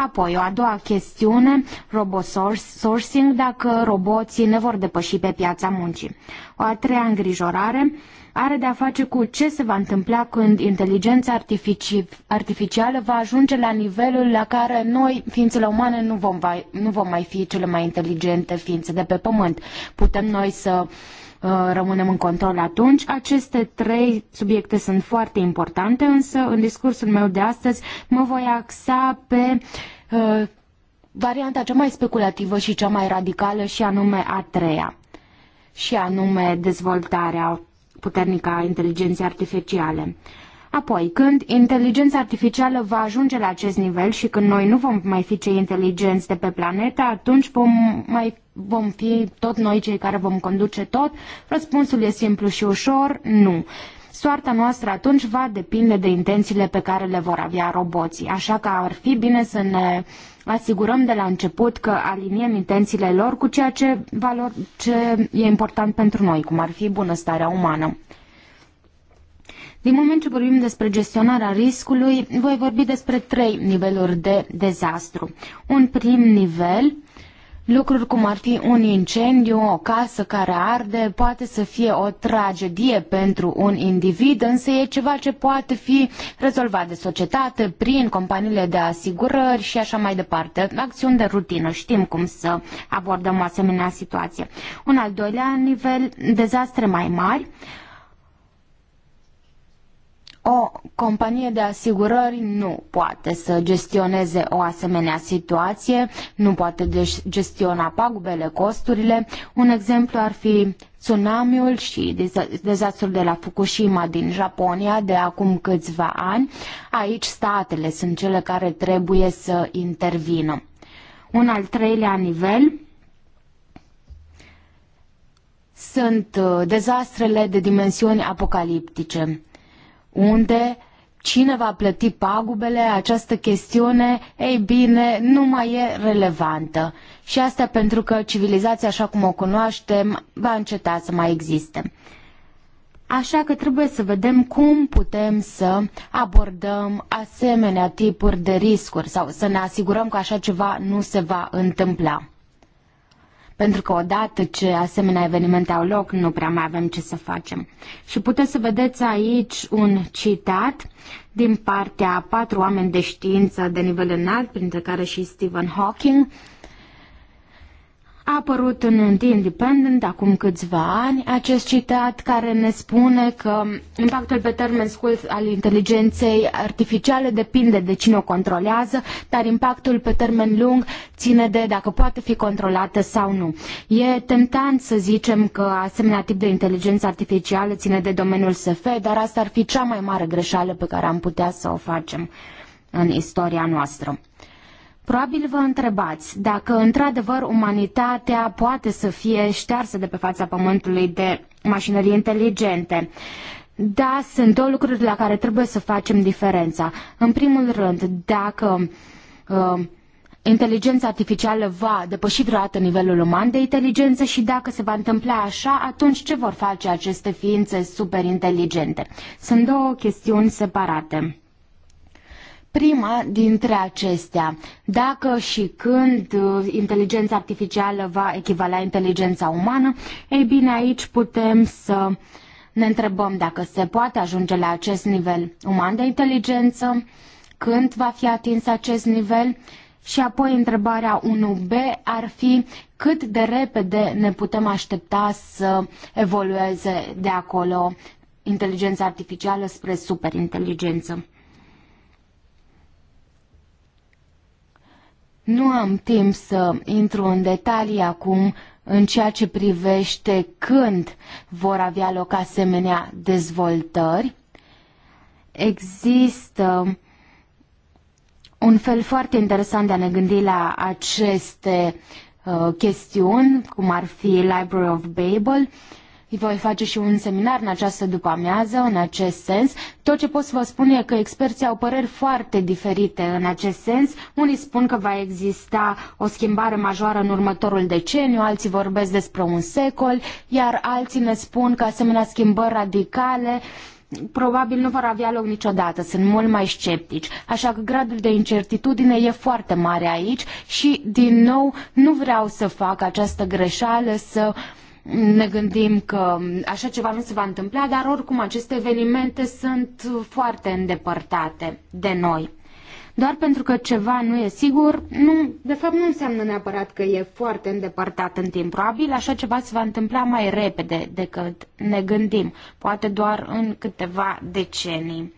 Apoi, o a doua chestiune, robosourcing, dacă roboții ne vor depăși pe piața muncii. O a treia îngrijorare, are de a face cu ce se va întâmpla când inteligența artificială va ajunge la nivelul la care noi, ființele umane, nu vom, va, nu vom mai fi cele mai inteligente ființe de pe pământ. Putem noi să uh, rămânem în control atunci. Aceste trei subiecte sunt foarte importante, însă în discursul meu de astăzi mă voi axa pe uh, varianta cea mai speculativă și cea mai radicală și anume a treia și anume dezvoltarea puternică inteligenței artificiale. Apoi, când inteligența artificială va ajunge la acest nivel și când noi nu vom mai fi cei inteligenți de pe planetă, atunci vom mai vom fi tot noi cei care vom conduce tot? Răspunsul e simplu și ușor, nu. Soarta noastră atunci va depinde de intențiile pe care le vor avea roboții, așa că ar fi bine să ne uh, asigurăm de la început că aliniem intențiile lor cu ceea ce, valor, ce e important pentru noi, cum ar fi bunăstarea umană. Din moment ce vorbim despre gestionarea riscului, voi vorbi despre trei niveluri de dezastru. Un prim nivel Lucruri cum ar fi un incendiu, o casă care arde, poate să fie o tragedie pentru un individ, însă e ceva ce poate fi rezolvat de societate, prin companiile de asigurări și așa mai departe. Acțiuni de rutină, știm cum să abordăm o asemenea situație. Un al doilea nivel, dezastre mai mari. O companie de asigurări nu poate să gestioneze o asemenea situație, nu poate gestiona pagubele, costurile. Un exemplu ar fi tsunamiul și dezastrul de la Fukushima din Japonia de acum câțiva ani. Aici statele sunt cele care trebuie să intervină. Un al treilea nivel sunt uh, dezastrele de dimensiuni apocaliptice unde cine va plăti pagubele, această chestiune, ei bine, nu mai e relevantă. Și asta pentru că civilizația așa cum o cunoaștem va înceta să mai existe. Așa că trebuie să vedem cum putem să abordăm asemenea tipuri de riscuri sau să ne asigurăm că așa ceva nu se va întâmpla pentru că odată ce asemenea evenimente au loc, nu prea mai avem ce să facem. Și puteți să vedeți aici un citat din partea patru oameni de știință de nivel înalt, printre care și Stephen Hawking, a apărut în The Independent acum câțiva ani acest citat care ne spune că impactul pe termen scurt al inteligenței artificiale depinde de cine o controlează, dar impactul pe termen lung ține de dacă poate fi controlată sau nu. E tentant să zicem că asemenea tip de inteligență artificială ține de domeniul SF, dar asta ar fi cea mai mare greșeală pe care am putea să o facem în istoria noastră. Probabil vă întrebați dacă într-adevăr umanitatea poate să fie ștearsă de pe fața pământului de mașinării inteligente. Da, sunt două lucruri la care trebuie să facem diferența. În primul rând, dacă uh, inteligența artificială va depăși vreodată nivelul uman de inteligență și dacă se va întâmpla așa, atunci ce vor face aceste ființe superinteligente? Sunt două chestiuni separate prima dintre acestea. Dacă și când uh, inteligența artificială va echivala inteligența umană, ei bine, aici putem să ne întrebăm dacă se poate ajunge la acest nivel uman de inteligență, când va fi atins acest nivel și apoi întrebarea 1B ar fi cât de repede ne putem aștepta să evolueze de acolo inteligența artificială spre superinteligență. Nu am timp să intru în detalii acum în ceea ce privește când vor avea loc asemenea dezvoltări. Există un fel foarte interesant de a ne gândi la aceste uh, chestiuni, cum ar fi Library of Babel, uh, voi face și un seminar în această după-amiază în acest sens. Tot ce pot să vă spun e că experții au păreri foarte diferite în acest sens. Unii spun că va exista o schimbare majoră în următorul deceniu, alții vorbesc despre un secol, iar alții ne spun că asemenea schimbări radicale probabil nu vor avea loc niciodată, sunt mult mai sceptici. Așa că gradul de incertitudine e foarte mare aici și, din nou, nu vreau să fac această greșeală, să uh, ne gândim că așa ceva nu se va întâmpla, dar oricum aceste evenimente sunt foarte îndepărtate de noi. Doar pentru că ceva nu e sigur, nu, de fapt nu înseamnă neapărat că e foarte îndepărtat în timp. Probabil așa ceva se va întâmpla mai repede decât ne gândim, poate doar în câteva decenii.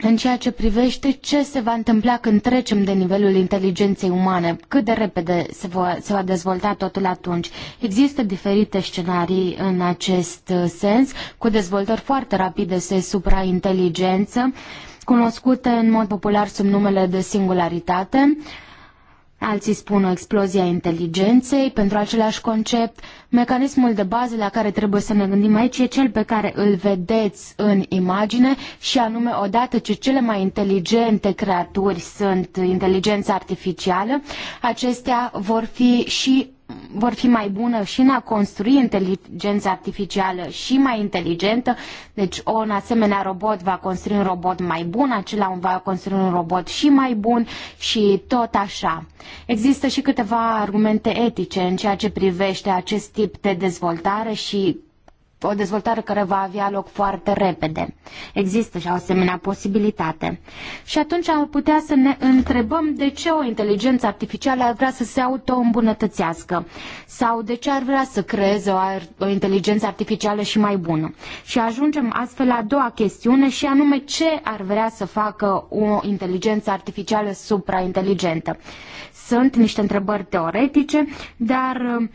în ceea ce privește ce se va întâmpla când trecem de nivelul inteligenței umane, cât de repede se va, se va dezvolta totul atunci. Există diferite scenarii în acest uh, sens, cu dezvoltări foarte rapide de suprainteligență, cunoscute în mod popular sub numele de singularitate, Alții spun o explozie a inteligenței pentru același concept. Mecanismul de bază la care trebuie să ne gândim aici e cel pe care îl vedeți în imagine și anume odată ce cele mai inteligente creaturi sunt inteligența artificială, acestea vor fi și vor fi mai bună și în a construi inteligența artificială și mai inteligentă. Deci un asemenea robot va construi un robot mai bun, acela va construi un robot și mai bun și tot așa. Există și câteva argumente etice în ceea ce privește acest tip de dezvoltare și o dezvoltare care va avea loc foarte repede. Există și o asemenea posibilitate. Și atunci am putea să ne întrebăm de ce o inteligență artificială ar vrea să se auto-îmbunătățească sau de ce ar vrea să creeze o, o inteligență artificială și mai bună. Și ajungem astfel la a doua chestiune și anume ce ar vrea să facă o inteligență artificială suprainteligentă. Sunt niște întrebări teoretice, dar uh,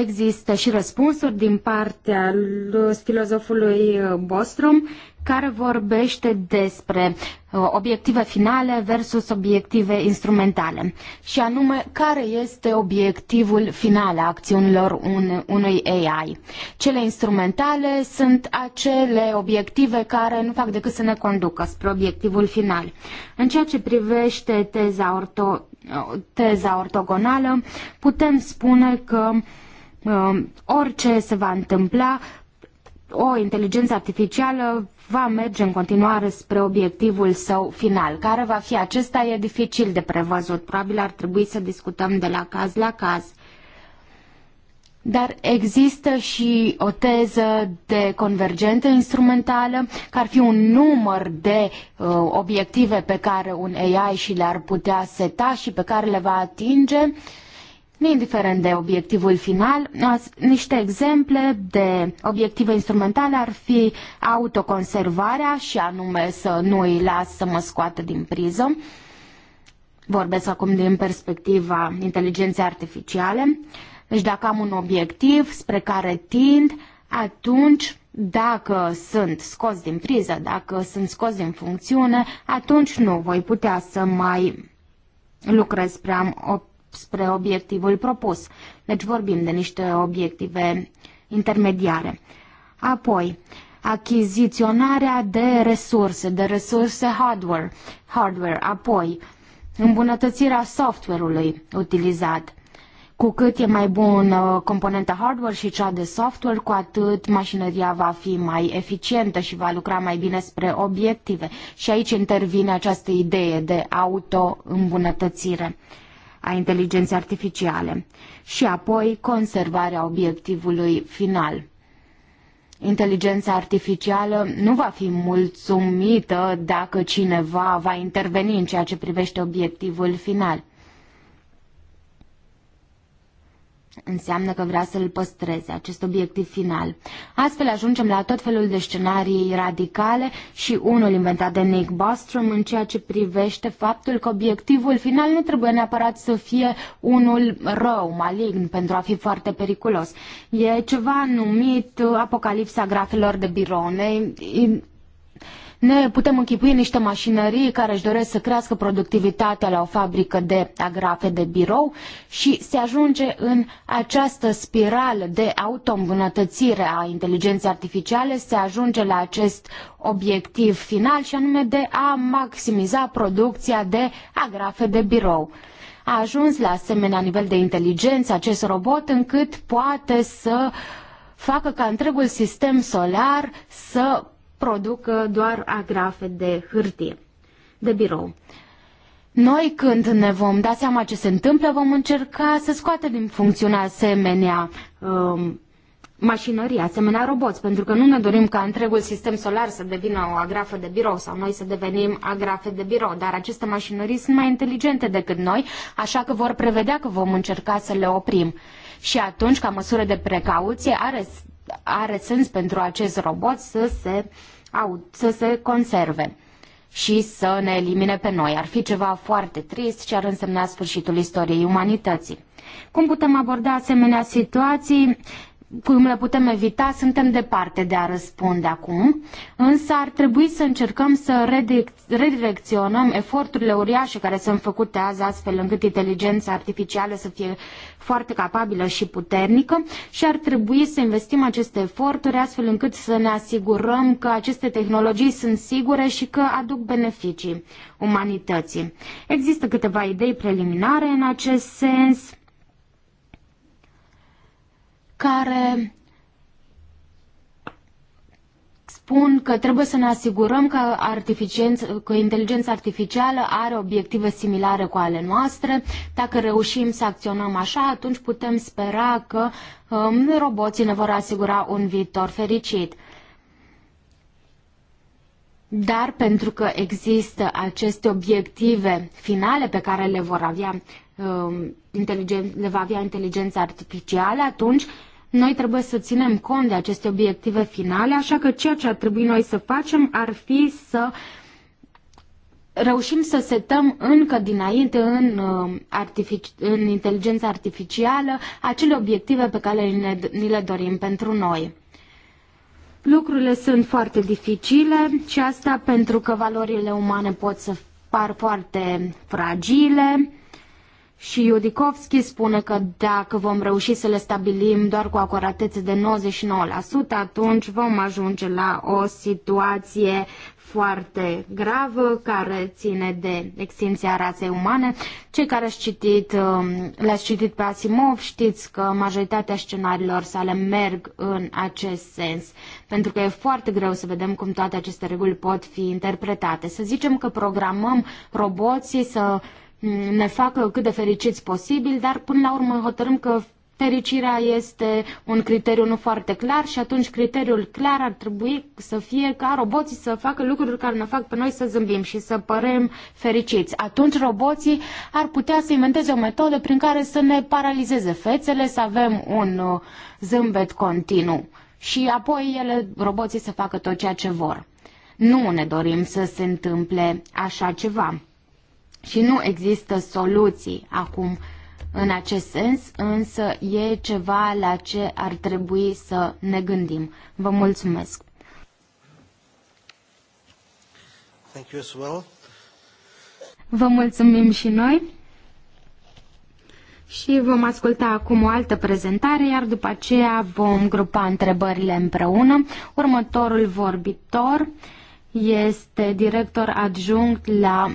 Există și răspunsuri din partea filozofului uh, Bostrom care vorbește despre uh, obiective finale versus obiective instrumentale și anume care este obiectivul final a acțiunilor unui AI. Cele instrumentale sunt acele obiective care nu fac decât să ne conducă spre obiectivul final. În ceea ce privește teza, orto, teza ortogonală, putem spune că uh, Um, orice se va întâmpla, o inteligență artificială va merge în continuare spre obiectivul său final. Care va fi acesta e dificil de prevăzut. Probabil ar trebui să discutăm de la caz la caz. Dar există și o teză de convergentă instrumentală, care ar fi un număr de uh, obiective pe care un AI și le-ar putea seta și pe care le va atinge. Uh, Indiferent de obiectivul final, niște exemple de obiective instrumentale ar fi autoconservarea și anume să nu îi las să mă scoată din priză. Vorbesc acum din perspectiva inteligenței artificiale. Deci dacă am un obiectiv spre care tind, atunci dacă sunt scos din priză, dacă sunt scos din funcțiune, atunci nu voi putea să mai lucrez prea a spre obiectivul propus. Deci vorbim de niște obiective intermediare. Apoi, achiziționarea de resurse, de resurse hardware, hardware. apoi îmbunătățirea software-ului utilizat. Cu cât e mai bună uh, componenta hardware și cea de software, cu atât mașinăria va fi mai eficientă și va lucra mai bine spre obiective. Și aici intervine această idee de auto-îmbunătățire a inteligenței artificiale și apoi conservarea obiectivului final. Inteligența artificială nu va fi mulțumită dacă cineva va interveni în ceea ce privește obiectivul final. înseamnă că vrea să-l păstreze, acest obiectiv final. Astfel ajungem la tot felul de scenarii radicale și unul inventat de Nick Bostrom în ceea ce privește faptul că obiectivul final nu trebuie neapărat să fie unul rău, malign, pentru a fi foarte periculos. E ceva numit uh, apocalipsa grafelor de birone, ne putem închipui niște mașinării care își doresc să crească productivitatea la o fabrică de agrafe de birou și se ajunge în această spirală de auto a inteligenței artificiale, se ajunge la acest obiectiv final și anume de a maximiza producția de agrafe de birou a ajuns la asemenea nivel de inteligență acest robot încât poate să facă ca întregul sistem solar să producă uh, doar agrafe de hârtie, de birou. Noi când ne vom da seama ce se întâmplă, vom încerca să scoatem din funcțiune asemenea um, mașinării, asemenea roboți, pentru că nu ne dorim ca întregul sistem solar să devină o agrafă de birou sau noi să devenim agrafe de birou, dar aceste mașinării sunt mai inteligente decât noi, așa că vor prevedea că vom încerca să le oprim. Și atunci, ca măsură de precauție, are are sens pentru acest robot să se, au, să se conserve și să ne elimine pe noi. Ar fi ceva foarte trist și ar însemna sfârșitul istoriei umanității. Cum putem aborda asemenea situații? cum le putem evita, suntem departe de a răspunde acum, însă ar trebui să încercăm să redirecționăm eforturile uriașe care sunt făcute azi astfel încât inteligența artificială să fie foarte capabilă și puternică și ar trebui să investim aceste eforturi astfel încât să ne asigurăm că aceste tehnologii sunt sigure și că aduc beneficii umanității. Există câteva idei preliminare în acest sens care spun că trebuie să ne asigurăm că, că inteligența artificială are obiective similare cu ale noastre. Dacă reușim să acționăm așa, atunci putem spera că um, roboții ne vor asigura un viitor fericit. Dar pentru că există aceste obiective finale pe care le vor avea, um, le va avea inteligența artificială, atunci noi trebuie să ținem cont de aceste obiective finale, așa că ceea ce ar trebui noi să facem ar fi să reușim să setăm încă dinainte în, uh, artific- în inteligența artificială acele obiective pe care ne, ni le dorim pentru noi. Lucrurile sunt foarte dificile și asta pentru că valorile umane pot să par foarte fragile și Iudikovski spune că dacă vom reuși să le stabilim doar cu acuratețe de 99%, atunci vom ajunge la o situație foarte gravă care ține de extinția raței umane. Cei care ați citit, um, l-ați citit pe Asimov știți că majoritatea scenariilor sale merg în acest sens, pentru că e foarte greu să vedem cum toate aceste reguli pot fi interpretate. Să zicem că programăm roboții să ne facă cât de fericiți posibil, dar până la urmă hotărâm că fericirea este un criteriu nu foarte clar și atunci criteriul clar ar trebui să fie ca roboții să facă lucruri care ne fac pe noi să zâmbim și să părem fericiți. Atunci roboții ar putea să inventeze o metodă prin care să ne paralizeze fețele, să avem un uh, zâmbet continuu și apoi ele, roboții, să facă tot ceea ce vor. Nu ne dorim să se întâmple așa ceva. Și nu există soluții acum în acest sens, însă e ceva la ce ar trebui să ne gândim. Vă mulțumesc! Thank you as well. Vă mulțumim și noi și vom asculta acum o altă prezentare, iar după aceea vom grupa întrebările împreună. Următorul vorbitor este director adjunct la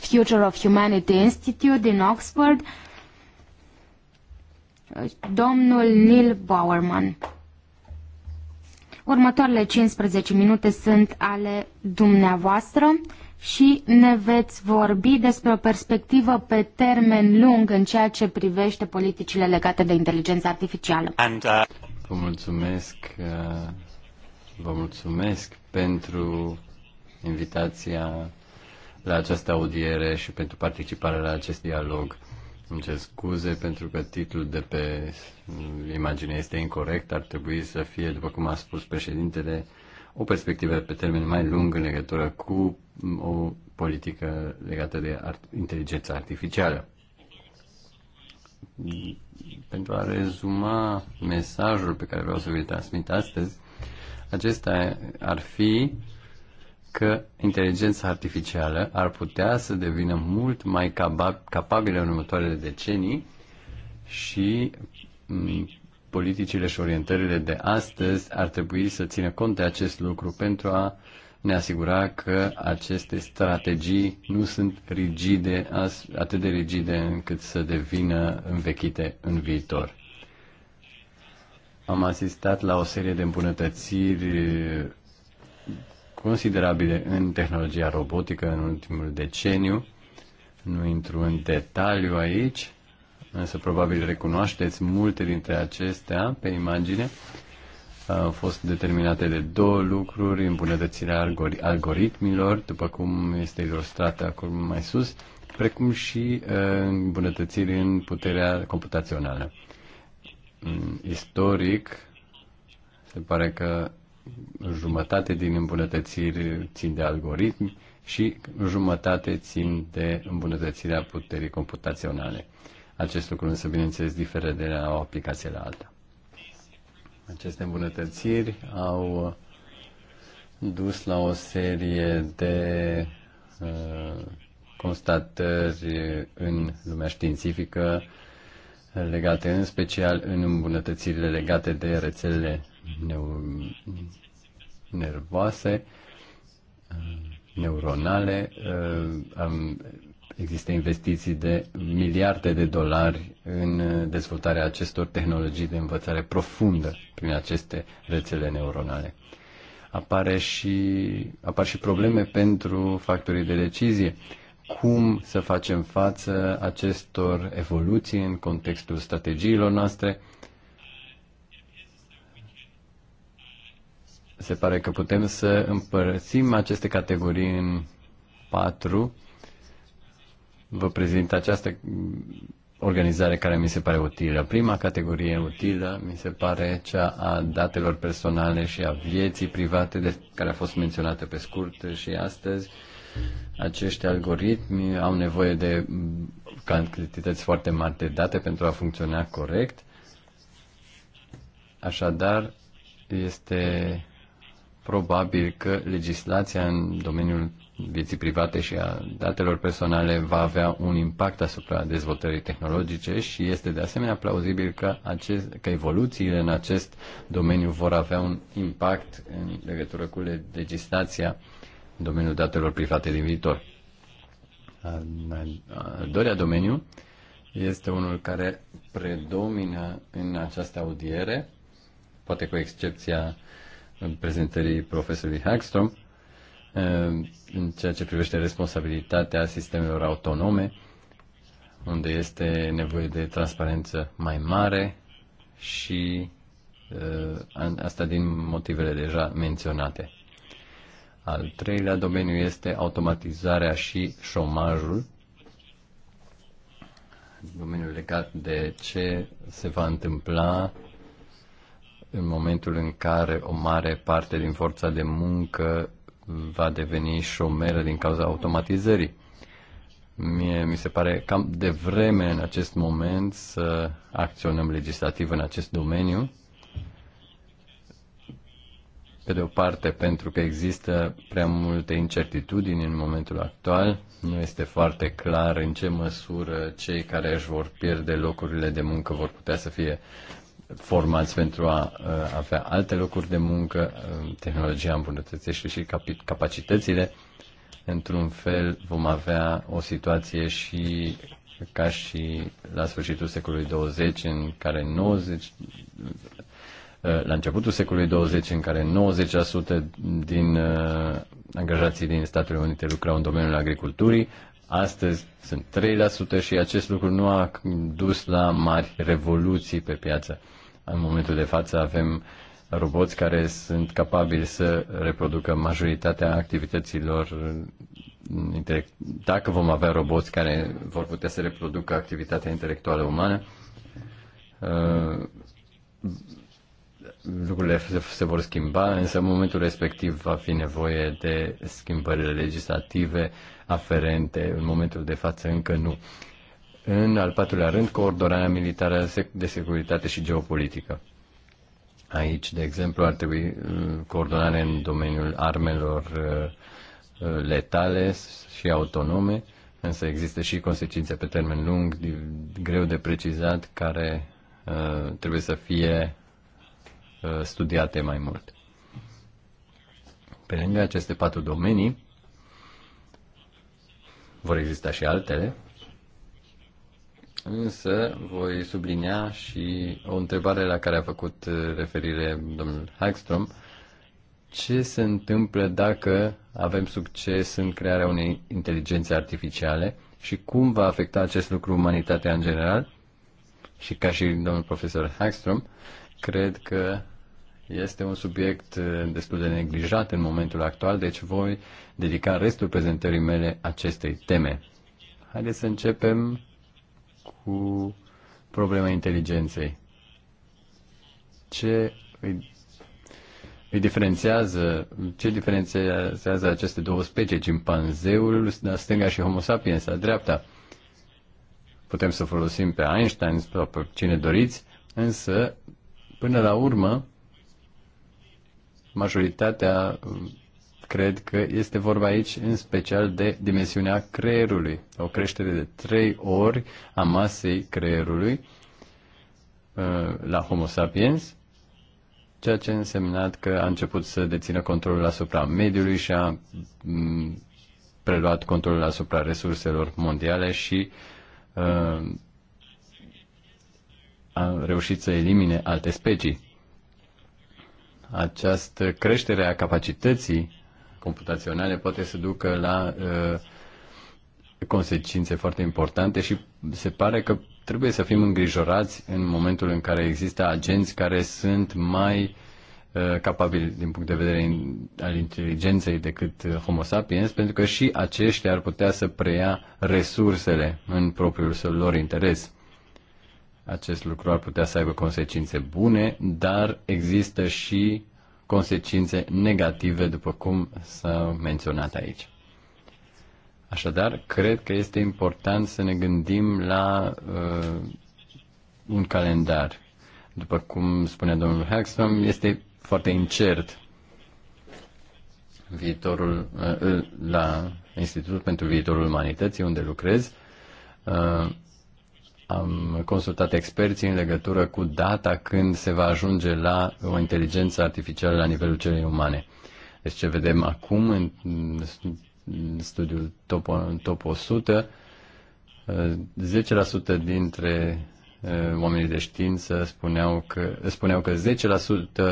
Future of Humanity Institute din Oxford, domnul Neil Bowerman. Următoarele 15 minute sunt ale dumneavoastră și ne veți vorbi despre o perspectivă pe termen lung în ceea ce privește politicile legate de inteligența artificială. And, uh... Vă mulțumesc, uh, vă mulțumesc pentru invitația la această audiere și pentru participarea la acest dialog. Îmi cer scuze pentru că titlul de pe imagine este incorrect. Ar trebui să fie, după cum a spus președintele, o perspectivă pe termen mai lung în legătură cu o politică legată de art- inteligența artificială. Pentru a rezuma mesajul pe care vreau să vi-l transmit astăzi, acesta ar fi uh, că inteligența artificială ar putea să devină mult mai capabilă în următoarele decenii și politicile și orientările de astăzi ar trebui să țină cont de acest lucru pentru a ne asigura că aceste strategii nu sunt rigide, atât de rigide încât să devină învechite în viitor. Am asistat la o serie de îmbunătățiri considerabile în tehnologia robotică în ultimul deceniu. Nu intru în detaliu aici, însă probabil recunoașteți multe dintre acestea pe imagine. Au fost determinate de două lucruri, îmbunătățirea algori- algoritmilor, după cum este ilustrată acum mai sus, precum și uh, îmbunătățiri în puterea computațională. Mm, istoric, se pare că jumătate din îmbunătățiri țin de algoritmi și jumătate țin de îmbunătățirea puterii computaționale. Acest lucru însă, bineînțeles, diferă de la o aplicație la alta. Aceste îmbunătățiri au dus la o serie de uh, constatări în lumea științifică legate în special în îmbunătățirile legate de rețelele nervoase, neuronale. Uh, există investiții de miliarde de dolari în dezvoltarea acestor tehnologii de învățare profundă prin aceste rețele neuronale. Apare și, apar și probleme pentru factorii de decizie. Cum să facem față acestor evoluții în contextul strategiilor noastre? Se pare că putem să împărțim aceste categorii în patru. Vă prezint această organizare care mi se pare utilă. Prima categorie utilă mi se pare cea a datelor personale și a vieții private, de, care a fost menționată pe scurt și astăzi. Acești algoritmi au nevoie de cantități foarte mari de date pentru a funcționa corect. Așadar, este probabil că legislația în domeniul vieții private și a datelor personale va avea un impact asupra dezvoltării tehnologice și este de asemenea plauzibil că, acest, că evoluțiile în acest domeniu vor avea un impact în legătură cu legislația în domeniul datelor private din viitor. Al doilea domeniu este unul care predomină în această audiere, poate cu excepția prezentării profesorului Hagstrom eh, în ceea ce privește responsabilitatea sistemelor autonome, unde este nevoie de transparență mai mare și eh, asta din motivele deja menționate. Al treilea domeniu este automatizarea și șomajul, domeniul legat de ce se va întâmpla în momentul în care o mare parte din forța de muncă va deveni șomeră din cauza automatizării. Mie mi se pare cam de vreme în acest moment să acționăm legislativ în acest domeniu. Pe de o parte, pentru că există prea multe incertitudini în momentul actual, nu este foarte clar în ce măsură cei care își vor pierde locurile de muncă vor putea să fie uh, formați pentru a uh, avea alte locuri de muncă, uh, tehnologia îmbunătățește și capacitățile. Într-un fel vom avea o situație și ca și la sfârșitul secolului 20 în care 90 uh, la începutul secolului 20 în care 90% din angajații din Statele Unite lucrau în domeniul agriculturii, astăzi sunt 3% și acest lucru nu a dus la mari revoluții pe piață. În momentul de față avem roboți care sunt capabili să reproducă majoritatea activităților dacă vom avea roboți care vor putea să reproducă activitatea intelectuală umană, uh, lucrurile se vor schimba, însă în momentul respectiv va fi nevoie de schimbările legislative aferente. În momentul de față încă nu. În al patrulea rând, coordonarea militară de securitate și geopolitică. Aici, de exemplu, ar trebui uh, coordonare în domeniul armelor uh, uh, letale și autonome, însă există și consecințe pe termen lung, greu de precizat, care trebuie să fie studiate mai mult. Pe lângă aceste patru domenii, vor exista și altele, însă voi sublinia și o întrebare la care a făcut uh, referire domnul Hagstrom. Ce se întâmplă dacă avem succes în crearea unei inteligențe artificiale și cum va afecta acest lucru umanitatea în general? Și ca și domnul profesor Hagstrom, cred că este un subiect uh, destul de neglijat în momentul actual, deci voi dedica restul prezentării mele acestei teme. Haideți să începem cu problema inteligenței. Ce îi, îi diferențiază, ce diferențiază aceste două specii, cimpanzeul la stânga și homo sapiens la dreapta? Putem să folosim pe Einstein sau pe cine doriți, însă, până la urmă, majoritatea Cred că este vorba aici în special de dimensiunea creierului, o creștere de trei ori a masei creierului uh, la Homo sapiens, ceea ce a însemnat că a început să dețină controlul asupra mediului și a mm, preluat controlul asupra resurselor mondiale și uh, a reușit să elimine alte specii. Această creștere a capacității computaționale poate să ducă la uh, consecințe foarte importante și se pare că trebuie să fim îngrijorați în momentul în care există agenți care sunt mai uh, capabili din punct de vedere al inteligenței decât Homo sapiens, pentru că și aceștia ar putea să preia resursele în propriul lor interes. Acest lucru ar putea să aibă consecințe bune, dar există și consecințe negative, după cum s-a menționat aici. Așadar, cred că este important să ne gândim la uh, un calendar. După cum spunea domnul Hackstrom, este foarte incert viitorul uh, la Institutul pentru Viitorul Umanității, unde lucrez. Uh, am consultat experții în legătură cu data când se va ajunge la o inteligență artificială la nivelul celei umane. Deci ce vedem acum în studiul top, top 100, 10% dintre eh, oamenii de știință spuneau că, spuneau că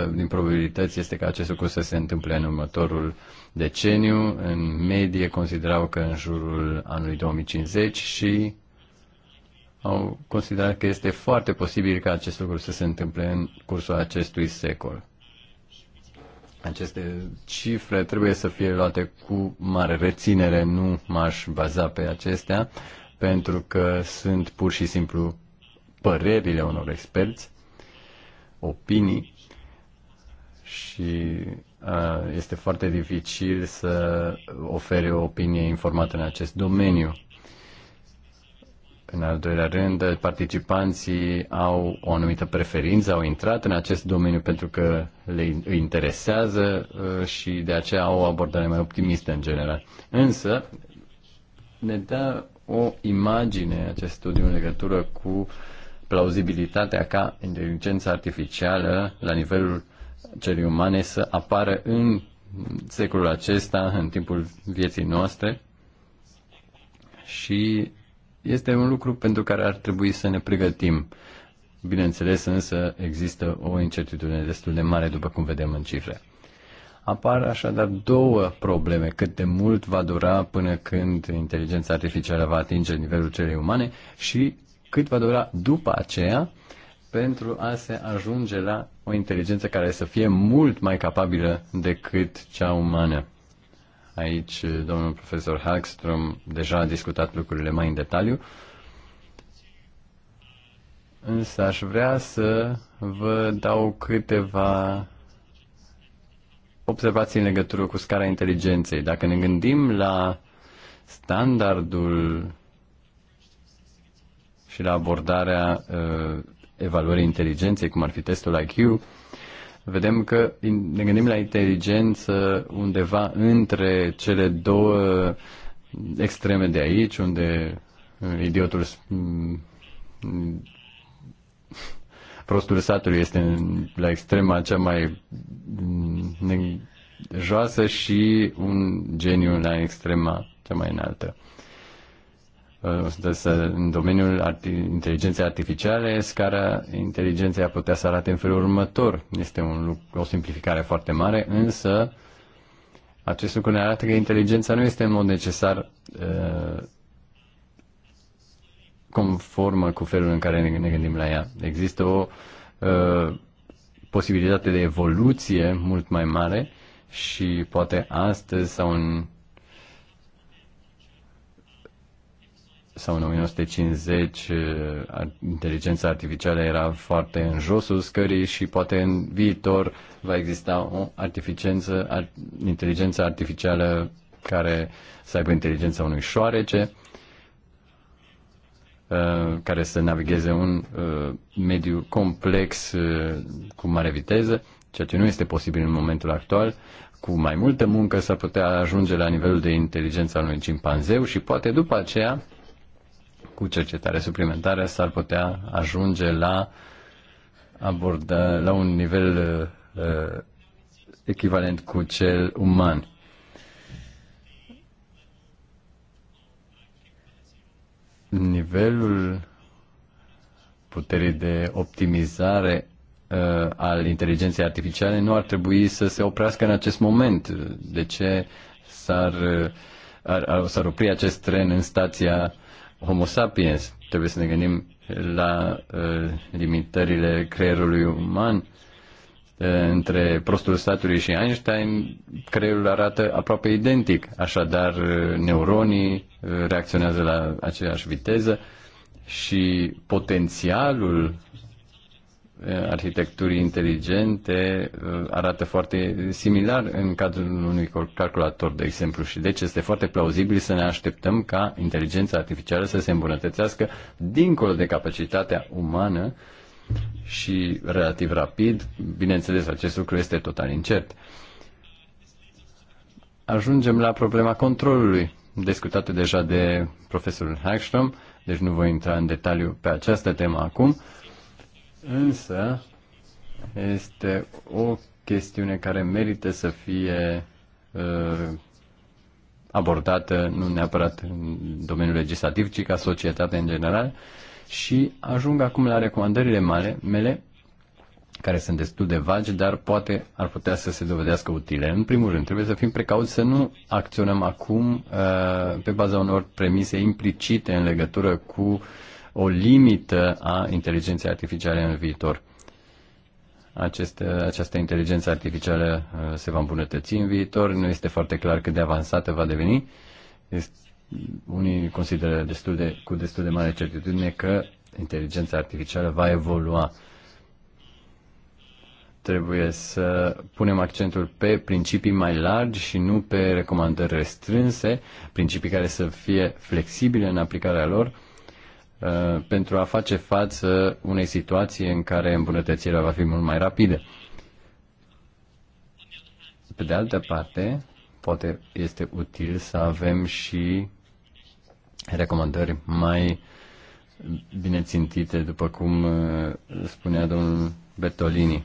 10% din probabilități este ca acest lucru să se întâmple în următorul deceniu. În medie considerau că în jurul anului 2050 și au considerat că este foarte posibil ca acest lucru să se întâmple în cursul acestui secol. Aceste cifre trebuie să fie luate cu mare reținere, nu m-aș baza pe acestea, pentru că sunt pur și simplu părerile unor experți, opinii și este foarte dificil să ofere o opinie informată în acest domeniu în al doilea rând, participanții au o anumită preferință, au intrat în acest domeniu pentru că le, interesează uh, și de aceea au o abordare mai optimistă în general. Însă, ne dă o imagine acest studiu în legătură cu plauzibilitatea ca inteligența artificială la nivelul cerii umane să apară în secolul acesta, în timpul vieții noastre și este un lucru pentru care ar trebui să ne pregătim. Bineînțeles, însă, există o incertitudine destul de mare, după cum vedem în cifre. Apar așadar două probleme. Cât de mult va dura până când inteligența artificială va atinge nivelul celei umane și cât va dura după aceea pentru a se ajunge la o inteligență care să fie mult mai capabilă decât cea umană. Aici eh, domnul profesor Hagström deja a discutat lucrurile mai în detaliu. Însă aș vrea să vă dau câteva observații în legătură cu scara inteligenței. Dacă ne gândim la standardul și la abordarea uh, evaluării inteligenței, cum ar fi testul IQ, vedem că ne gândim la inteligență undeva între cele două extreme de aici, unde uh, idiotul [laughs] prostul satului este la extrema cea mai mm, joasă și un geniu la extrema cea mai înaltă în domeniul inteligenței artificiale, scara inteligenței a putea să arate în felul următor. Este un, o simplificare foarte mare, însă acest lucru ne arată că inteligența nu este în mod necesar uh, conformă cu felul în care ne, ne gândim la ea. Există o uh, posibilitate de evoluție mult mai mare și poate astăzi sau în sau în 1950 uh, inteligența artificială era foarte în josul scării și poate în viitor va exista o artificență, inteligență artificială care să aibă inteligența unui șoarece, uh, care să navigheze un uh, mediu complex cu mare viteză, ceea ce nu este posibil în momentul actual cu mai multă muncă s-ar putea ajunge la nivelul de inteligență al unui cimpanzeu și poate după aceea cu cercetare suplimentară s-ar putea ajunge la aborda la un nivel uh, echivalent cu cel uman. Nivelul puterii de optimizare uh, al inteligenței artificiale nu ar trebui să se oprească în acest moment. De ce s-ar, uh, ar, uh, s-ar opri acest tren în stația Homo sapiens. Trebuie să ne gândim la uh, limitările creierului uman. Uh, între prostul statului și Einstein, creierul arată aproape identic. Așadar, uh, neuronii uh, reacționează la aceeași viteză și potențialul Uh, arhitecturii inteligente uh, arată foarte similar în cadrul unui calculator, de exemplu, și deci este foarte plauzibil să ne așteptăm ca inteligența artificială să se îmbunătățească dincolo de capacitatea umană și relativ rapid. Bineînțeles, acest lucru este total incert. Ajungem la problema controlului, discutată deja de profesorul Hagstrom, deci nu voi intra în detaliu pe această temă acum Însă, este o chestiune care merită să fie uh, abordată nu neapărat în domeniul legislativ, ci ca societate în general. Și ajung acum la recomandările mele, mele care sunt destul de vagi, dar poate ar putea să se dovedească utile. În primul rând, trebuie să fim precauți să nu acționăm acum uh, pe baza unor premise implicite în legătură cu o limită a inteligenței artificiale în viitor. Aceste, această inteligență artificială uh, se va îmbunătăți în viitor, nu este foarte clar cât de avansată va deveni. Este, unii consideră destul de, cu destul de mare certitudine că inteligența artificială va evolua trebuie să punem accentul pe principii mai largi și nu pe recomandări restrânse, principii care să fie flexibile în aplicarea lor Uh, pentru a face față unei situații în care îmbunătățirea va fi mult mai rapidă. Pe de altă parte, poate este util să avem și recomandări mai bine țintite, după cum uh, spunea domnul Bertolini.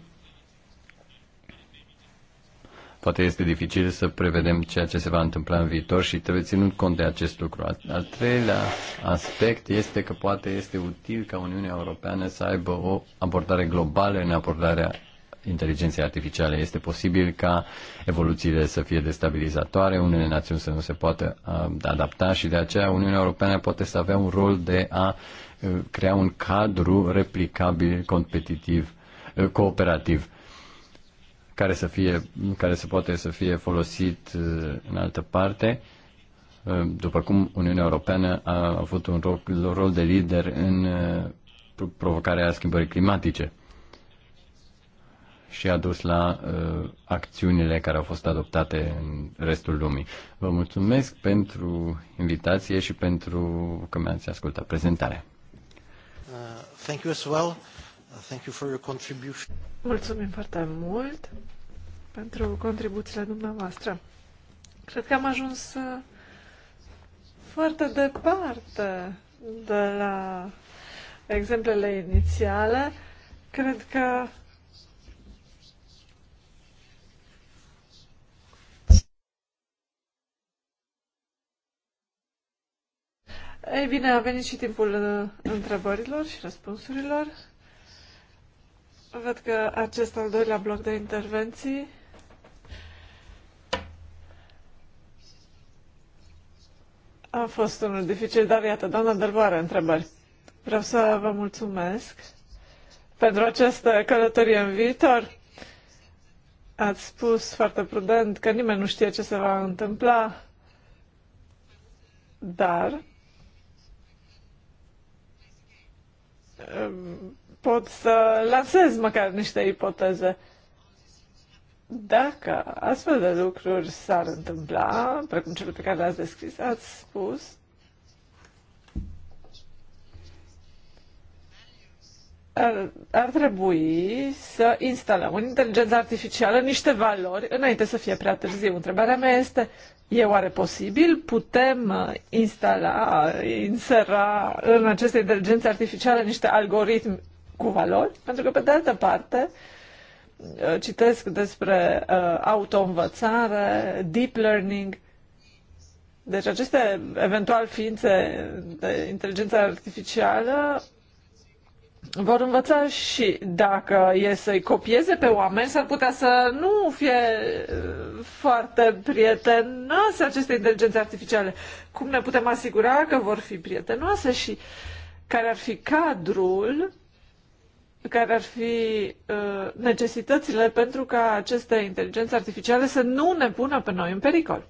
Poate este dificil să prevedem ceea ce se va întâmpla în viitor și trebuie ținut cont de acest lucru. Al treilea aspect este că poate este util ca Uniunea Europeană să aibă o abordare globală în abordarea inteligenței artificiale. Este posibil ca evoluțiile să fie destabilizatoare, unele națiuni să nu se poată adapta și de aceea Uniunea Europeană poate să avea un rol de a crea un cadru replicabil, competitiv, cooperativ care să, fie, care să poate să fie folosit uh, în altă parte. Uh, după cum Uniunea Europeană a avut un rol, rol de lider în uh, provocarea schimbării climatice și a dus la uh, acțiunile care au fost adoptate în restul lumii. Vă mulțumesc pentru invitație și pentru că mi-ați ascultat prezentarea. Uh, thank you as well. Thank you for your contribution. Mulțumim foarte mult pentru contribuțiile dumneavoastră. Cred că am ajuns uh, foarte departe de la exemplele inițiale. Cred că Ei bine, a venit și timpul uh, întrebărilor și răspunsurilor. Văd că acest al doilea bloc de intervenții a fost unul dificil, dar iată, doamna Dărboare, întrebări. Vreau să vă mulțumesc pentru această călătorie în viitor. Ați spus foarte prudent că nimeni nu știe ce se va întâmpla, dar pot să lansez măcar niște ipoteze. Dacă astfel de lucruri s-ar întâmpla, precum cele pe care le-ați descris, ați spus ar, ar trebui să instalăm în inteligența artificială niște valori înainte să fie prea târziu. Întrebarea mea este, e oare posibil? Putem uh, instala, insera în aceste inteligențe artificiale niște algoritmi cu valori, pentru că, pe de altă parte, uh, citesc despre uh, autoînvățare, deep learning. Deci aceste eventual ființe de inteligență artificială vor învăța și dacă e să-i copieze pe oameni, s-ar putea să nu fie uh, foarte prietenoase aceste inteligențe artificiale. Cum ne putem asigura că vor fi prietenoase și care ar fi cadrul care ar fi uh, necesitățile pentru ca aceste inteligențe artificiale să nu ne pună pe noi în pericol.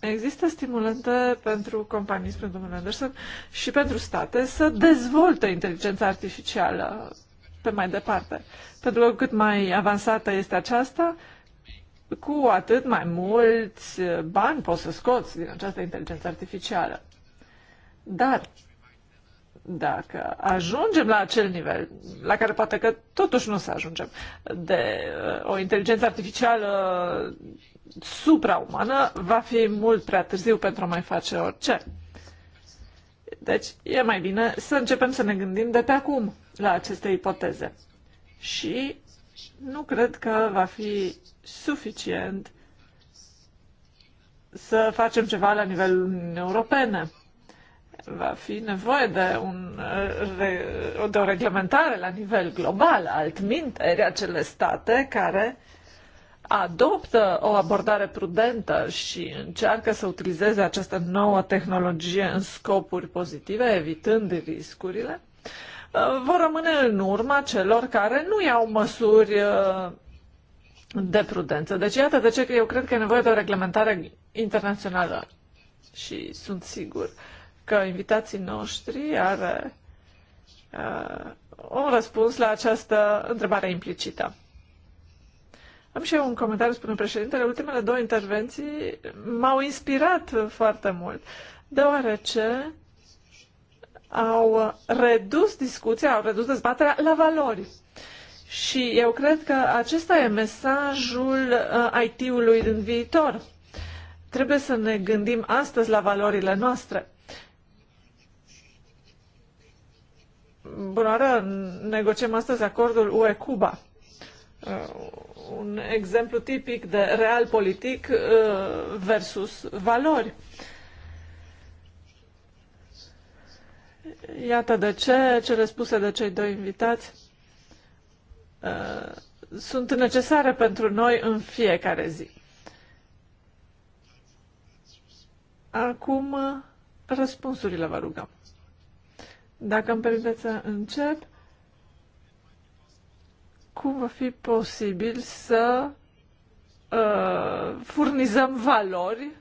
Există stimulente pentru companii, spre domnul Anderson, și pentru state să dezvolte inteligența artificială pe mai departe. Pentru că cât mai avansată este aceasta, uh, cu atât mai mulți uh, bani poți să scoți din această inteligență artificială. Dar dacă ajungem la acel nivel, la care poate că totuși nu să ajungem, de uh, o inteligență artificială supraumană, va fi mult prea târziu pentru a mai face orice. Deci e mai bine să începem să ne gândim de pe acum la aceste ipoteze. Și nu cred că va fi suficient să facem ceva la nivelul european. Europene. Va fi nevoie de, un, de o reglementare la nivel global. Altminteri, acele state care adoptă o abordare prudentă și încearcă să utilizeze această nouă tehnologie în scopuri pozitive, evitând riscurile, Uh, vor rămâne în urma celor care nu iau măsuri uh, de prudență. Deci iată de ce eu cred că e nevoie de o reglementare internațională. Și sunt sigur că invitații noștri are uh, un răspuns la această întrebare implicită. Am și eu un comentariu, spune președintele. Ultimele două intervenții m-au inspirat foarte mult, deoarece au uh, redus discuția, au redus dezbaterea la valori. Și eu cred că acesta e mesajul uh, IT-ului din viitor. Trebuie să ne gândim astăzi la valorile noastre. Bună oară, negociem astăzi acordul UE-Cuba. Uh, un exemplu tipic de real politic versus valori. Iată de ce cele spuse de cei doi invitați uh, sunt necesare pentru noi în fiecare zi. Acum uh, răspunsurile vă rugăm. Dacă îmi permiteți să încep, cum va fi posibil să uh, furnizăm valori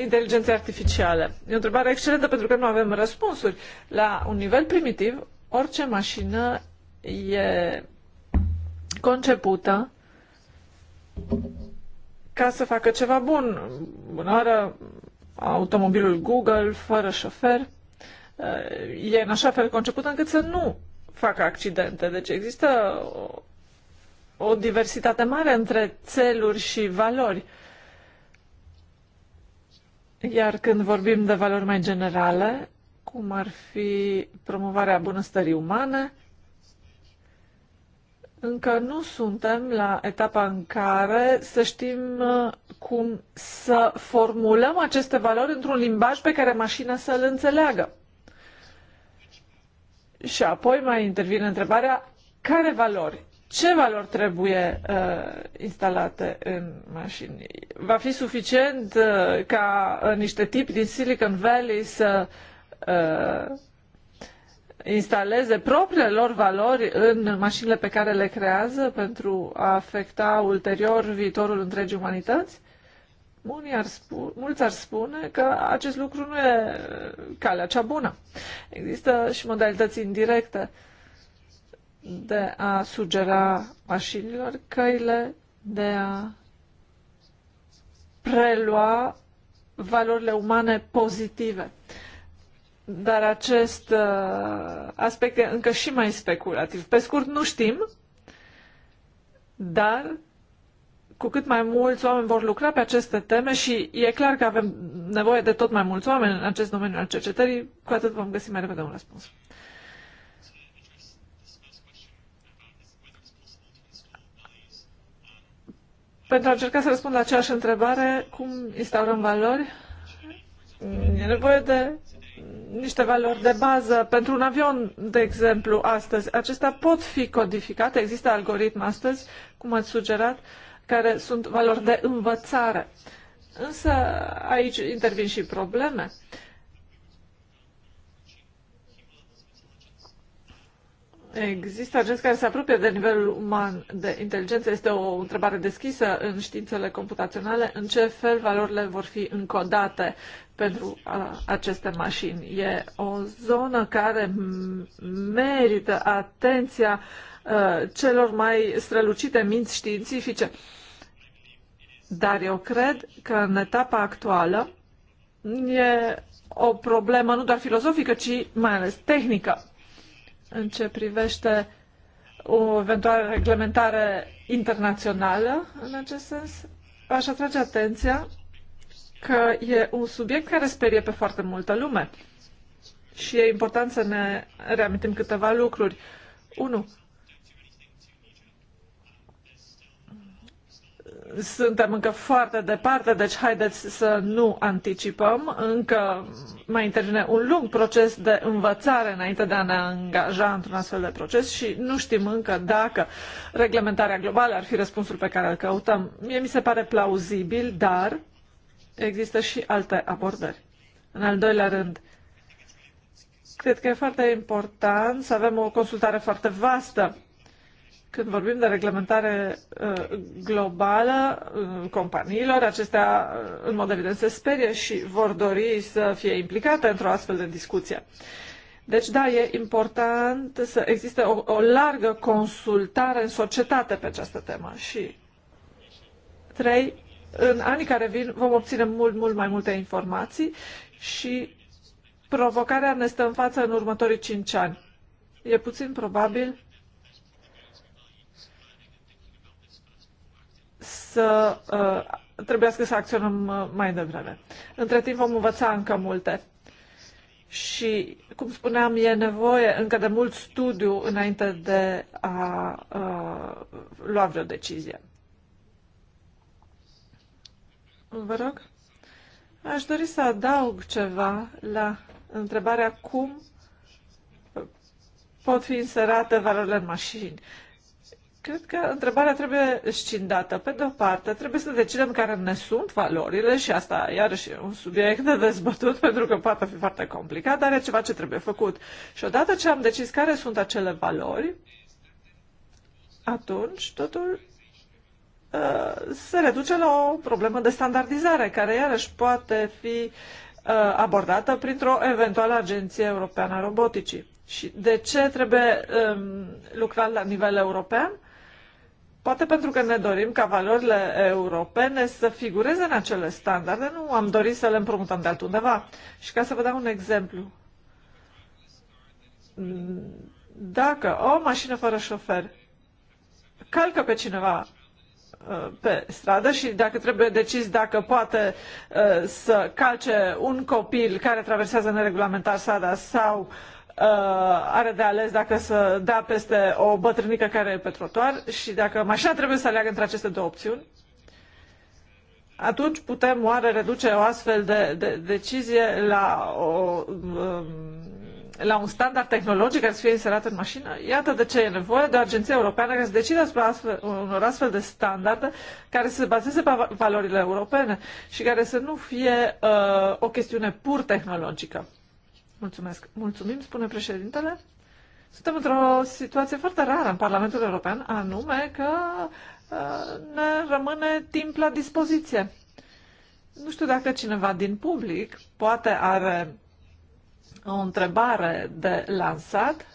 inteligenței artificiale. E o întrebare excelentă pentru că nu avem răspunsuri. La un nivel primitiv, orice mașină e concepută ca să facă ceva bun. Bună oară, automobilul Google, fără șofer, e în așa fel conceput încât să nu facă accidente. Deci există o, o diversitate mare între țeluri și valori. Iar când vorbim de valori mai generale, cum ar fi promovarea bunăstării umane, încă nu suntem la etapa în care să știm uh, cum să formulăm aceste valori într-un limbaj pe care mașina să-l înțeleagă. Și apoi mai intervine întrebarea, care valori? ce valori trebuie uh, instalate în mașini. Va fi suficient uh, ca uh, niște tipi din Silicon Valley să uh, instaleze propriile lor valori în mașinile pe care le creează pentru a afecta ulterior viitorul întregii umanități? Unii ar spu- mulți ar spune că acest lucru nu e uh, calea cea bună. Există și modalități indirecte uh, de a sugera mașinilor căile de a prelua valorile umane pozitive. Dar acest uh, aspect e încă și mai speculativ. Pe scurt, nu știm, dar cu cât mai mulți oameni vor lucra pe aceste teme și e clar că avem nevoie de tot mai mulți oameni în acest domeniu al cercetării, cu atât vom găsi mai repede un răspuns. Pentru a încerca să răspund la aceeași întrebare, cum instaurăm valori? E nevoie de niște valori de bază. Pentru un avion, de exemplu, astăzi, acestea pot fi codificate, există algoritmi astăzi, cum ați sugerat, care sunt valori de învățare. Însă aici intervin și probleme. Uh, Există agenți care se apropie de nivelul uman de inteligență? Este o întrebare deschisă în științele computaționale. În ce fel valorile vor fi încodate pentru a, aceste mașini? E o zonă care merită atenția a, celor mai strălucite minți științifice. Dar eu cred că în etapa actuală e o problemă nu doar filozofică, ci mai ales tehnică în ce privește o eventuală reglementare internațională în acest sens, aș atrage atenția că e un subiect care sperie pe foarte multă lume. Și e important să ne reamintim câteva lucruri. 1. suntem încă foarte departe, deci haideți să nu anticipăm. Încă mai intervine un lung proces de învățare înainte de a ne angaja într-un astfel de proces și nu știm încă dacă reglementarea globală ar fi răspunsul pe care îl căutăm. Mie mi se pare plauzibil, dar există și alte abordări. În al doilea rând, cred că e foarte important să avem o consultare foarte vastă când vorbim de reglementare uh, globală uh, companiilor, acestea uh, în mod evident se sperie și vor dori să fie implicate într-o astfel de discuție. Deci, da, e important să existe o, o largă consultare în societate pe această temă. Și trei, în anii care vin vom obține mult, mult mai multe informații și provocarea ne stă în față în următorii cinci ani. E puțin probabil să uh, trebuiască să acționăm uh, mai devreme. Între timp vom învăța încă multe. Și, cum spuneam, e nevoie încă de mult studiu înainte de a uh, lua vreo decizie. Vă rog? Aș dori să adaug ceva la întrebarea cum pot fi inserate valorile în mașini. Cred că întrebarea trebuie scindată. Pe de-o parte, trebuie să decidem care ne sunt valorile și asta, iarăși, e un subiect de dezbătut [laughs] pentru că poate fi foarte complicat, dar e ceva ce trebuie făcut. Și odată ce am decis care sunt acele valori, atunci totul uh, se reduce la o problemă de standardizare, care iarăși poate fi uh, abordată printr-o eventuală agenție europeană a roboticii. Și de ce trebuie um, lucrat la nivel european? Poate pentru că ne dorim ca valorile europene să figureze în acele standarde, nu am dorit să le împrumutăm de altundeva. Și ca să vă dau un exemplu. Dacă o mașină fără șofer calcă pe cineva uh, pe stradă și dacă trebuie decis dacă poate uh, să calce un copil care traversează neregulamentar strada sau uh, Uh, are de ales dacă să dea peste o bătrânică care e pe trotuar și dacă mașina trebuie să aleagă între aceste două opțiuni, atunci putem oare reduce o astfel de, de decizie la, o, um, la un standard tehnologic care să fie inserat în mașină? Iată de ce e nevoie de o agenție europeană care să decide asupra astfel, unor astfel de standarde care să se bazeze pe valorile europene și care să nu fie uh, o chestiune pur tehnologică. Mulțumesc. Mulțumim, spune președintele. Suntem într-o situație foarte rară în Parlamentul European, anume că uh, ne rămâne timp la dispoziție. Nu știu dacă cineva din public poate are o întrebare de lansat.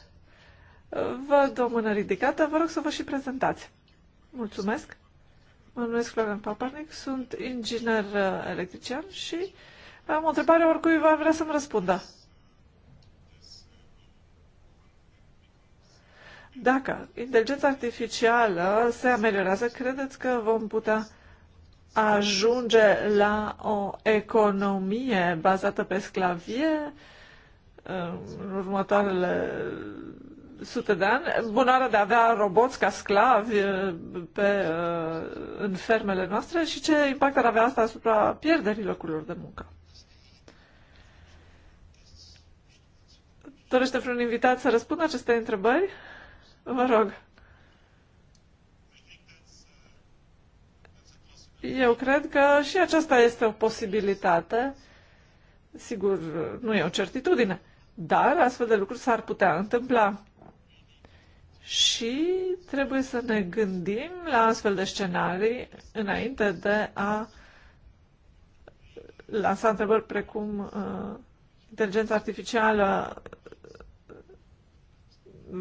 Văd o mână ridicată, vă rog să vă și prezentați. Mulțumesc. Mă numesc Florian Paparnic, sunt inginer uh, electrician și am o întrebare oricui va vrea să-mi răspundă. Dacă inteligența artificială se ameliorează, credeți că vom putea ajunge la o economie bazată pe sclavie uh, în următoarele sute de ani? Bunarea de a avea roboți ca sclavi uh, pe, uh, în fermele noastre și ce impact ar avea asta asupra pierderii locurilor de muncă? Dorește vreun invitat să răspundă aceste întrebări? Vă rog. Eu cred că și aceasta este o posibilitate. Sigur, nu e o certitudine, dar astfel de lucruri s-ar putea întâmpla. Și trebuie să ne gândim la astfel de scenarii înainte de a lansa întrebări precum uh, inteligența artificială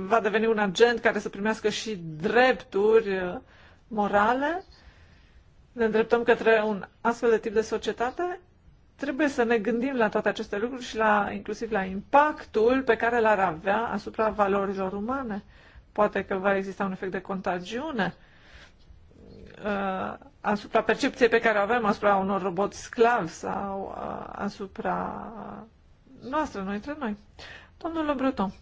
va deveni un agent care să primească și drepturi uh, morale, ne îndreptăm către un astfel de tip de societate, trebuie să ne gândim la toate aceste lucruri și la, inclusiv la impactul pe care l-ar avea asupra valorilor umane. Poate că va exista un efect de contagiune uh, asupra percepției pe care o avem asupra unor roboți sclavi sau uh, asupra noastră, noi între noi. Domnul Breton.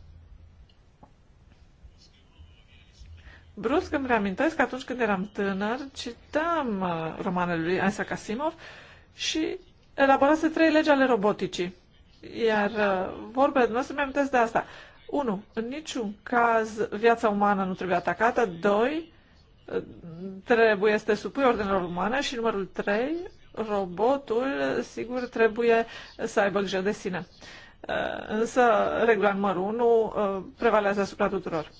brusc îmi reamintesc că atunci când eram tânăr, citam uh, romanele lui Isaac Asimov și elaborase trei legi ale roboticii. Iar uh, o să mi amintesc de asta. 1. În niciun caz viața umană nu trebuie atacată. 2. Uh, trebuie să te supui ordinelor umane. Și numărul 3. Robotul, sigur, trebuie să aibă grijă de sine. Însă, regula numărul 1 prevalează asupra tuturor.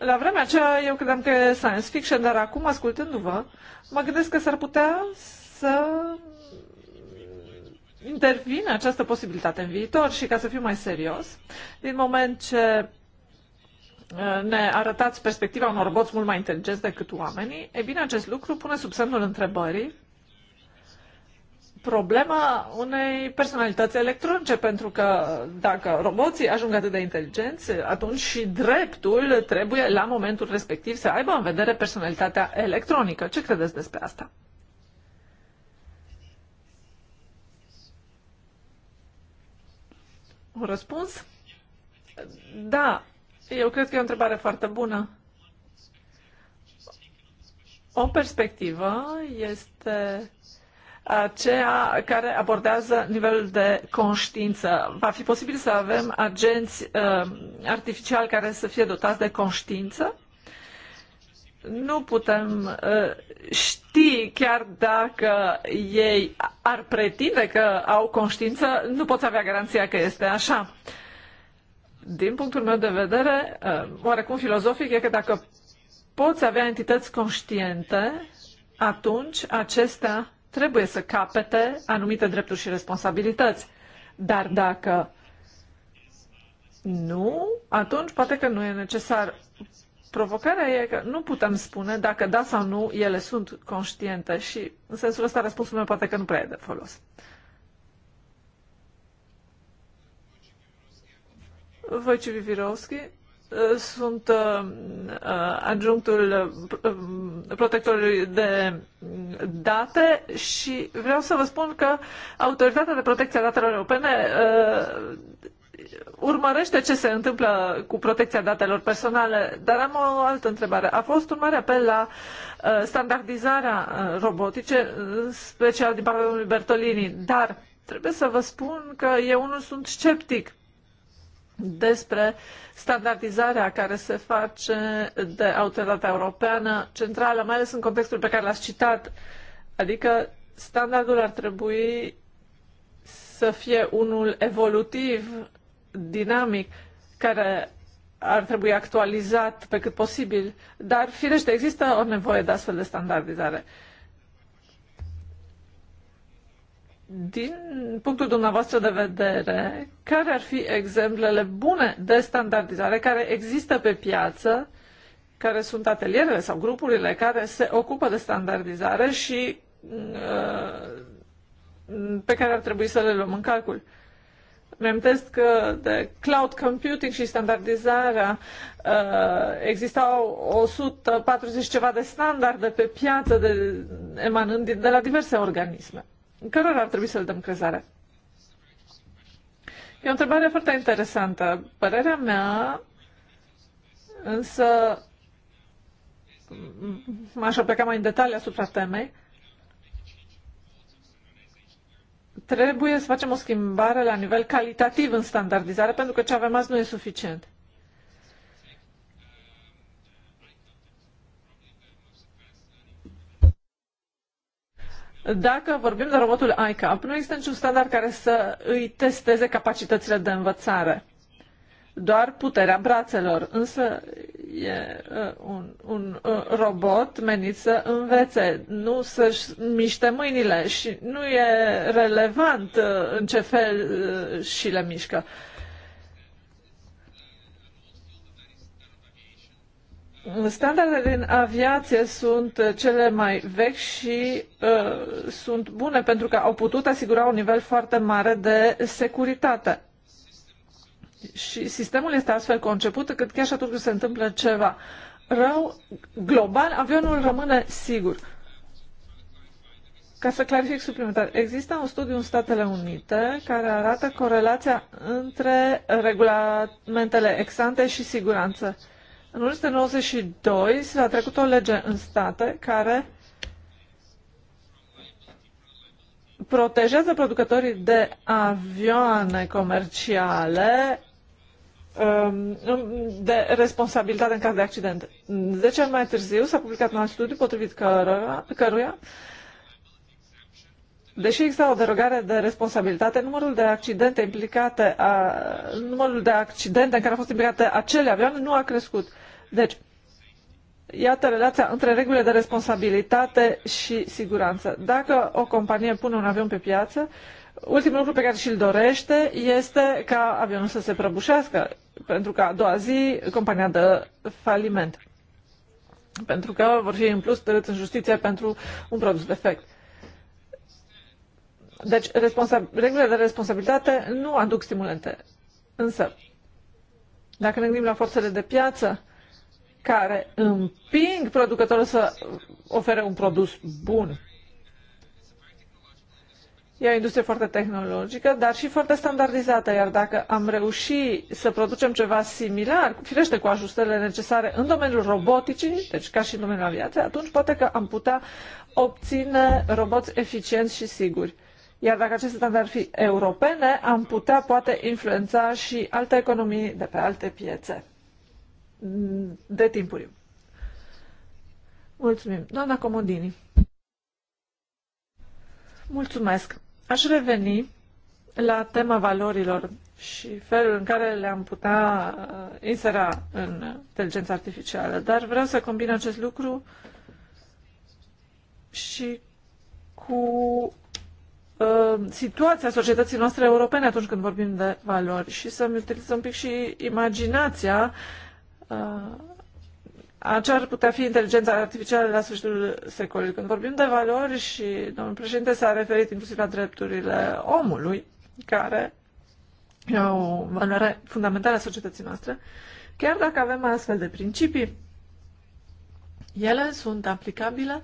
La vremea aceea eu credeam că e science fiction, dar acum, ascultându-vă, mă gândesc că s-ar putea să intervine această posibilitate în viitor și ca să fiu mai serios, din moment ce uh, ne arătați perspectiva unor roboți mult mai inteligenți decât oamenii, e bine, acest lucru pune sub semnul întrebării problema unei personalități electronice, pentru că dacă roboții ajung atât de inteligenți, atunci și dreptul trebuie la momentul respectiv să aibă în vedere personalitatea electronică. Ce credeți despre asta? Un răspuns? Da, eu cred că e o întrebare foarte bună. O perspectivă este aceea care abordează nivelul de conștiință. Va fi posibil să avem agenți uh, artificiali care să fie dotați de conștiință? Nu putem uh, ști chiar dacă ei ar pretinde că au conștiință, nu poți avea garanția că este așa. Din punctul meu de vedere, uh, oarecum filozofic, e că dacă poți avea entități conștiente, atunci acestea trebuie să capete anumite drepturi și responsabilități. Dar dacă nu, atunci poate că nu e necesar. Provocarea e că nu putem spune dacă da sau nu ele sunt conștiente și în sensul ăsta răspunsul meu poate că nu prea e de folos. Wojciech Vivirovski, Uh, sunt uh, uh, adjunctul protectorului de date și vreau să vă spun că Autoritatea de Protecție a Datelor Europene urmărește ce se întâmplă cu protecția datelor personale, dar am o altă întrebare. A fost un mare apel la standardizarea robotice, în special din partea domnului Bertolini, dar trebuie să vă spun că eu nu sunt sceptic despre standardizarea care se face de autoritatea europeană centrală, mai ales în contextul pe care l-ați citat, adică standardul ar trebui să fie unul evolutiv, dinamic, care ar trebui actualizat pe cât posibil, dar firește există o nevoie de astfel de standardizare. Uh, din punctul dumneavoastră de vedere, care ar fi exemplele bune de standardizare care există pe piață, care sunt atelierele sau grupurile care se ocupă de standardizare și uh, pe care ar trebui să le luăm în calcul. Mi-amintesc că de cloud computing și standardizarea uh, existau 140 ceva de standarde pe piață de, emanând de la diverse organisme cărora ar trebui să l dăm crezare? E o întrebare foarte interesantă. Părerea mea, însă, m-aș pleca mai în detalii asupra temei, trebuie să facem o schimbare la nivel calitativ în standardizare, pentru că ce avem azi nu e suficient. Dacă vorbim de robotul ICAP, nu există niciun standard care să îi testeze capacitățile de învățare, doar puterea brațelor. Însă e un, un robot menit să învețe, nu să-și miște mâinile și nu e relevant în ce fel și le mișcă. Uh, Standardele în aviație sunt uh, cele mai vechi și uh, sunt bune pentru că au putut asigura un nivel foarte mare de securitate. Și sistemul este astfel conceput că chiar și atunci când se întâmplă ceva rău, global, avionul rămâne sigur. Ca să clarific suplimentar, există un studiu în Statele Unite care arată corelația între regulamentele exante și siguranță. În 1992 s-a trecut o lege în state care protejează producătorii de avioane comerciale um, um, de responsabilitate în caz de accident. Deci ani mai târziu s-a publicat un alt studiu potrivit căruia, căruia Deși există o derogare de responsabilitate, numărul de accidente implicate, a, numărul de accidente în care au fost implicate acele avioane nu a crescut. Deci, iată relația între regulile de responsabilitate și siguranță. Dacă o companie pune un avion pe piață, ultimul lucru pe care și-l dorește este ca avionul să se prăbușească, pentru că a doua zi compania dă faliment. Pentru că vor fi în plus tărâți în justiție pentru un produs defect. Deci, regulile de responsabilitate nu aduc stimulente. Însă, dacă ne gândim la forțele de piață, care împing producătorul să ofere un produs bun. E o industrie foarte tehnologică, dar și foarte standardizată, iar dacă am reușit să producem ceva similar, firește cu ajustările necesare în domeniul roboticii, deci ca și în domeniul aviației, atunci poate că am putea obține roboți eficienți și siguri. Iar dacă aceste standarde ar fi europene, am putea poate influența și alte economii de pe alte piețe de timpuriu. Mulțumim. Doamna Comodini. Mulțumesc. Aș reveni la tema valorilor și felul în care le-am putea uh, insera în inteligența artificială. Dar vreau să combin acest lucru și cu uh, situația societății noastre europene atunci când vorbim de valori și să-mi utilizez un pic și imaginația uh, ce ar putea fi inteligența artificială la sfârșitul secolului. Când vorbim de valori și domnul președinte s-a referit inclusiv la drepturile omului, care e o valoare fundamentală a societății noastre, chiar dacă avem astfel de principii, ele sunt aplicabile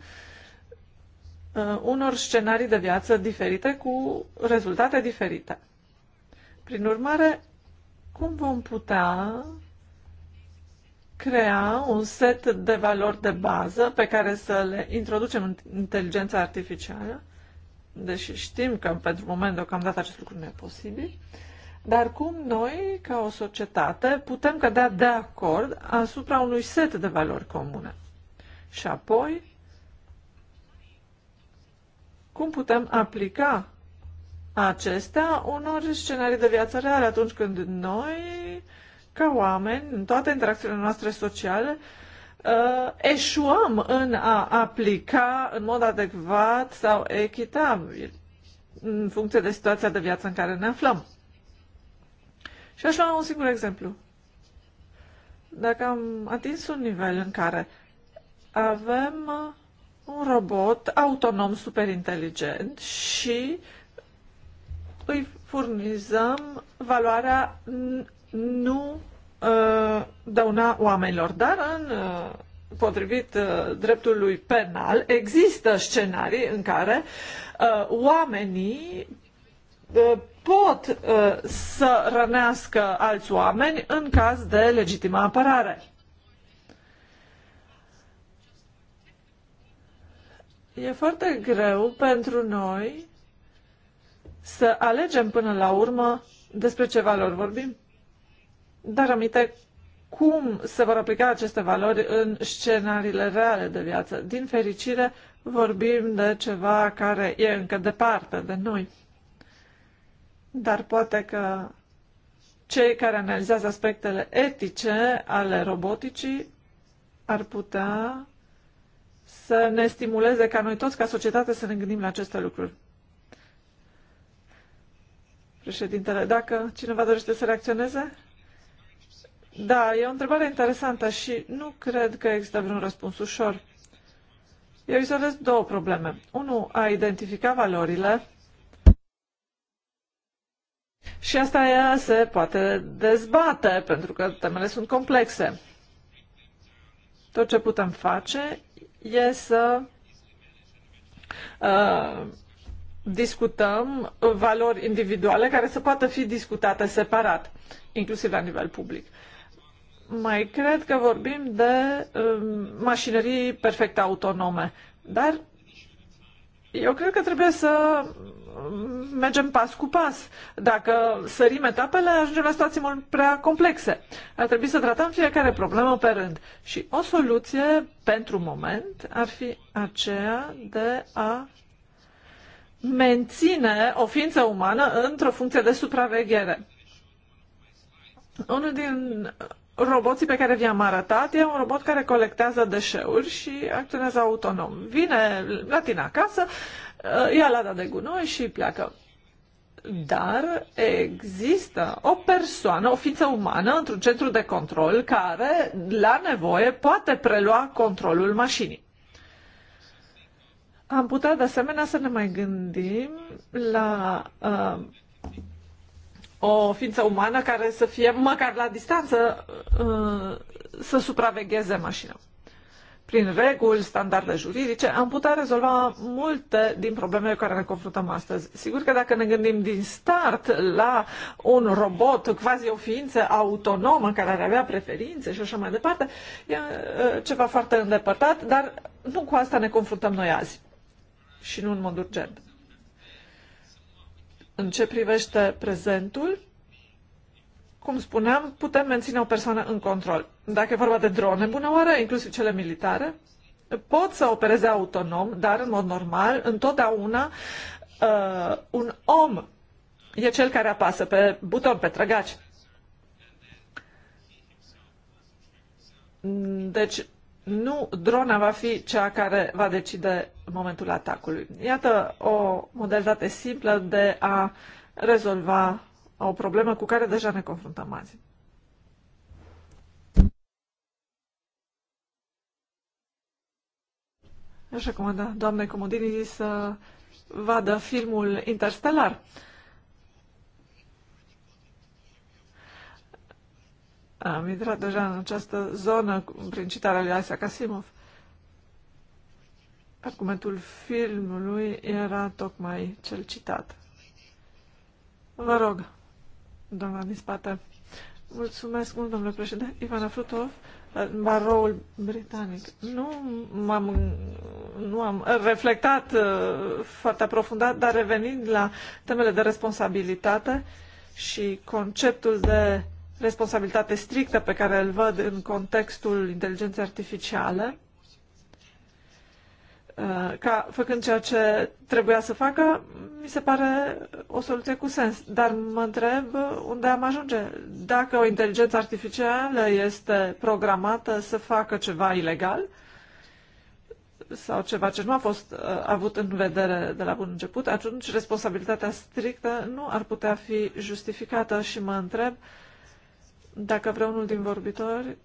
uh, unor scenarii de viață diferite cu rezultate diferite. Prin urmare, cum vom putea crea un set de valori de bază pe care să le introducem în inteligența artificială, deși știm că pentru moment deocamdată acest lucru nu e posibil, dar cum noi, ca o societate, putem cădea de acord asupra unui set de valori comune. Și apoi, cum putem aplica acestea unor scenarii de viață reale atunci când noi ca oameni, în toate interacțiunile noastre sociale, uh, eșuăm în a aplica în mod adecvat sau echitabil în funcție de situația de viață în care ne aflăm. Și aș lua un singur exemplu. Dacă am atins un nivel în care avem uh, un robot autonom super inteligent și îi furnizăm valoarea nu uh, dăuna oamenilor. Dar în uh, potrivit uh, dreptului penal, există scenarii în care uh, oamenii uh, pot uh, să rănească alți oameni în caz de legitimă apărare. E foarte greu pentru noi să alegem până la urmă despre ce valori vorbim dar aminte cum se vor aplica aceste valori în scenariile reale de viață. Din fericire, vorbim de ceva care e încă departe de noi. Dar poate că cei care analizează aspectele etice ale roboticii ar putea să ne stimuleze ca noi toți, ca societate, să ne gândim la aceste lucruri. Președintele, dacă cineva dorește să reacționeze? Da, e o întrebare interesantă și nu cred că există vreun răspuns ușor. Eu izolez două probleme. Unu, a identifica valorile și asta ea se poate dezbate, pentru că temele sunt complexe. Tot ce putem face e să uh, discutăm valori individuale care să poată fi discutate separat, inclusiv la nivel public mai cred că vorbim de um, mașinării perfect autonome. Dar eu cred că trebuie să um, mergem pas cu pas. Dacă sărim etapele, ajungem la situații mult prea complexe. Ar trebui să tratăm fiecare problemă pe rând. Și o soluție, pentru moment, ar fi aceea de a menține o ființă umană într-o funcție de supraveghere. Unul din roboții pe care vi-am arătat e un robot care colectează deșeuri și acționează autonom. Vine la tine acasă, uh, ia lada de gunoi și pleacă. Dar există o persoană, o ființă umană într-un centru de control care, la nevoie, poate prelua controlul mașinii. Am putea, de asemenea, să ne mai gândim la uh, o ființă umană care să fie, măcar la distanță, uh, să supravegheze mașina. Prin reguli, standarde juridice, am putea rezolva multe din problemele care ne confruntăm astăzi. Sigur că dacă ne gândim din start la un robot, quasi o ființă autonomă care ar avea preferințe și așa mai departe, e uh, ceva foarte îndepărtat, dar nu cu asta ne confruntăm noi azi și nu în mod urgent. În ce privește prezentul, cum spuneam, putem menține o persoană în control. Dacă e vorba de drone, bună oară, inclusiv cele militare, pot să opereze autonom, dar în mod normal, întotdeauna uh, un om e cel care apasă pe buton, pe trăgaci. Deci, nu drona va fi cea care va decide momentul atacului. Iată o modalitate simplă de a rezolva o problemă cu care deja ne confruntăm azi. Aș recomanda doamnei Comodini să vadă filmul Interstellar Am intrat deja în această zonă prin citarea lui Isaac Asimov. Argumentul filmului era tocmai cel citat. Vă rog, doamna din spate. Mulțumesc mult, domnule președinte. Ivana Frutov, baroul britanic. Nu, am nu am reflectat uh, foarte aprofundat, dar revenind la temele de responsabilitate și conceptul de responsabilitate strictă pe care îl văd în contextul inteligenței artificiale, uh, ca făcând ceea ce trebuia să facă, mi se pare o soluție cu sens. Dar mă întreb unde am ajunge. Dacă o inteligență artificială este programată să facă ceva ilegal sau ceva ce nu a fost uh, avut în vedere de la bun început, atunci responsabilitatea strictă nu ar putea fi justificată și mă întreb uh, dacă vreunul din vorbitori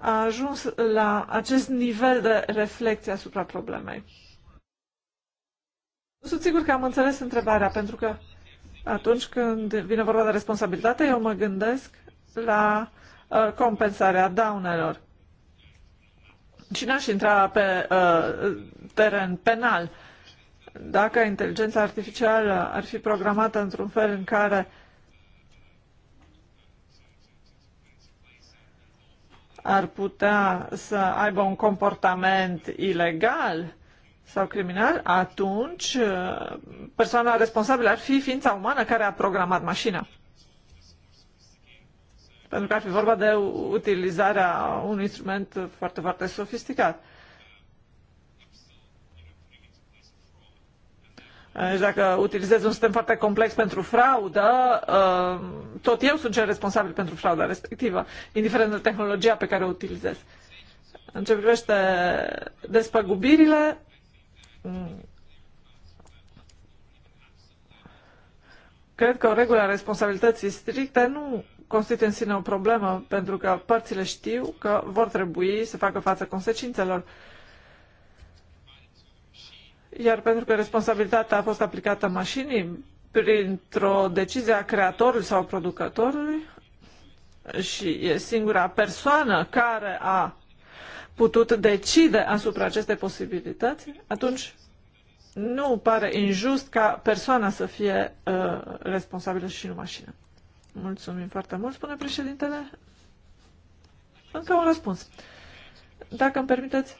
a ajuns la acest nivel de reflexie asupra problemei. Nu sunt sigur că am înțeles întrebarea, pentru că atunci când vine vorba de responsabilitate, eu mă gândesc la uh, compensarea daunelor. Și n-aș intra pe uh, teren penal. Dacă inteligența artificială ar fi programată într-un fel în care uh, ar putea să aibă un comportament ilegal sau criminal, atunci uh, persoana responsabilă ar fi ființa umană care a programat mașina. Pentru că ar fi vorba de utilizarea unui instrument foarte, foarte sofisticat. Deci dacă utilizez un sistem foarte complex pentru fraudă, uh, tot eu sunt cel responsabil pentru frauda respectivă, indiferent de tehnologia pe care o utilizez. În ce privește despăgubirile, mm, cred că o regulă a responsabilității stricte nu constituie în sine o problemă, pentru că părțile știu că vor trebui să facă față consecințelor. Uh, iar pentru că responsabilitatea a fost aplicată mașinii printr-o decizie a creatorului sau producătorului și e singura persoană care a putut decide asupra acestei posibilități, atunci nu pare injust ca persoana să fie uh, responsabilă și nu mașina. Mulțumim foarte mult, spune președintele. Încă un răspuns. Dacă îmi permiteți,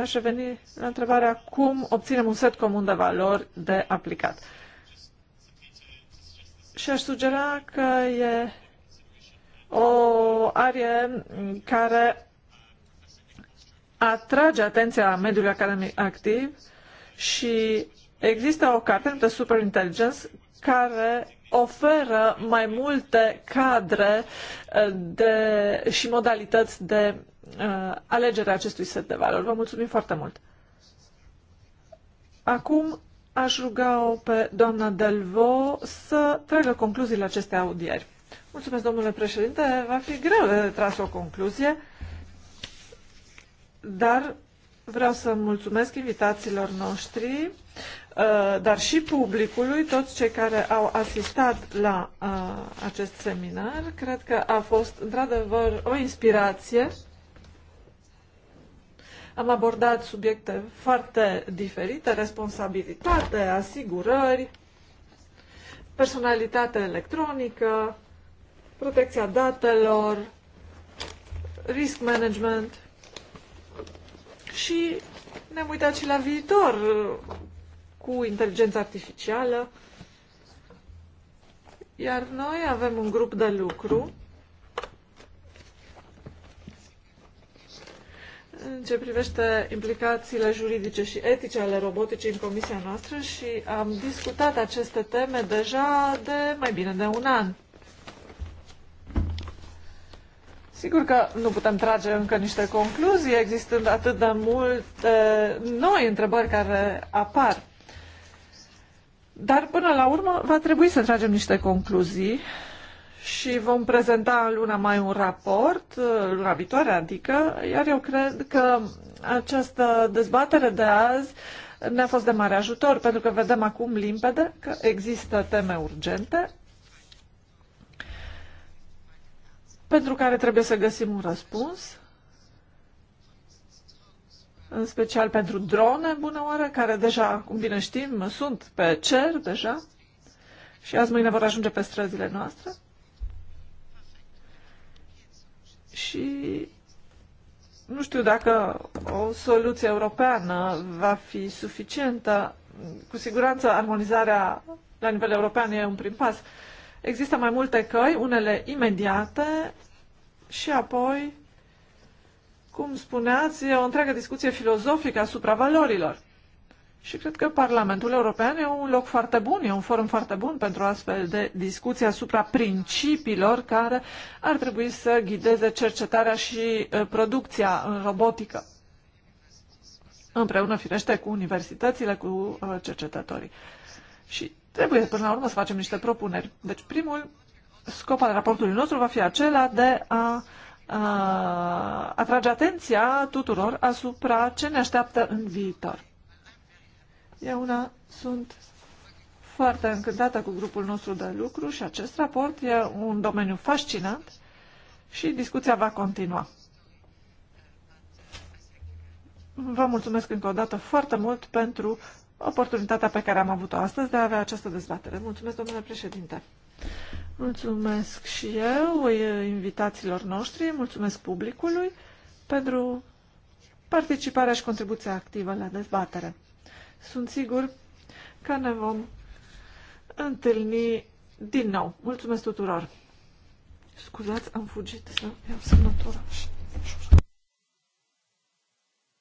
aș reveni la întrebarea cum obținem un set comun de valori de aplicat. Și aș sugera că e o arie care atrage atenția mediului academic activ și există o carte numită Superintelligence care oferă mai multe cadre eh, de, și modalități de uh, alegerea acestui set de valori. Vă mulțumim foarte mult! Acum aș ruga-o pe doamna Delvo să tragă concluziile acestei audieri. Mulțumesc, domnule președinte. Va fi greu de tras o concluzie, dar vreau să mulțumesc invitațiilor noștri, uh, dar și publicului, toți cei care au asistat la uh, acest seminar. Cred că a fost, într-adevăr, o inspirație am abordat subiecte foarte diferite, responsabilitate, asigurări, personalitate electronică, protecția datelor, risk management și ne-am uitat și la viitor cu inteligența artificială. Iar noi avem un grup de lucru în ce privește implicațiile juridice și etice ale roboticii în comisia noastră și am discutat aceste teme deja de mai bine de un an. Sigur că nu putem trage încă niște concluzii, existând atât de multe noi întrebări care apar. Dar până la urmă va trebui să tragem niște concluzii și vom prezenta în luna mai un raport, uh, luna viitoare adică, iar eu cred că această dezbatere de azi ne-a fost de mare ajutor, pentru că vedem acum limpede că există teme urgente pentru care trebuie să găsim un răspuns, în special pentru drone, bună oară, care deja, cum bine știm, sunt pe cer deja și azi mâine vor ajunge pe străzile noastre. și nu știu dacă o soluție europeană va fi suficientă. Cu siguranță armonizarea la nivel european e un prim pas. Există mai multe căi, unele imediate și apoi, cum spuneați, e o întreagă discuție filozofică asupra valorilor. Și cred că Parlamentul European e un loc foarte bun, e un forum foarte bun pentru astfel de discuții asupra principiilor care ar trebui să ghideze cercetarea și uh, producția în robotică, împreună, firește, cu universitățile, cu uh, cercetătorii. Și trebuie, până la urmă, să facem niște propuneri. Deci, primul scop al raportului nostru va fi acela de a uh, atrage atenția tuturor asupra ce ne așteaptă în viitor. Eu una sunt foarte încântată cu grupul nostru de lucru și acest raport e un domeniu fascinant și discuția va continua. Vă mulțumesc încă o dată foarte mult pentru oportunitatea pe care am avut-o astăzi de a avea această dezbatere. Mulțumesc, domnule președinte. Mulțumesc și eu invitațiilor noștri, mulțumesc publicului pentru participarea și contribuția activă la dezbatere. Sunt sigur că ne vom întâlni din nou. Mulțumesc tuturor! Scuzați, am fugit să iau semnătura.